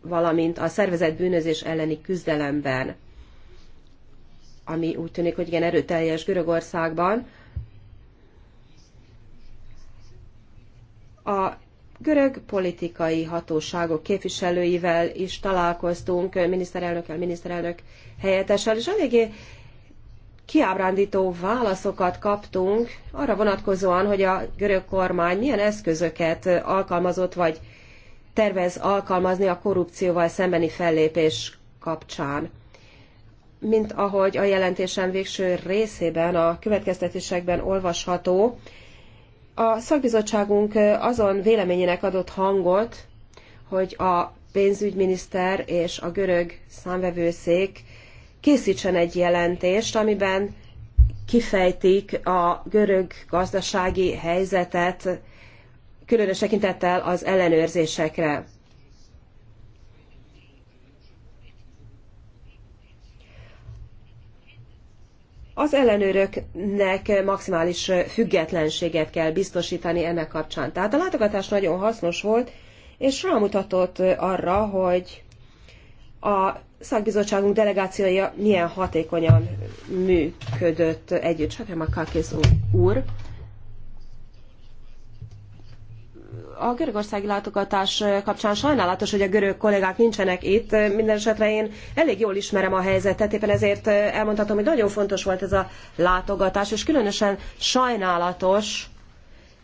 B: valamint a szervezett bűnözés elleni küzdelemben, ami úgy tűnik, hogy igen erőteljes Görögországban. A görög politikai hatóságok képviselőivel is találkoztunk, miniszterelnökkel, miniszterelnök helyettessel, és eléggé kiábrándító válaszokat kaptunk arra vonatkozóan, hogy a görög kormány milyen eszközöket alkalmazott, vagy tervez alkalmazni a korrupcióval szembeni fellépés kapcsán. Mint ahogy a jelentésem végső részében, a következtetésekben olvasható, a szakbizottságunk azon véleményének adott hangot, hogy a pénzügyminiszter és a görög számvevőszék készítsen egy jelentést, amiben kifejtik a görög gazdasági helyzetet, különös tekintettel az ellenőrzésekre. Az ellenőröknek maximális függetlenséget kell biztosítani ennek kapcsán. Tehát a látogatás nagyon hasznos volt, és rámutatott arra, hogy a szakbizottságunk delegációja milyen hatékonyan működött együtt. Sakremakakis úr. A görögországi látogatás kapcsán sajnálatos, hogy a görög kollégák nincsenek itt. Mindenesetre én elég jól ismerem a helyzetet, éppen ezért elmondhatom, hogy nagyon fontos volt ez a látogatás, és különösen sajnálatos,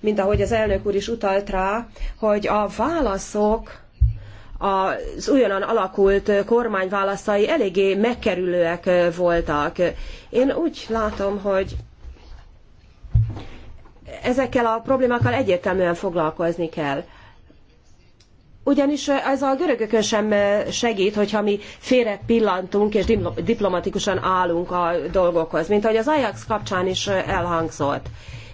B: mint ahogy az elnök úr is utalt rá, hogy a válaszok az újonnan alakult kormány válaszai eléggé megkerülőek voltak. Én úgy látom, hogy ezekkel a problémákkal egyértelműen foglalkozni kell. Ugyanis ez a görögökön sem segít, hogyha mi félre pillantunk és diplomatikusan állunk a dolgokhoz, mint ahogy az Ajax kapcsán is elhangzott.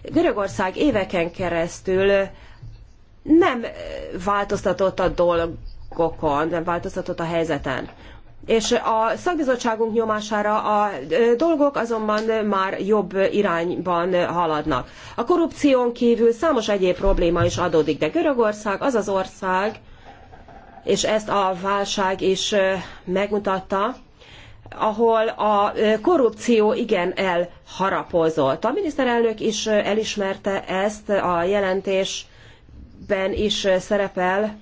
B: Görögország éveken keresztül nem változtatott a dolgokon, nem változtatott a helyzeten és a szakbizottságunk nyomására a dolgok azonban már jobb irányban haladnak. A korrupción kívül számos egyéb probléma is adódik, de Görögország az az ország, és ezt a válság is megmutatta, ahol a korrupció igen elharapozott. A miniszterelnök is elismerte ezt, a jelentésben is szerepel,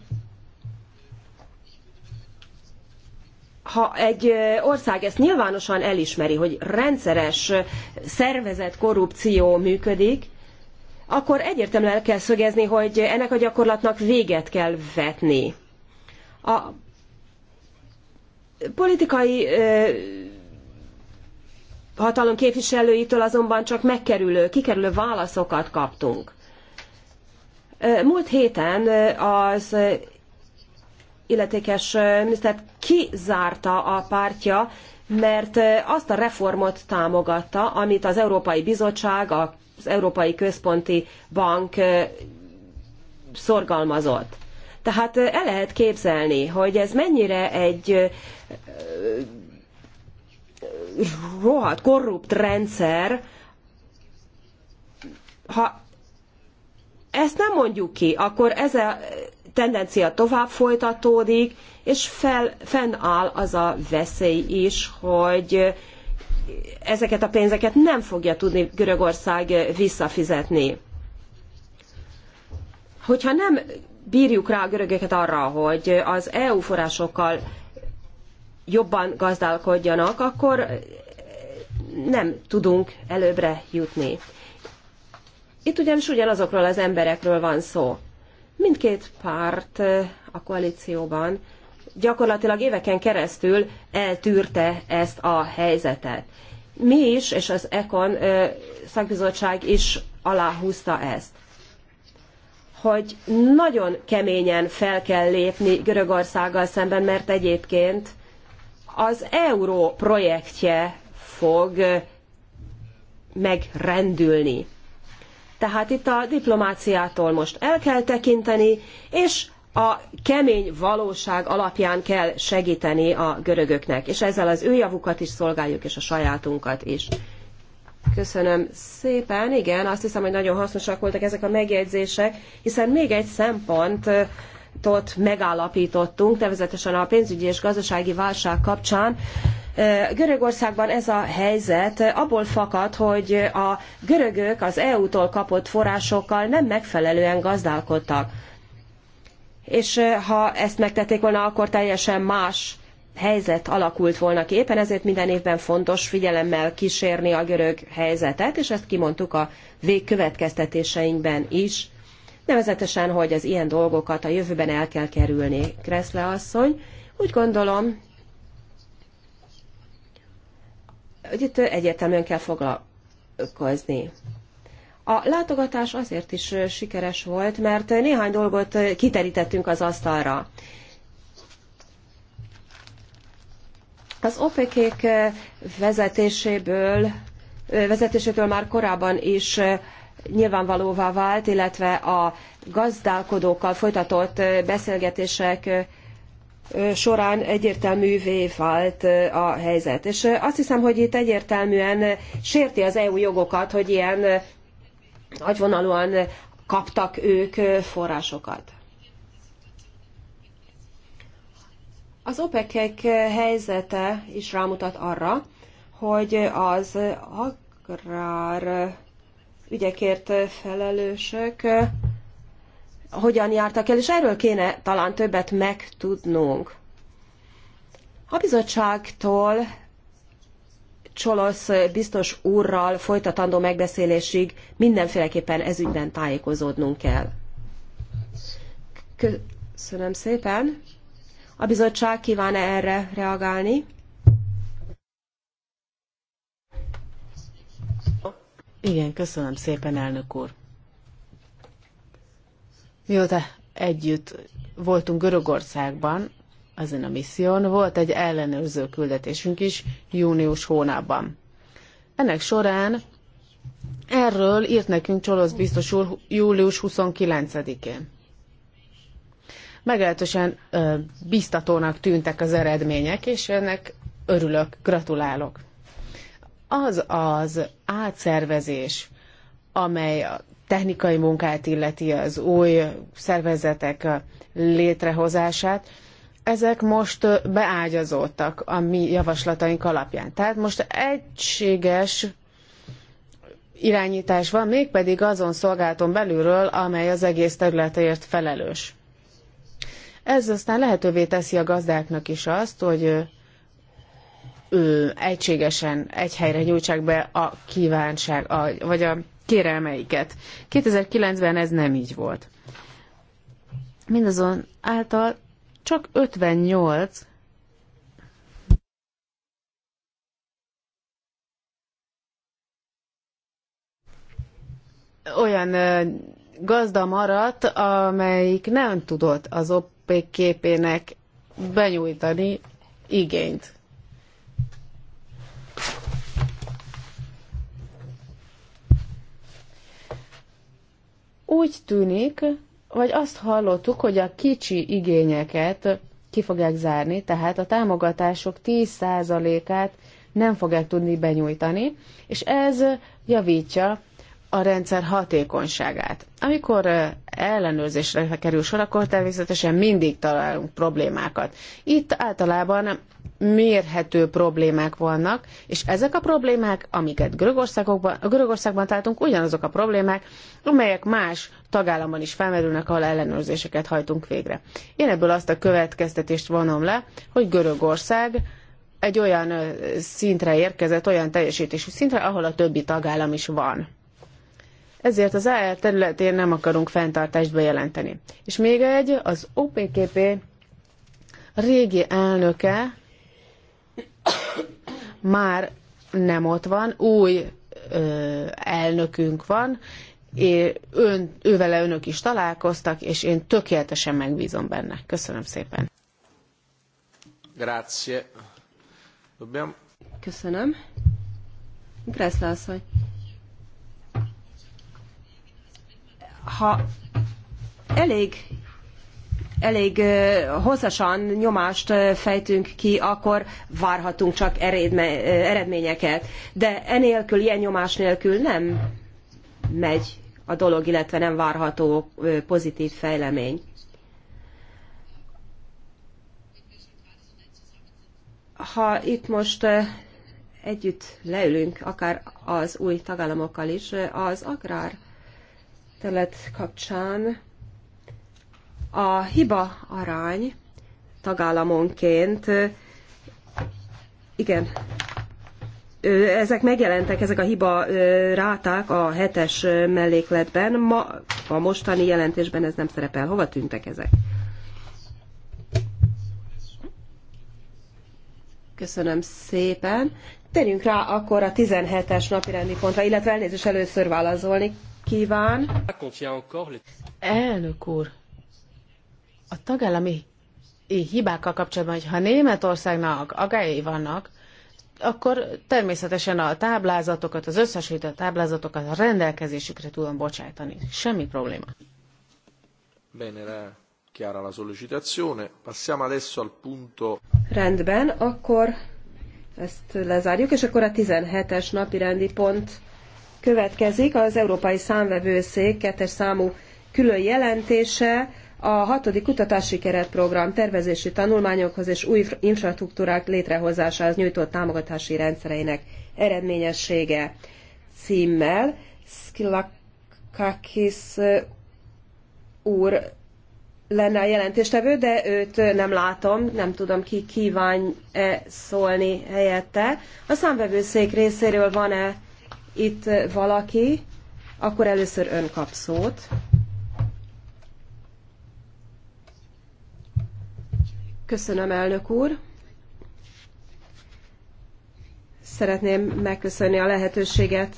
B: ha egy ország ezt nyilvánosan elismeri, hogy rendszeres szervezett korrupció működik, akkor egyértelműen el kell szögezni, hogy ennek a gyakorlatnak véget kell vetni. A politikai hatalom képviselőitől azonban csak megkerülő, kikerülő válaszokat kaptunk. Múlt héten az illetékes minisztert kizárta a pártja, mert azt a reformot támogatta, amit az Európai Bizottság, az Európai Központi Bank szorgalmazott. Tehát el lehet képzelni, hogy ez mennyire egy rohadt, korrupt rendszer, ha ezt nem mondjuk ki, akkor ez a tendencia tovább folytatódik, és fel, fennáll az a veszély is, hogy ezeket a pénzeket nem fogja tudni Görögország visszafizetni. Hogyha nem bírjuk rá a görögöket arra, hogy az EU forrásokkal jobban gazdálkodjanak, akkor nem tudunk előbbre jutni. Itt ugyanis ugyanazokról az emberekről van szó mindkét párt a koalícióban gyakorlatilag éveken keresztül eltűrte ezt a helyzetet. Mi is, és az ECON szakbizottság is aláhúzta ezt hogy nagyon keményen fel kell lépni Görögországgal szemben, mert egyébként az euró projektje fog megrendülni. Tehát itt a diplomáciától most el kell tekinteni, és a kemény valóság alapján kell segíteni a görögöknek, és ezzel az ő javukat is szolgáljuk, és a sajátunkat is. Köszönöm szépen. Igen, azt hiszem, hogy nagyon hasznosak voltak ezek a megjegyzések, hiszen még egy szempont megállapítottunk, nevezetesen a pénzügyi és gazdasági válság kapcsán, Görögországban ez a helyzet abból fakad, hogy a görögök az EU-tól kapott forrásokkal nem megfelelően gazdálkodtak. És ha ezt megtették volna, akkor teljesen más helyzet alakult volna ki. Éppen ezért minden évben fontos figyelemmel kísérni a görög helyzetet, és ezt kimondtuk a végkövetkeztetéseinkben is. Nevezetesen, hogy az ilyen dolgokat a jövőben el kell kerülni, Kreszle asszony. Úgy gondolom, hogy itt egyértelműen kell foglalkozni. A látogatás azért is sikeres volt, mert néhány dolgot kiterítettünk az asztalra. Az opec vezetéséből, vezetésétől már korábban is nyilvánvalóvá vált, illetve a gazdálkodókkal folytatott beszélgetések során egyértelművé vált a helyzet. És azt hiszem, hogy itt egyértelműen sérti az EU jogokat, hogy ilyen nagyvonalúan kaptak ők forrásokat. Az opec helyzete is rámutat arra, hogy az agrár ügyekért felelősök hogyan jártak el, és erről kéne talán többet megtudnunk. A bizottságtól Csolosz biztos úrral folytatandó megbeszélésig mindenféleképpen ezügyben tájékozódnunk kell. Köszönöm szépen. A bizottság kíván-e erre
D: reagálni? Igen, köszönöm szépen, elnök úr. Mióta együtt voltunk Görögországban, ezen a misszión, volt egy ellenőrző küldetésünk is június hónapban. Ennek során erről írt nekünk Csolosz biztos úr július 29-én. Meglehetősen ö, biztatónak tűntek az eredmények, és ennek örülök, gratulálok. Az az átszervezés, amely a technikai munkát illeti az új szervezetek létrehozását, ezek most beágyazódtak a mi javaslataink alapján. Tehát most egységes irányítás van, mégpedig azon szolgálaton belülről, amely az egész területért felelős. Ez aztán lehetővé teszi a gazdáknak is azt, hogy ő egységesen egy helyre nyújtsák be a kívánság, a, vagy a kérelmeiket. 2009-ben ez nem így volt. Mindazon által csak 58 olyan gazda maradt, amelyik nem tudott az OP képének benyújtani igényt. Úgy tűnik, vagy azt hallottuk, hogy a kicsi igényeket ki fogják zárni, tehát a támogatások 10%-át nem fogják tudni benyújtani, és ez javítja a rendszer hatékonyságát. Amikor ellenőrzésre kerül sor, akkor természetesen mindig találunk problémákat. Itt általában mérhető problémák vannak, és ezek a problémák, amiket Görögországokban, Görögországban találtunk, ugyanazok a problémák, amelyek más tagállamban is felmerülnek, ahol ellenőrzéseket hajtunk végre. Én ebből azt a következtetést vonom le, hogy Görögország egy olyan szintre érkezett, olyan teljesítésű szintre, ahol a többi tagállam is van ezért az AR területén nem akarunk fenntartást bejelenteni. És még egy, az OPKP régi elnöke már nem ott van, új ö, elnökünk van, és ön, ővele önök is találkoztak, és én tökéletesen megbízom benne. Köszönöm szépen.
C: Grazie. Dobbiamo...
D: Köszönöm. Greszle asszony.
A: ha
B: elég elég hosszasan nyomást fejtünk ki, akkor várhatunk csak eredményeket. De enélkül, ilyen nyomás nélkül nem megy a dolog, illetve nem várható pozitív fejlemény. Ha itt most együtt leülünk, akár az új tagállamokkal is, az agrár terület kapcsán a hiba arány tagállamonként igen, ezek megjelentek, ezek a hiba ráták a hetes mellékletben. Ma, a mostani jelentésben ez nem szerepel. Hova tűntek ezek? Köszönöm szépen. Térjünk rá akkor a 17-es napirendi pontra, illetve
D: elnézést először válaszolni kíván. Elnök úr, a tagállami hibákkal kapcsolatban, hogyha Németországnak agályai vannak, akkor természetesen a táblázatokat, az összesített táblázatokat a rendelkezésükre tudom bocsájtani. Semmi probléma.
C: Bene, chiara la sollecitazione. Passiamo adesso al punto...
D: Rendben,
B: akkor ezt lezárjuk, és akkor a 17-es napi rendi pont Következik az Európai Számvevőszék kettes számú külön jelentése a hatodik kutatási keretprogram tervezési tanulmányokhoz és új infrastruktúrák létrehozásához nyújtott támogatási rendszereinek eredményessége címmel. Skilakakis uh, úr lenne a jelentéstevő, de őt nem látom, nem tudom ki kíván -e szólni helyette. A számvevőszék részéről van-e itt valaki, akkor először ön kap szót. Köszönöm, elnök úr. Szeretném megköszönni a lehetőséget,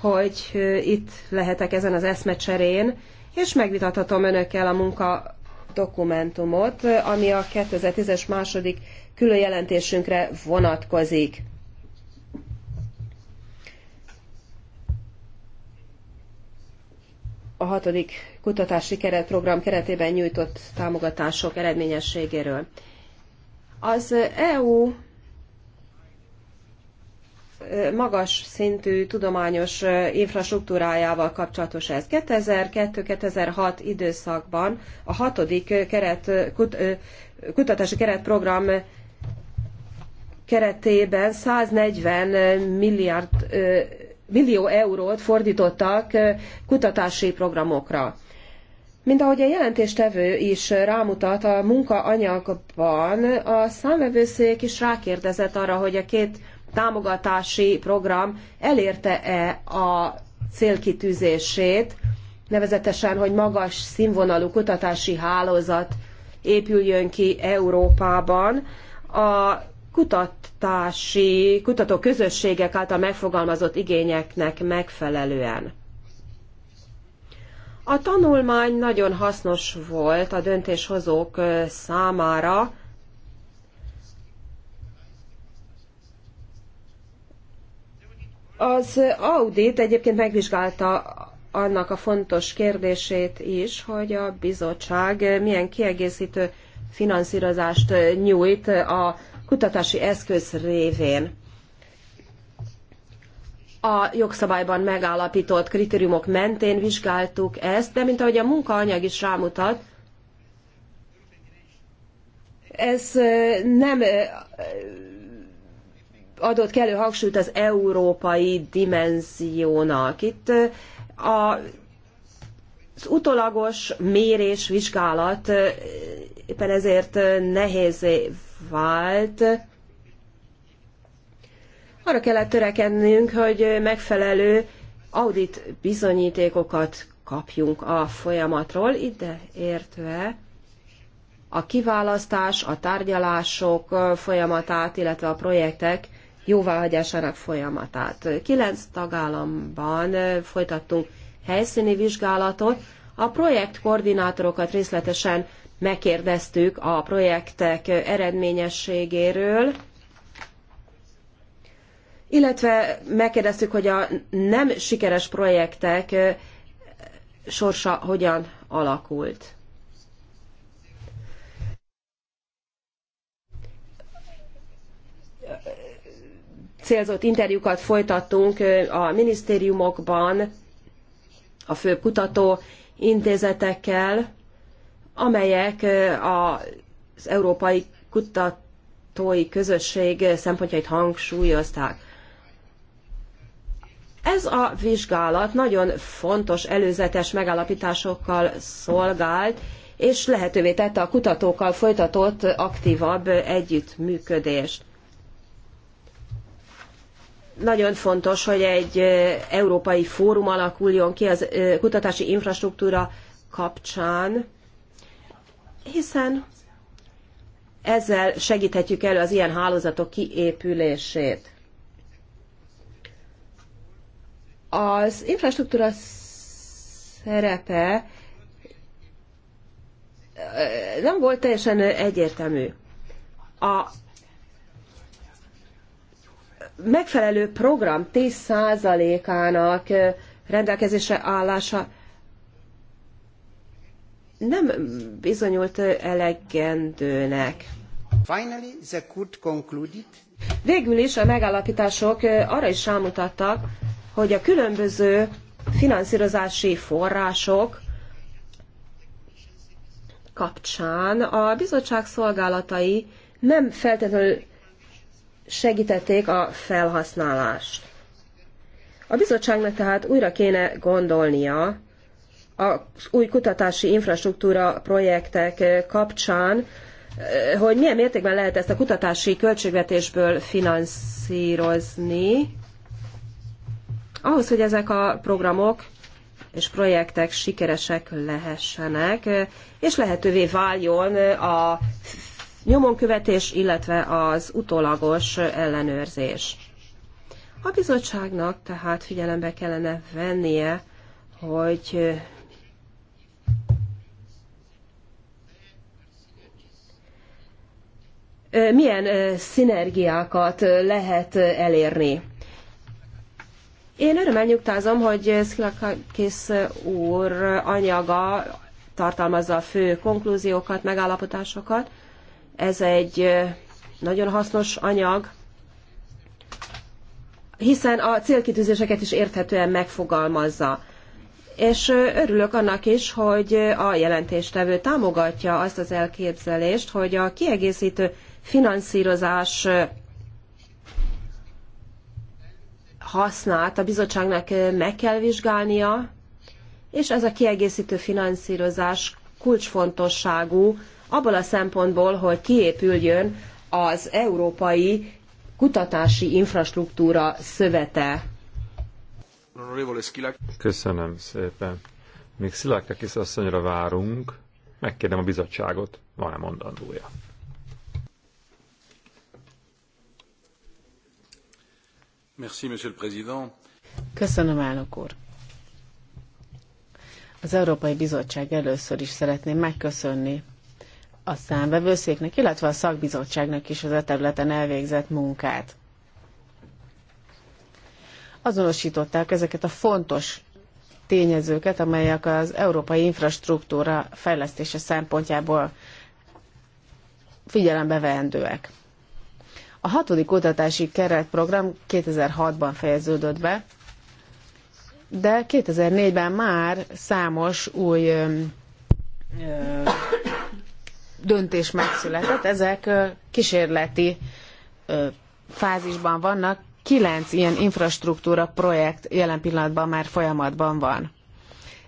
B: hogy itt lehetek ezen az eszmecserén, és megvitathatom önökkel a munka dokumentumot, ami a 2010-es második jelentésünkre vonatkozik. a hatodik kutatási keretprogram keretében nyújtott támogatások eredményességéről. Az EU magas szintű tudományos infrastruktúrájával kapcsolatos ez. 2002-2006 időszakban a hatodik keret, kutatási keretprogram keretében 140 milliárd millió eurót fordítottak kutatási programokra. Mint ahogy a jelentéstevő is rámutat a munkaanyagban, a számvevőszék is rákérdezett arra, hogy a két támogatási program elérte-e a célkitűzését, nevezetesen, hogy magas színvonalú kutatási hálózat épüljön ki Európában. A kutatási, kutatóközösségek által megfogalmazott igényeknek megfelelően. A tanulmány nagyon hasznos volt a döntéshozók számára, Az audit egyébként megvizsgálta annak a fontos kérdését is, hogy a bizottság milyen kiegészítő finanszírozást nyújt a kutatási eszköz révén a jogszabályban megállapított kritériumok mentén vizsgáltuk ezt, de mint ahogy a munkaanyag is rámutat, ez nem adott kellő hangsúlyt az európai dimenziónak. Itt a, az utolagos mérés, vizsgálat éppen ezért nehézé vált. Arra kellett törekednünk, hogy megfelelő audit bizonyítékokat kapjunk a folyamatról, ide értve a kiválasztás, a tárgyalások folyamatát, illetve a projektek jóváhagyásának folyamatát. Kilenc tagállamban folytattunk helyszíni vizsgálatot, a projektkoordinátorokat részletesen megkérdeztük a projektek eredményességéről, illetve megkérdeztük, hogy a nem sikeres projektek sorsa hogyan alakult. Célzott interjúkat folytattunk a minisztériumokban, a fő kutató intézetekkel, amelyek az európai kutatói közösség szempontjait hangsúlyozták. Ez a vizsgálat nagyon fontos előzetes megállapításokkal szolgált, és lehetővé tette a kutatókkal folytatott aktívabb együttműködést. Nagyon fontos, hogy egy európai fórum alakuljon ki az kutatási infrastruktúra kapcsán, hiszen ezzel segíthetjük elő az ilyen hálózatok kiépülését. Az infrastruktúra szerepe nem volt teljesen egyértelmű. A megfelelő program 10%-ának rendelkezésre állása nem bizonyult elegendőnek. Finally, the court concluded. Végül is a megállapítások arra is rámutattak, hogy a különböző finanszírozási források kapcsán a bizottság szolgálatai nem feltétlenül segítették a felhasználást. A bizottságnak tehát újra kéne gondolnia az új kutatási infrastruktúra projektek eh, kapcsán, eh, hogy milyen mértékben lehet ezt a kutatási költségvetésből finanszírozni, ahhoz, hogy ezek a programok és projektek sikeresek lehessenek, eh, és lehetővé váljon a nyomonkövetés, illetve az utólagos ellenőrzés. A bizottságnak tehát figyelembe kellene vennie, hogy milyen szinergiákat lehet elérni. Én örömmel nyugtázom, hogy Szkilakakis úr anyaga tartalmazza a fő konklúziókat, megállapotásokat. Ez egy nagyon hasznos anyag, hiszen a célkitűzéseket is érthetően megfogalmazza. És örülök annak is, hogy a jelentéstevő támogatja azt az elképzelést, hogy a kiegészítő finanszírozás hasznát a bizottságnak meg kell vizsgálnia, és ez a kiegészítő finanszírozás kulcsfontosságú abból a szempontból, hogy kiépüljön az európai kutatási infrastruktúra szövete.
A: Köszönöm szépen. Még Szilákakis asszonyra várunk. Megkérdem a bizottságot, van-e mondandója.
E: Merci, Monsieur le Président.
A: Köszönöm,
D: elnök úr. Az Európai Bizottság először is szeretném megköszönni a számvevőszéknek, illetve a szakbizottságnak is az a e területen elvégzett munkát. Azonosították ezeket a fontos tényezőket, amelyek az európai infrastruktúra fejlesztése szempontjából figyelembe veendőek. A hatodik kutatási keretprogram 2006-ban fejeződött be, de 2004-ben már számos új ö, ö, döntés megszületett. Ezek ö, kísérleti ö, fázisban vannak. Kilenc ilyen infrastruktúra projekt jelen pillanatban már folyamatban van.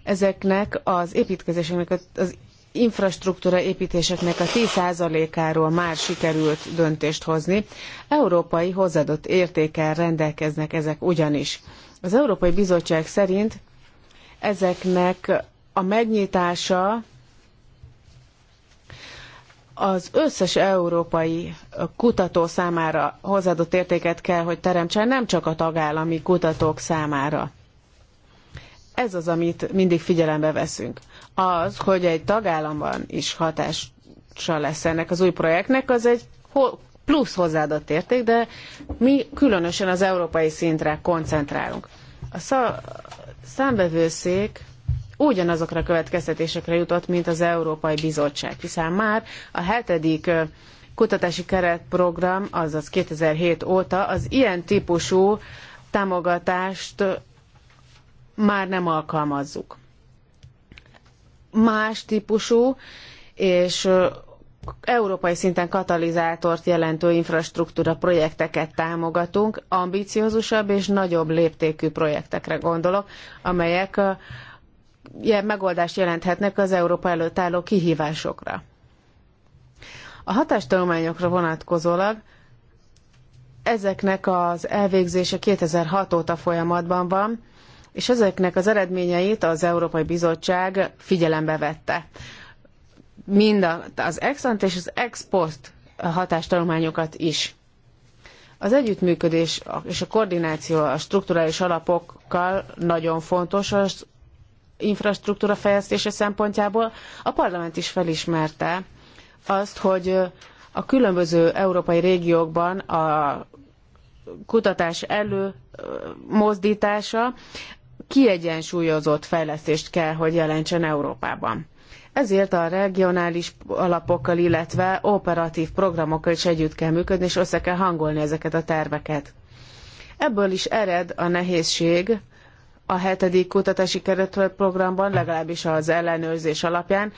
D: Ezeknek az építkezéseknek az infrastruktúra építéseknek a 10%-áról már sikerült döntést hozni. Európai hozzáadott értékkel rendelkeznek ezek ugyanis. Az Európai Bizottság szerint ezeknek a megnyitása az összes európai kutató számára hozzáadott értéket kell, hogy teremtsen, nem csak a tagállami kutatók számára. Ez az, amit mindig figyelembe veszünk az, hogy egy tagállamban is hatással lesz ennek az új projektnek, az egy plusz hozzáadott érték, de mi különösen az európai szintre koncentrálunk. A szá számbevőszék ugyanazokra a következtetésekre jutott, mint az Európai Bizottság, hiszen már a hetedik kutatási keretprogram, azaz 2007 óta az ilyen típusú támogatást már nem alkalmazzuk más típusú, és európai szinten katalizátort jelentő infrastruktúra projekteket támogatunk, ambiciózusabb és nagyobb léptékű projektekre gondolok, amelyek ilyen megoldást jelenthetnek az Európa előtt álló kihívásokra. A hatástanulmányokra vonatkozólag ezeknek az elvégzése 2006 óta folyamatban van, és ezeknek az eredményeit az Európai Bizottság figyelembe vette. Mind az ex ante és az ex post hatástanulmányokat is. Az együttműködés és a koordináció a strukturális alapokkal nagyon fontos az infrastruktúra fejlesztése szempontjából. A parlament is felismerte azt, hogy a különböző európai régiókban a kutatás előmozdítása kiegyensúlyozott fejlesztést kell, hogy jelentsen Európában. Ezért a regionális alapokkal, illetve operatív programokkal is együtt kell működni, és össze kell hangolni ezeket a terveket. Ebből is ered a nehézség a hetedik kutatási keretprogramban, legalábbis az ellenőrzés alapján,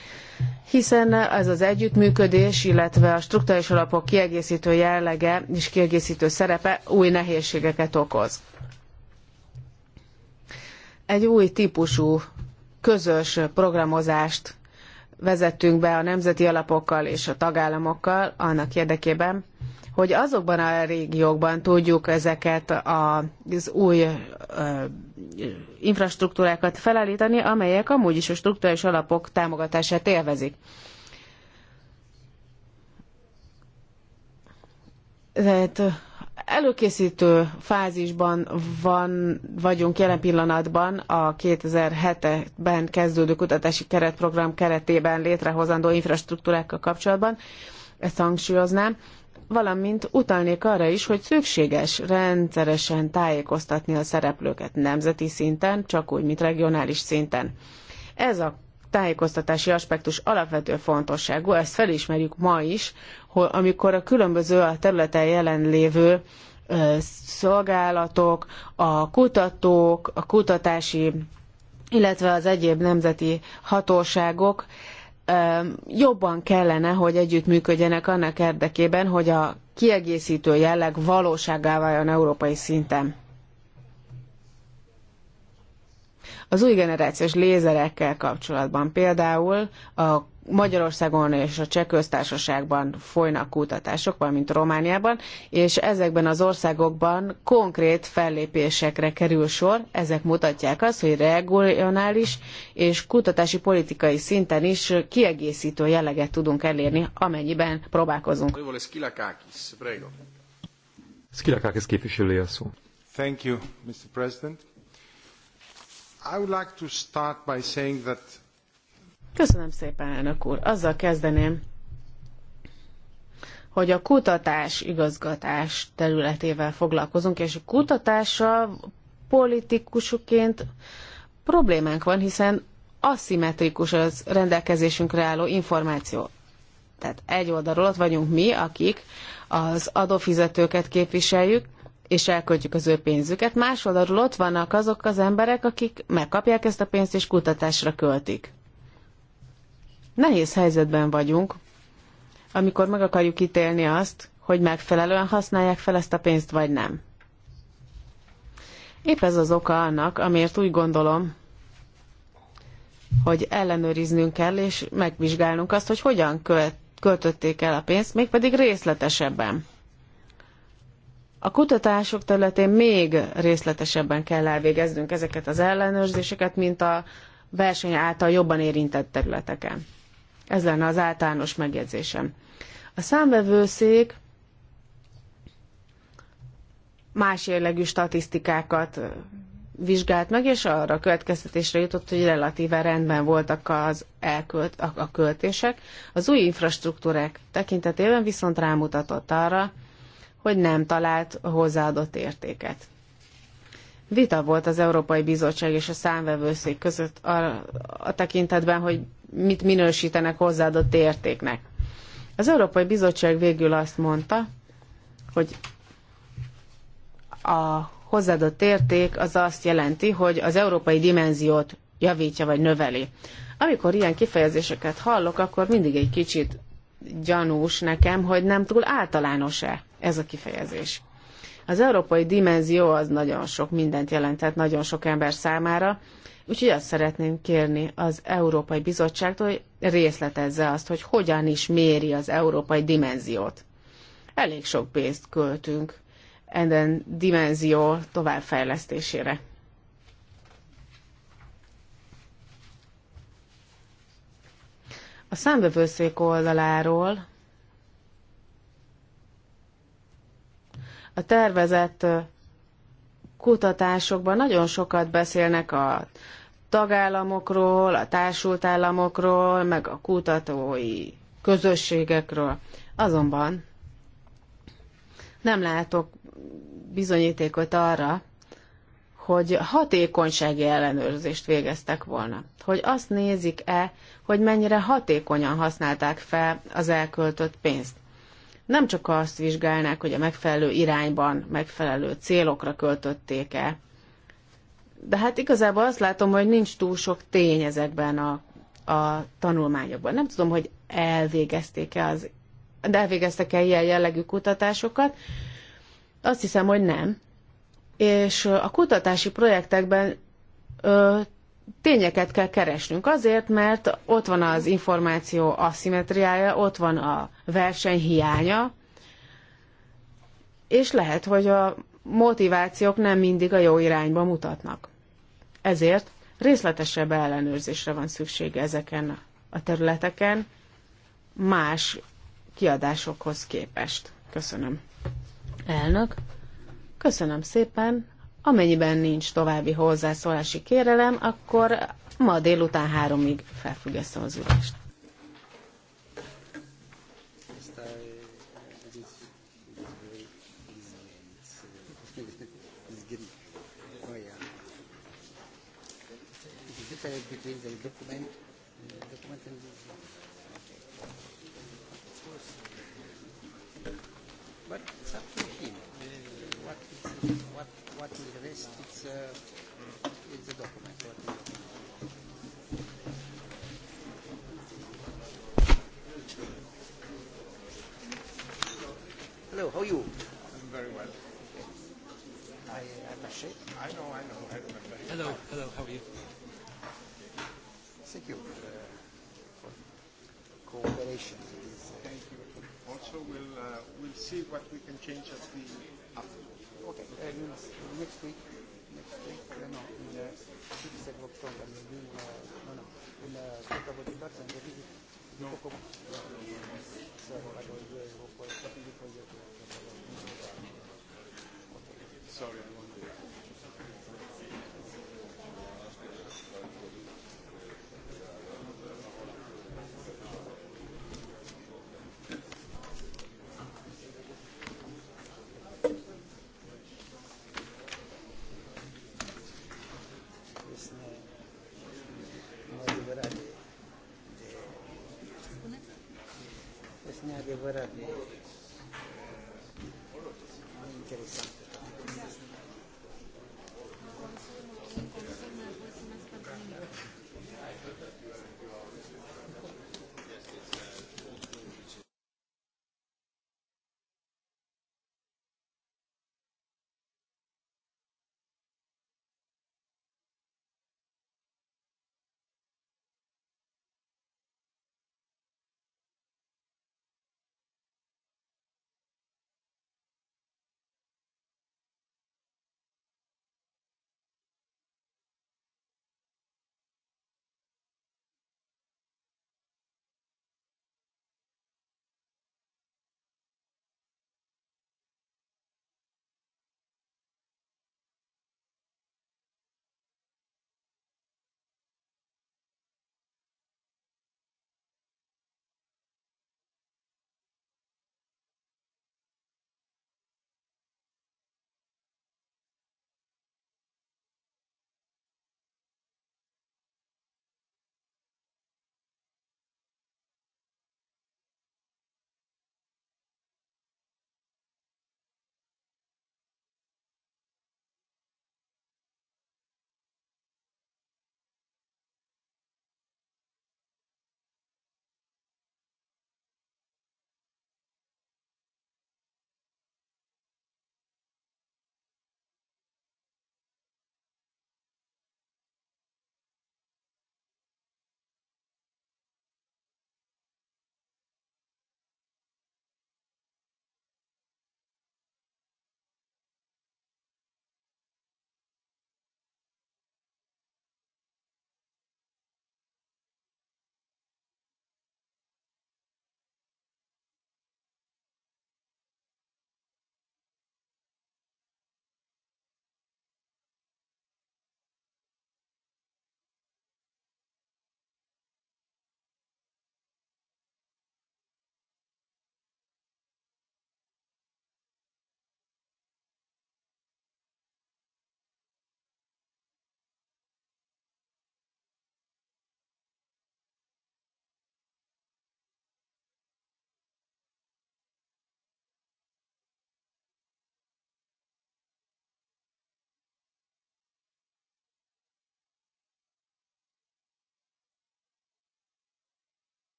D: hiszen ez az együttműködés, illetve a struktúrális alapok kiegészítő jellege és kiegészítő szerepe új nehézségeket okoz egy új típusú közös programozást vezettünk be a nemzeti alapokkal és a tagállamokkal annak érdekében, hogy azokban a régiókban tudjuk ezeket az új infrastruktúrákat felállítani, amelyek amúgy is a struktúrális alapok támogatását élvezik. Tehát Előkészítő fázisban van, vagyunk jelen pillanatban a 2007-ben kezdődő kutatási keretprogram keretében létrehozandó infrastruktúrákkal kapcsolatban, ezt hangsúlyoznám, valamint utalnék arra is, hogy szükséges rendszeresen tájékoztatni a szereplőket nemzeti szinten, csak úgy, mint regionális szinten. Ez a tájékoztatási aspektus alapvető fontosságú, ezt felismerjük ma is, amikor a különböző a területen jelenlévő szolgálatok, a kutatók, a kutatási, illetve az egyéb nemzeti hatóságok jobban kellene, hogy együttműködjenek annak érdekében, hogy a kiegészítő jelleg valóságá váljon európai szinten. Az új generációs lézerekkel kapcsolatban például a Magyarországon és a Cseh köztársaságban folynak kutatások, valamint Romániában, és ezekben az országokban konkrét fellépésekre kerül sor. Ezek mutatják azt, hogy regionális és kutatási politikai szinten is kiegészítő jelleget tudunk elérni, amennyiben próbálkozunk.
C: Skilakakis képviselője a szó. Thank you, Mr. President.
D: I would like to start by saying that Köszönöm szépen, elnök úr. Azzal kezdeném, hogy a kutatás igazgatás területével foglalkozunk, és a kutatással politikusként problémánk van, hiszen aszimmetrikus az rendelkezésünkre álló információ. Tehát egy oldalról ott vagyunk mi, akik az adófizetőket képviseljük, és elköltjük az ő pénzüket. Más oldalról ott vannak azok az emberek, akik megkapják ezt a pénzt, és kutatásra költik. Nehéz helyzetben vagyunk, amikor meg akarjuk ítélni azt, hogy megfelelően használják fel ezt a pénzt, vagy nem. Épp ez az oka annak, amiért úgy gondolom, hogy ellenőriznünk kell, és megvizsgálnunk azt, hogy hogyan követ, költötték el a pénzt, mégpedig részletesebben. A kutatások területén még részletesebben kell elvégeznünk ezeket az ellenőrzéseket, mint a verseny által jobban érintett területeken. Ez lenne az általános megjegyzésem. A számvevőszék más jellegű statisztikákat vizsgált meg, és arra a következtetésre jutott, hogy relatíve rendben voltak az elkölt, a, a költések. Az új infrastruktúrák tekintetében viszont rámutatott arra, hogy nem talált hozzáadott értéket. Vita volt az Európai Bizottság és a számvevőszék között a, a tekintetben, hogy mit minősítenek hozzáadott értéknek. Az Európai Bizottság végül azt mondta, hogy a hozzáadott érték az azt jelenti, hogy az európai dimenziót javítja vagy növeli. Amikor ilyen kifejezéseket hallok, akkor mindig egy kicsit gyanús nekem, hogy nem túl általános-e ez a kifejezés. Az európai dimenzió az nagyon sok mindent jelentett nagyon sok ember számára, Úgyhogy azt szeretném kérni az Európai Bizottságtól, hogy részletezze azt, hogy hogyan is méri az európai dimenziót. Elég sok pénzt költünk ezen dimenzió továbbfejlesztésére. A számbevőszék oldaláról a tervezett kutatásokban nagyon sokat beszélnek a tagállamokról, a társult államokról, meg a kutatói közösségekről. Azonban nem látok bizonyítékot arra, hogy hatékonysági ellenőrzést végeztek volna. Hogy azt nézik-e, hogy mennyire hatékonyan használták fel az elköltött pénzt. Nem csak azt vizsgálnák, hogy a megfelelő irányban, megfelelő célokra költötték-e de hát igazából azt látom, hogy nincs túl sok tény ezekben a, a tanulmányokban. Nem tudom, hogy elvégezték-e az, de elvégeztek-e ilyen jellegű kutatásokat. Azt hiszem, hogy nem. És a kutatási projektekben ö, tényeket kell keresnünk azért, mert ott van az információ aszimetriája, ott van a verseny hiánya, és lehet, hogy a motivációk nem mindig a jó irányba mutatnak. Ezért részletesebb ellenőrzésre van szüksége ezeken a területeken más kiadásokhoz képest. Köszönöm. Elnök, köszönöm szépen. Amennyiben nincs további hozzászólási kérelem, akkor ma délután háromig felfüggesztem az ülést.
E: Vous avez le document. Le document But it's up to him. What is, what, what is the rest? It's, uh, it's a document. What is it? Hello, how are you? I'm very well.
D: I, I'm a I know, I know, I remember.
E: Hello, hello,
C: how are you? see what we can change at the afternoon. Okay, and uh, next week, next week, uh, no, in the
E: city set workshop, I mean, in, uh, no, no, in the uh, state of the and the visit. No. So, I will uh, go for a second before you. Sorry.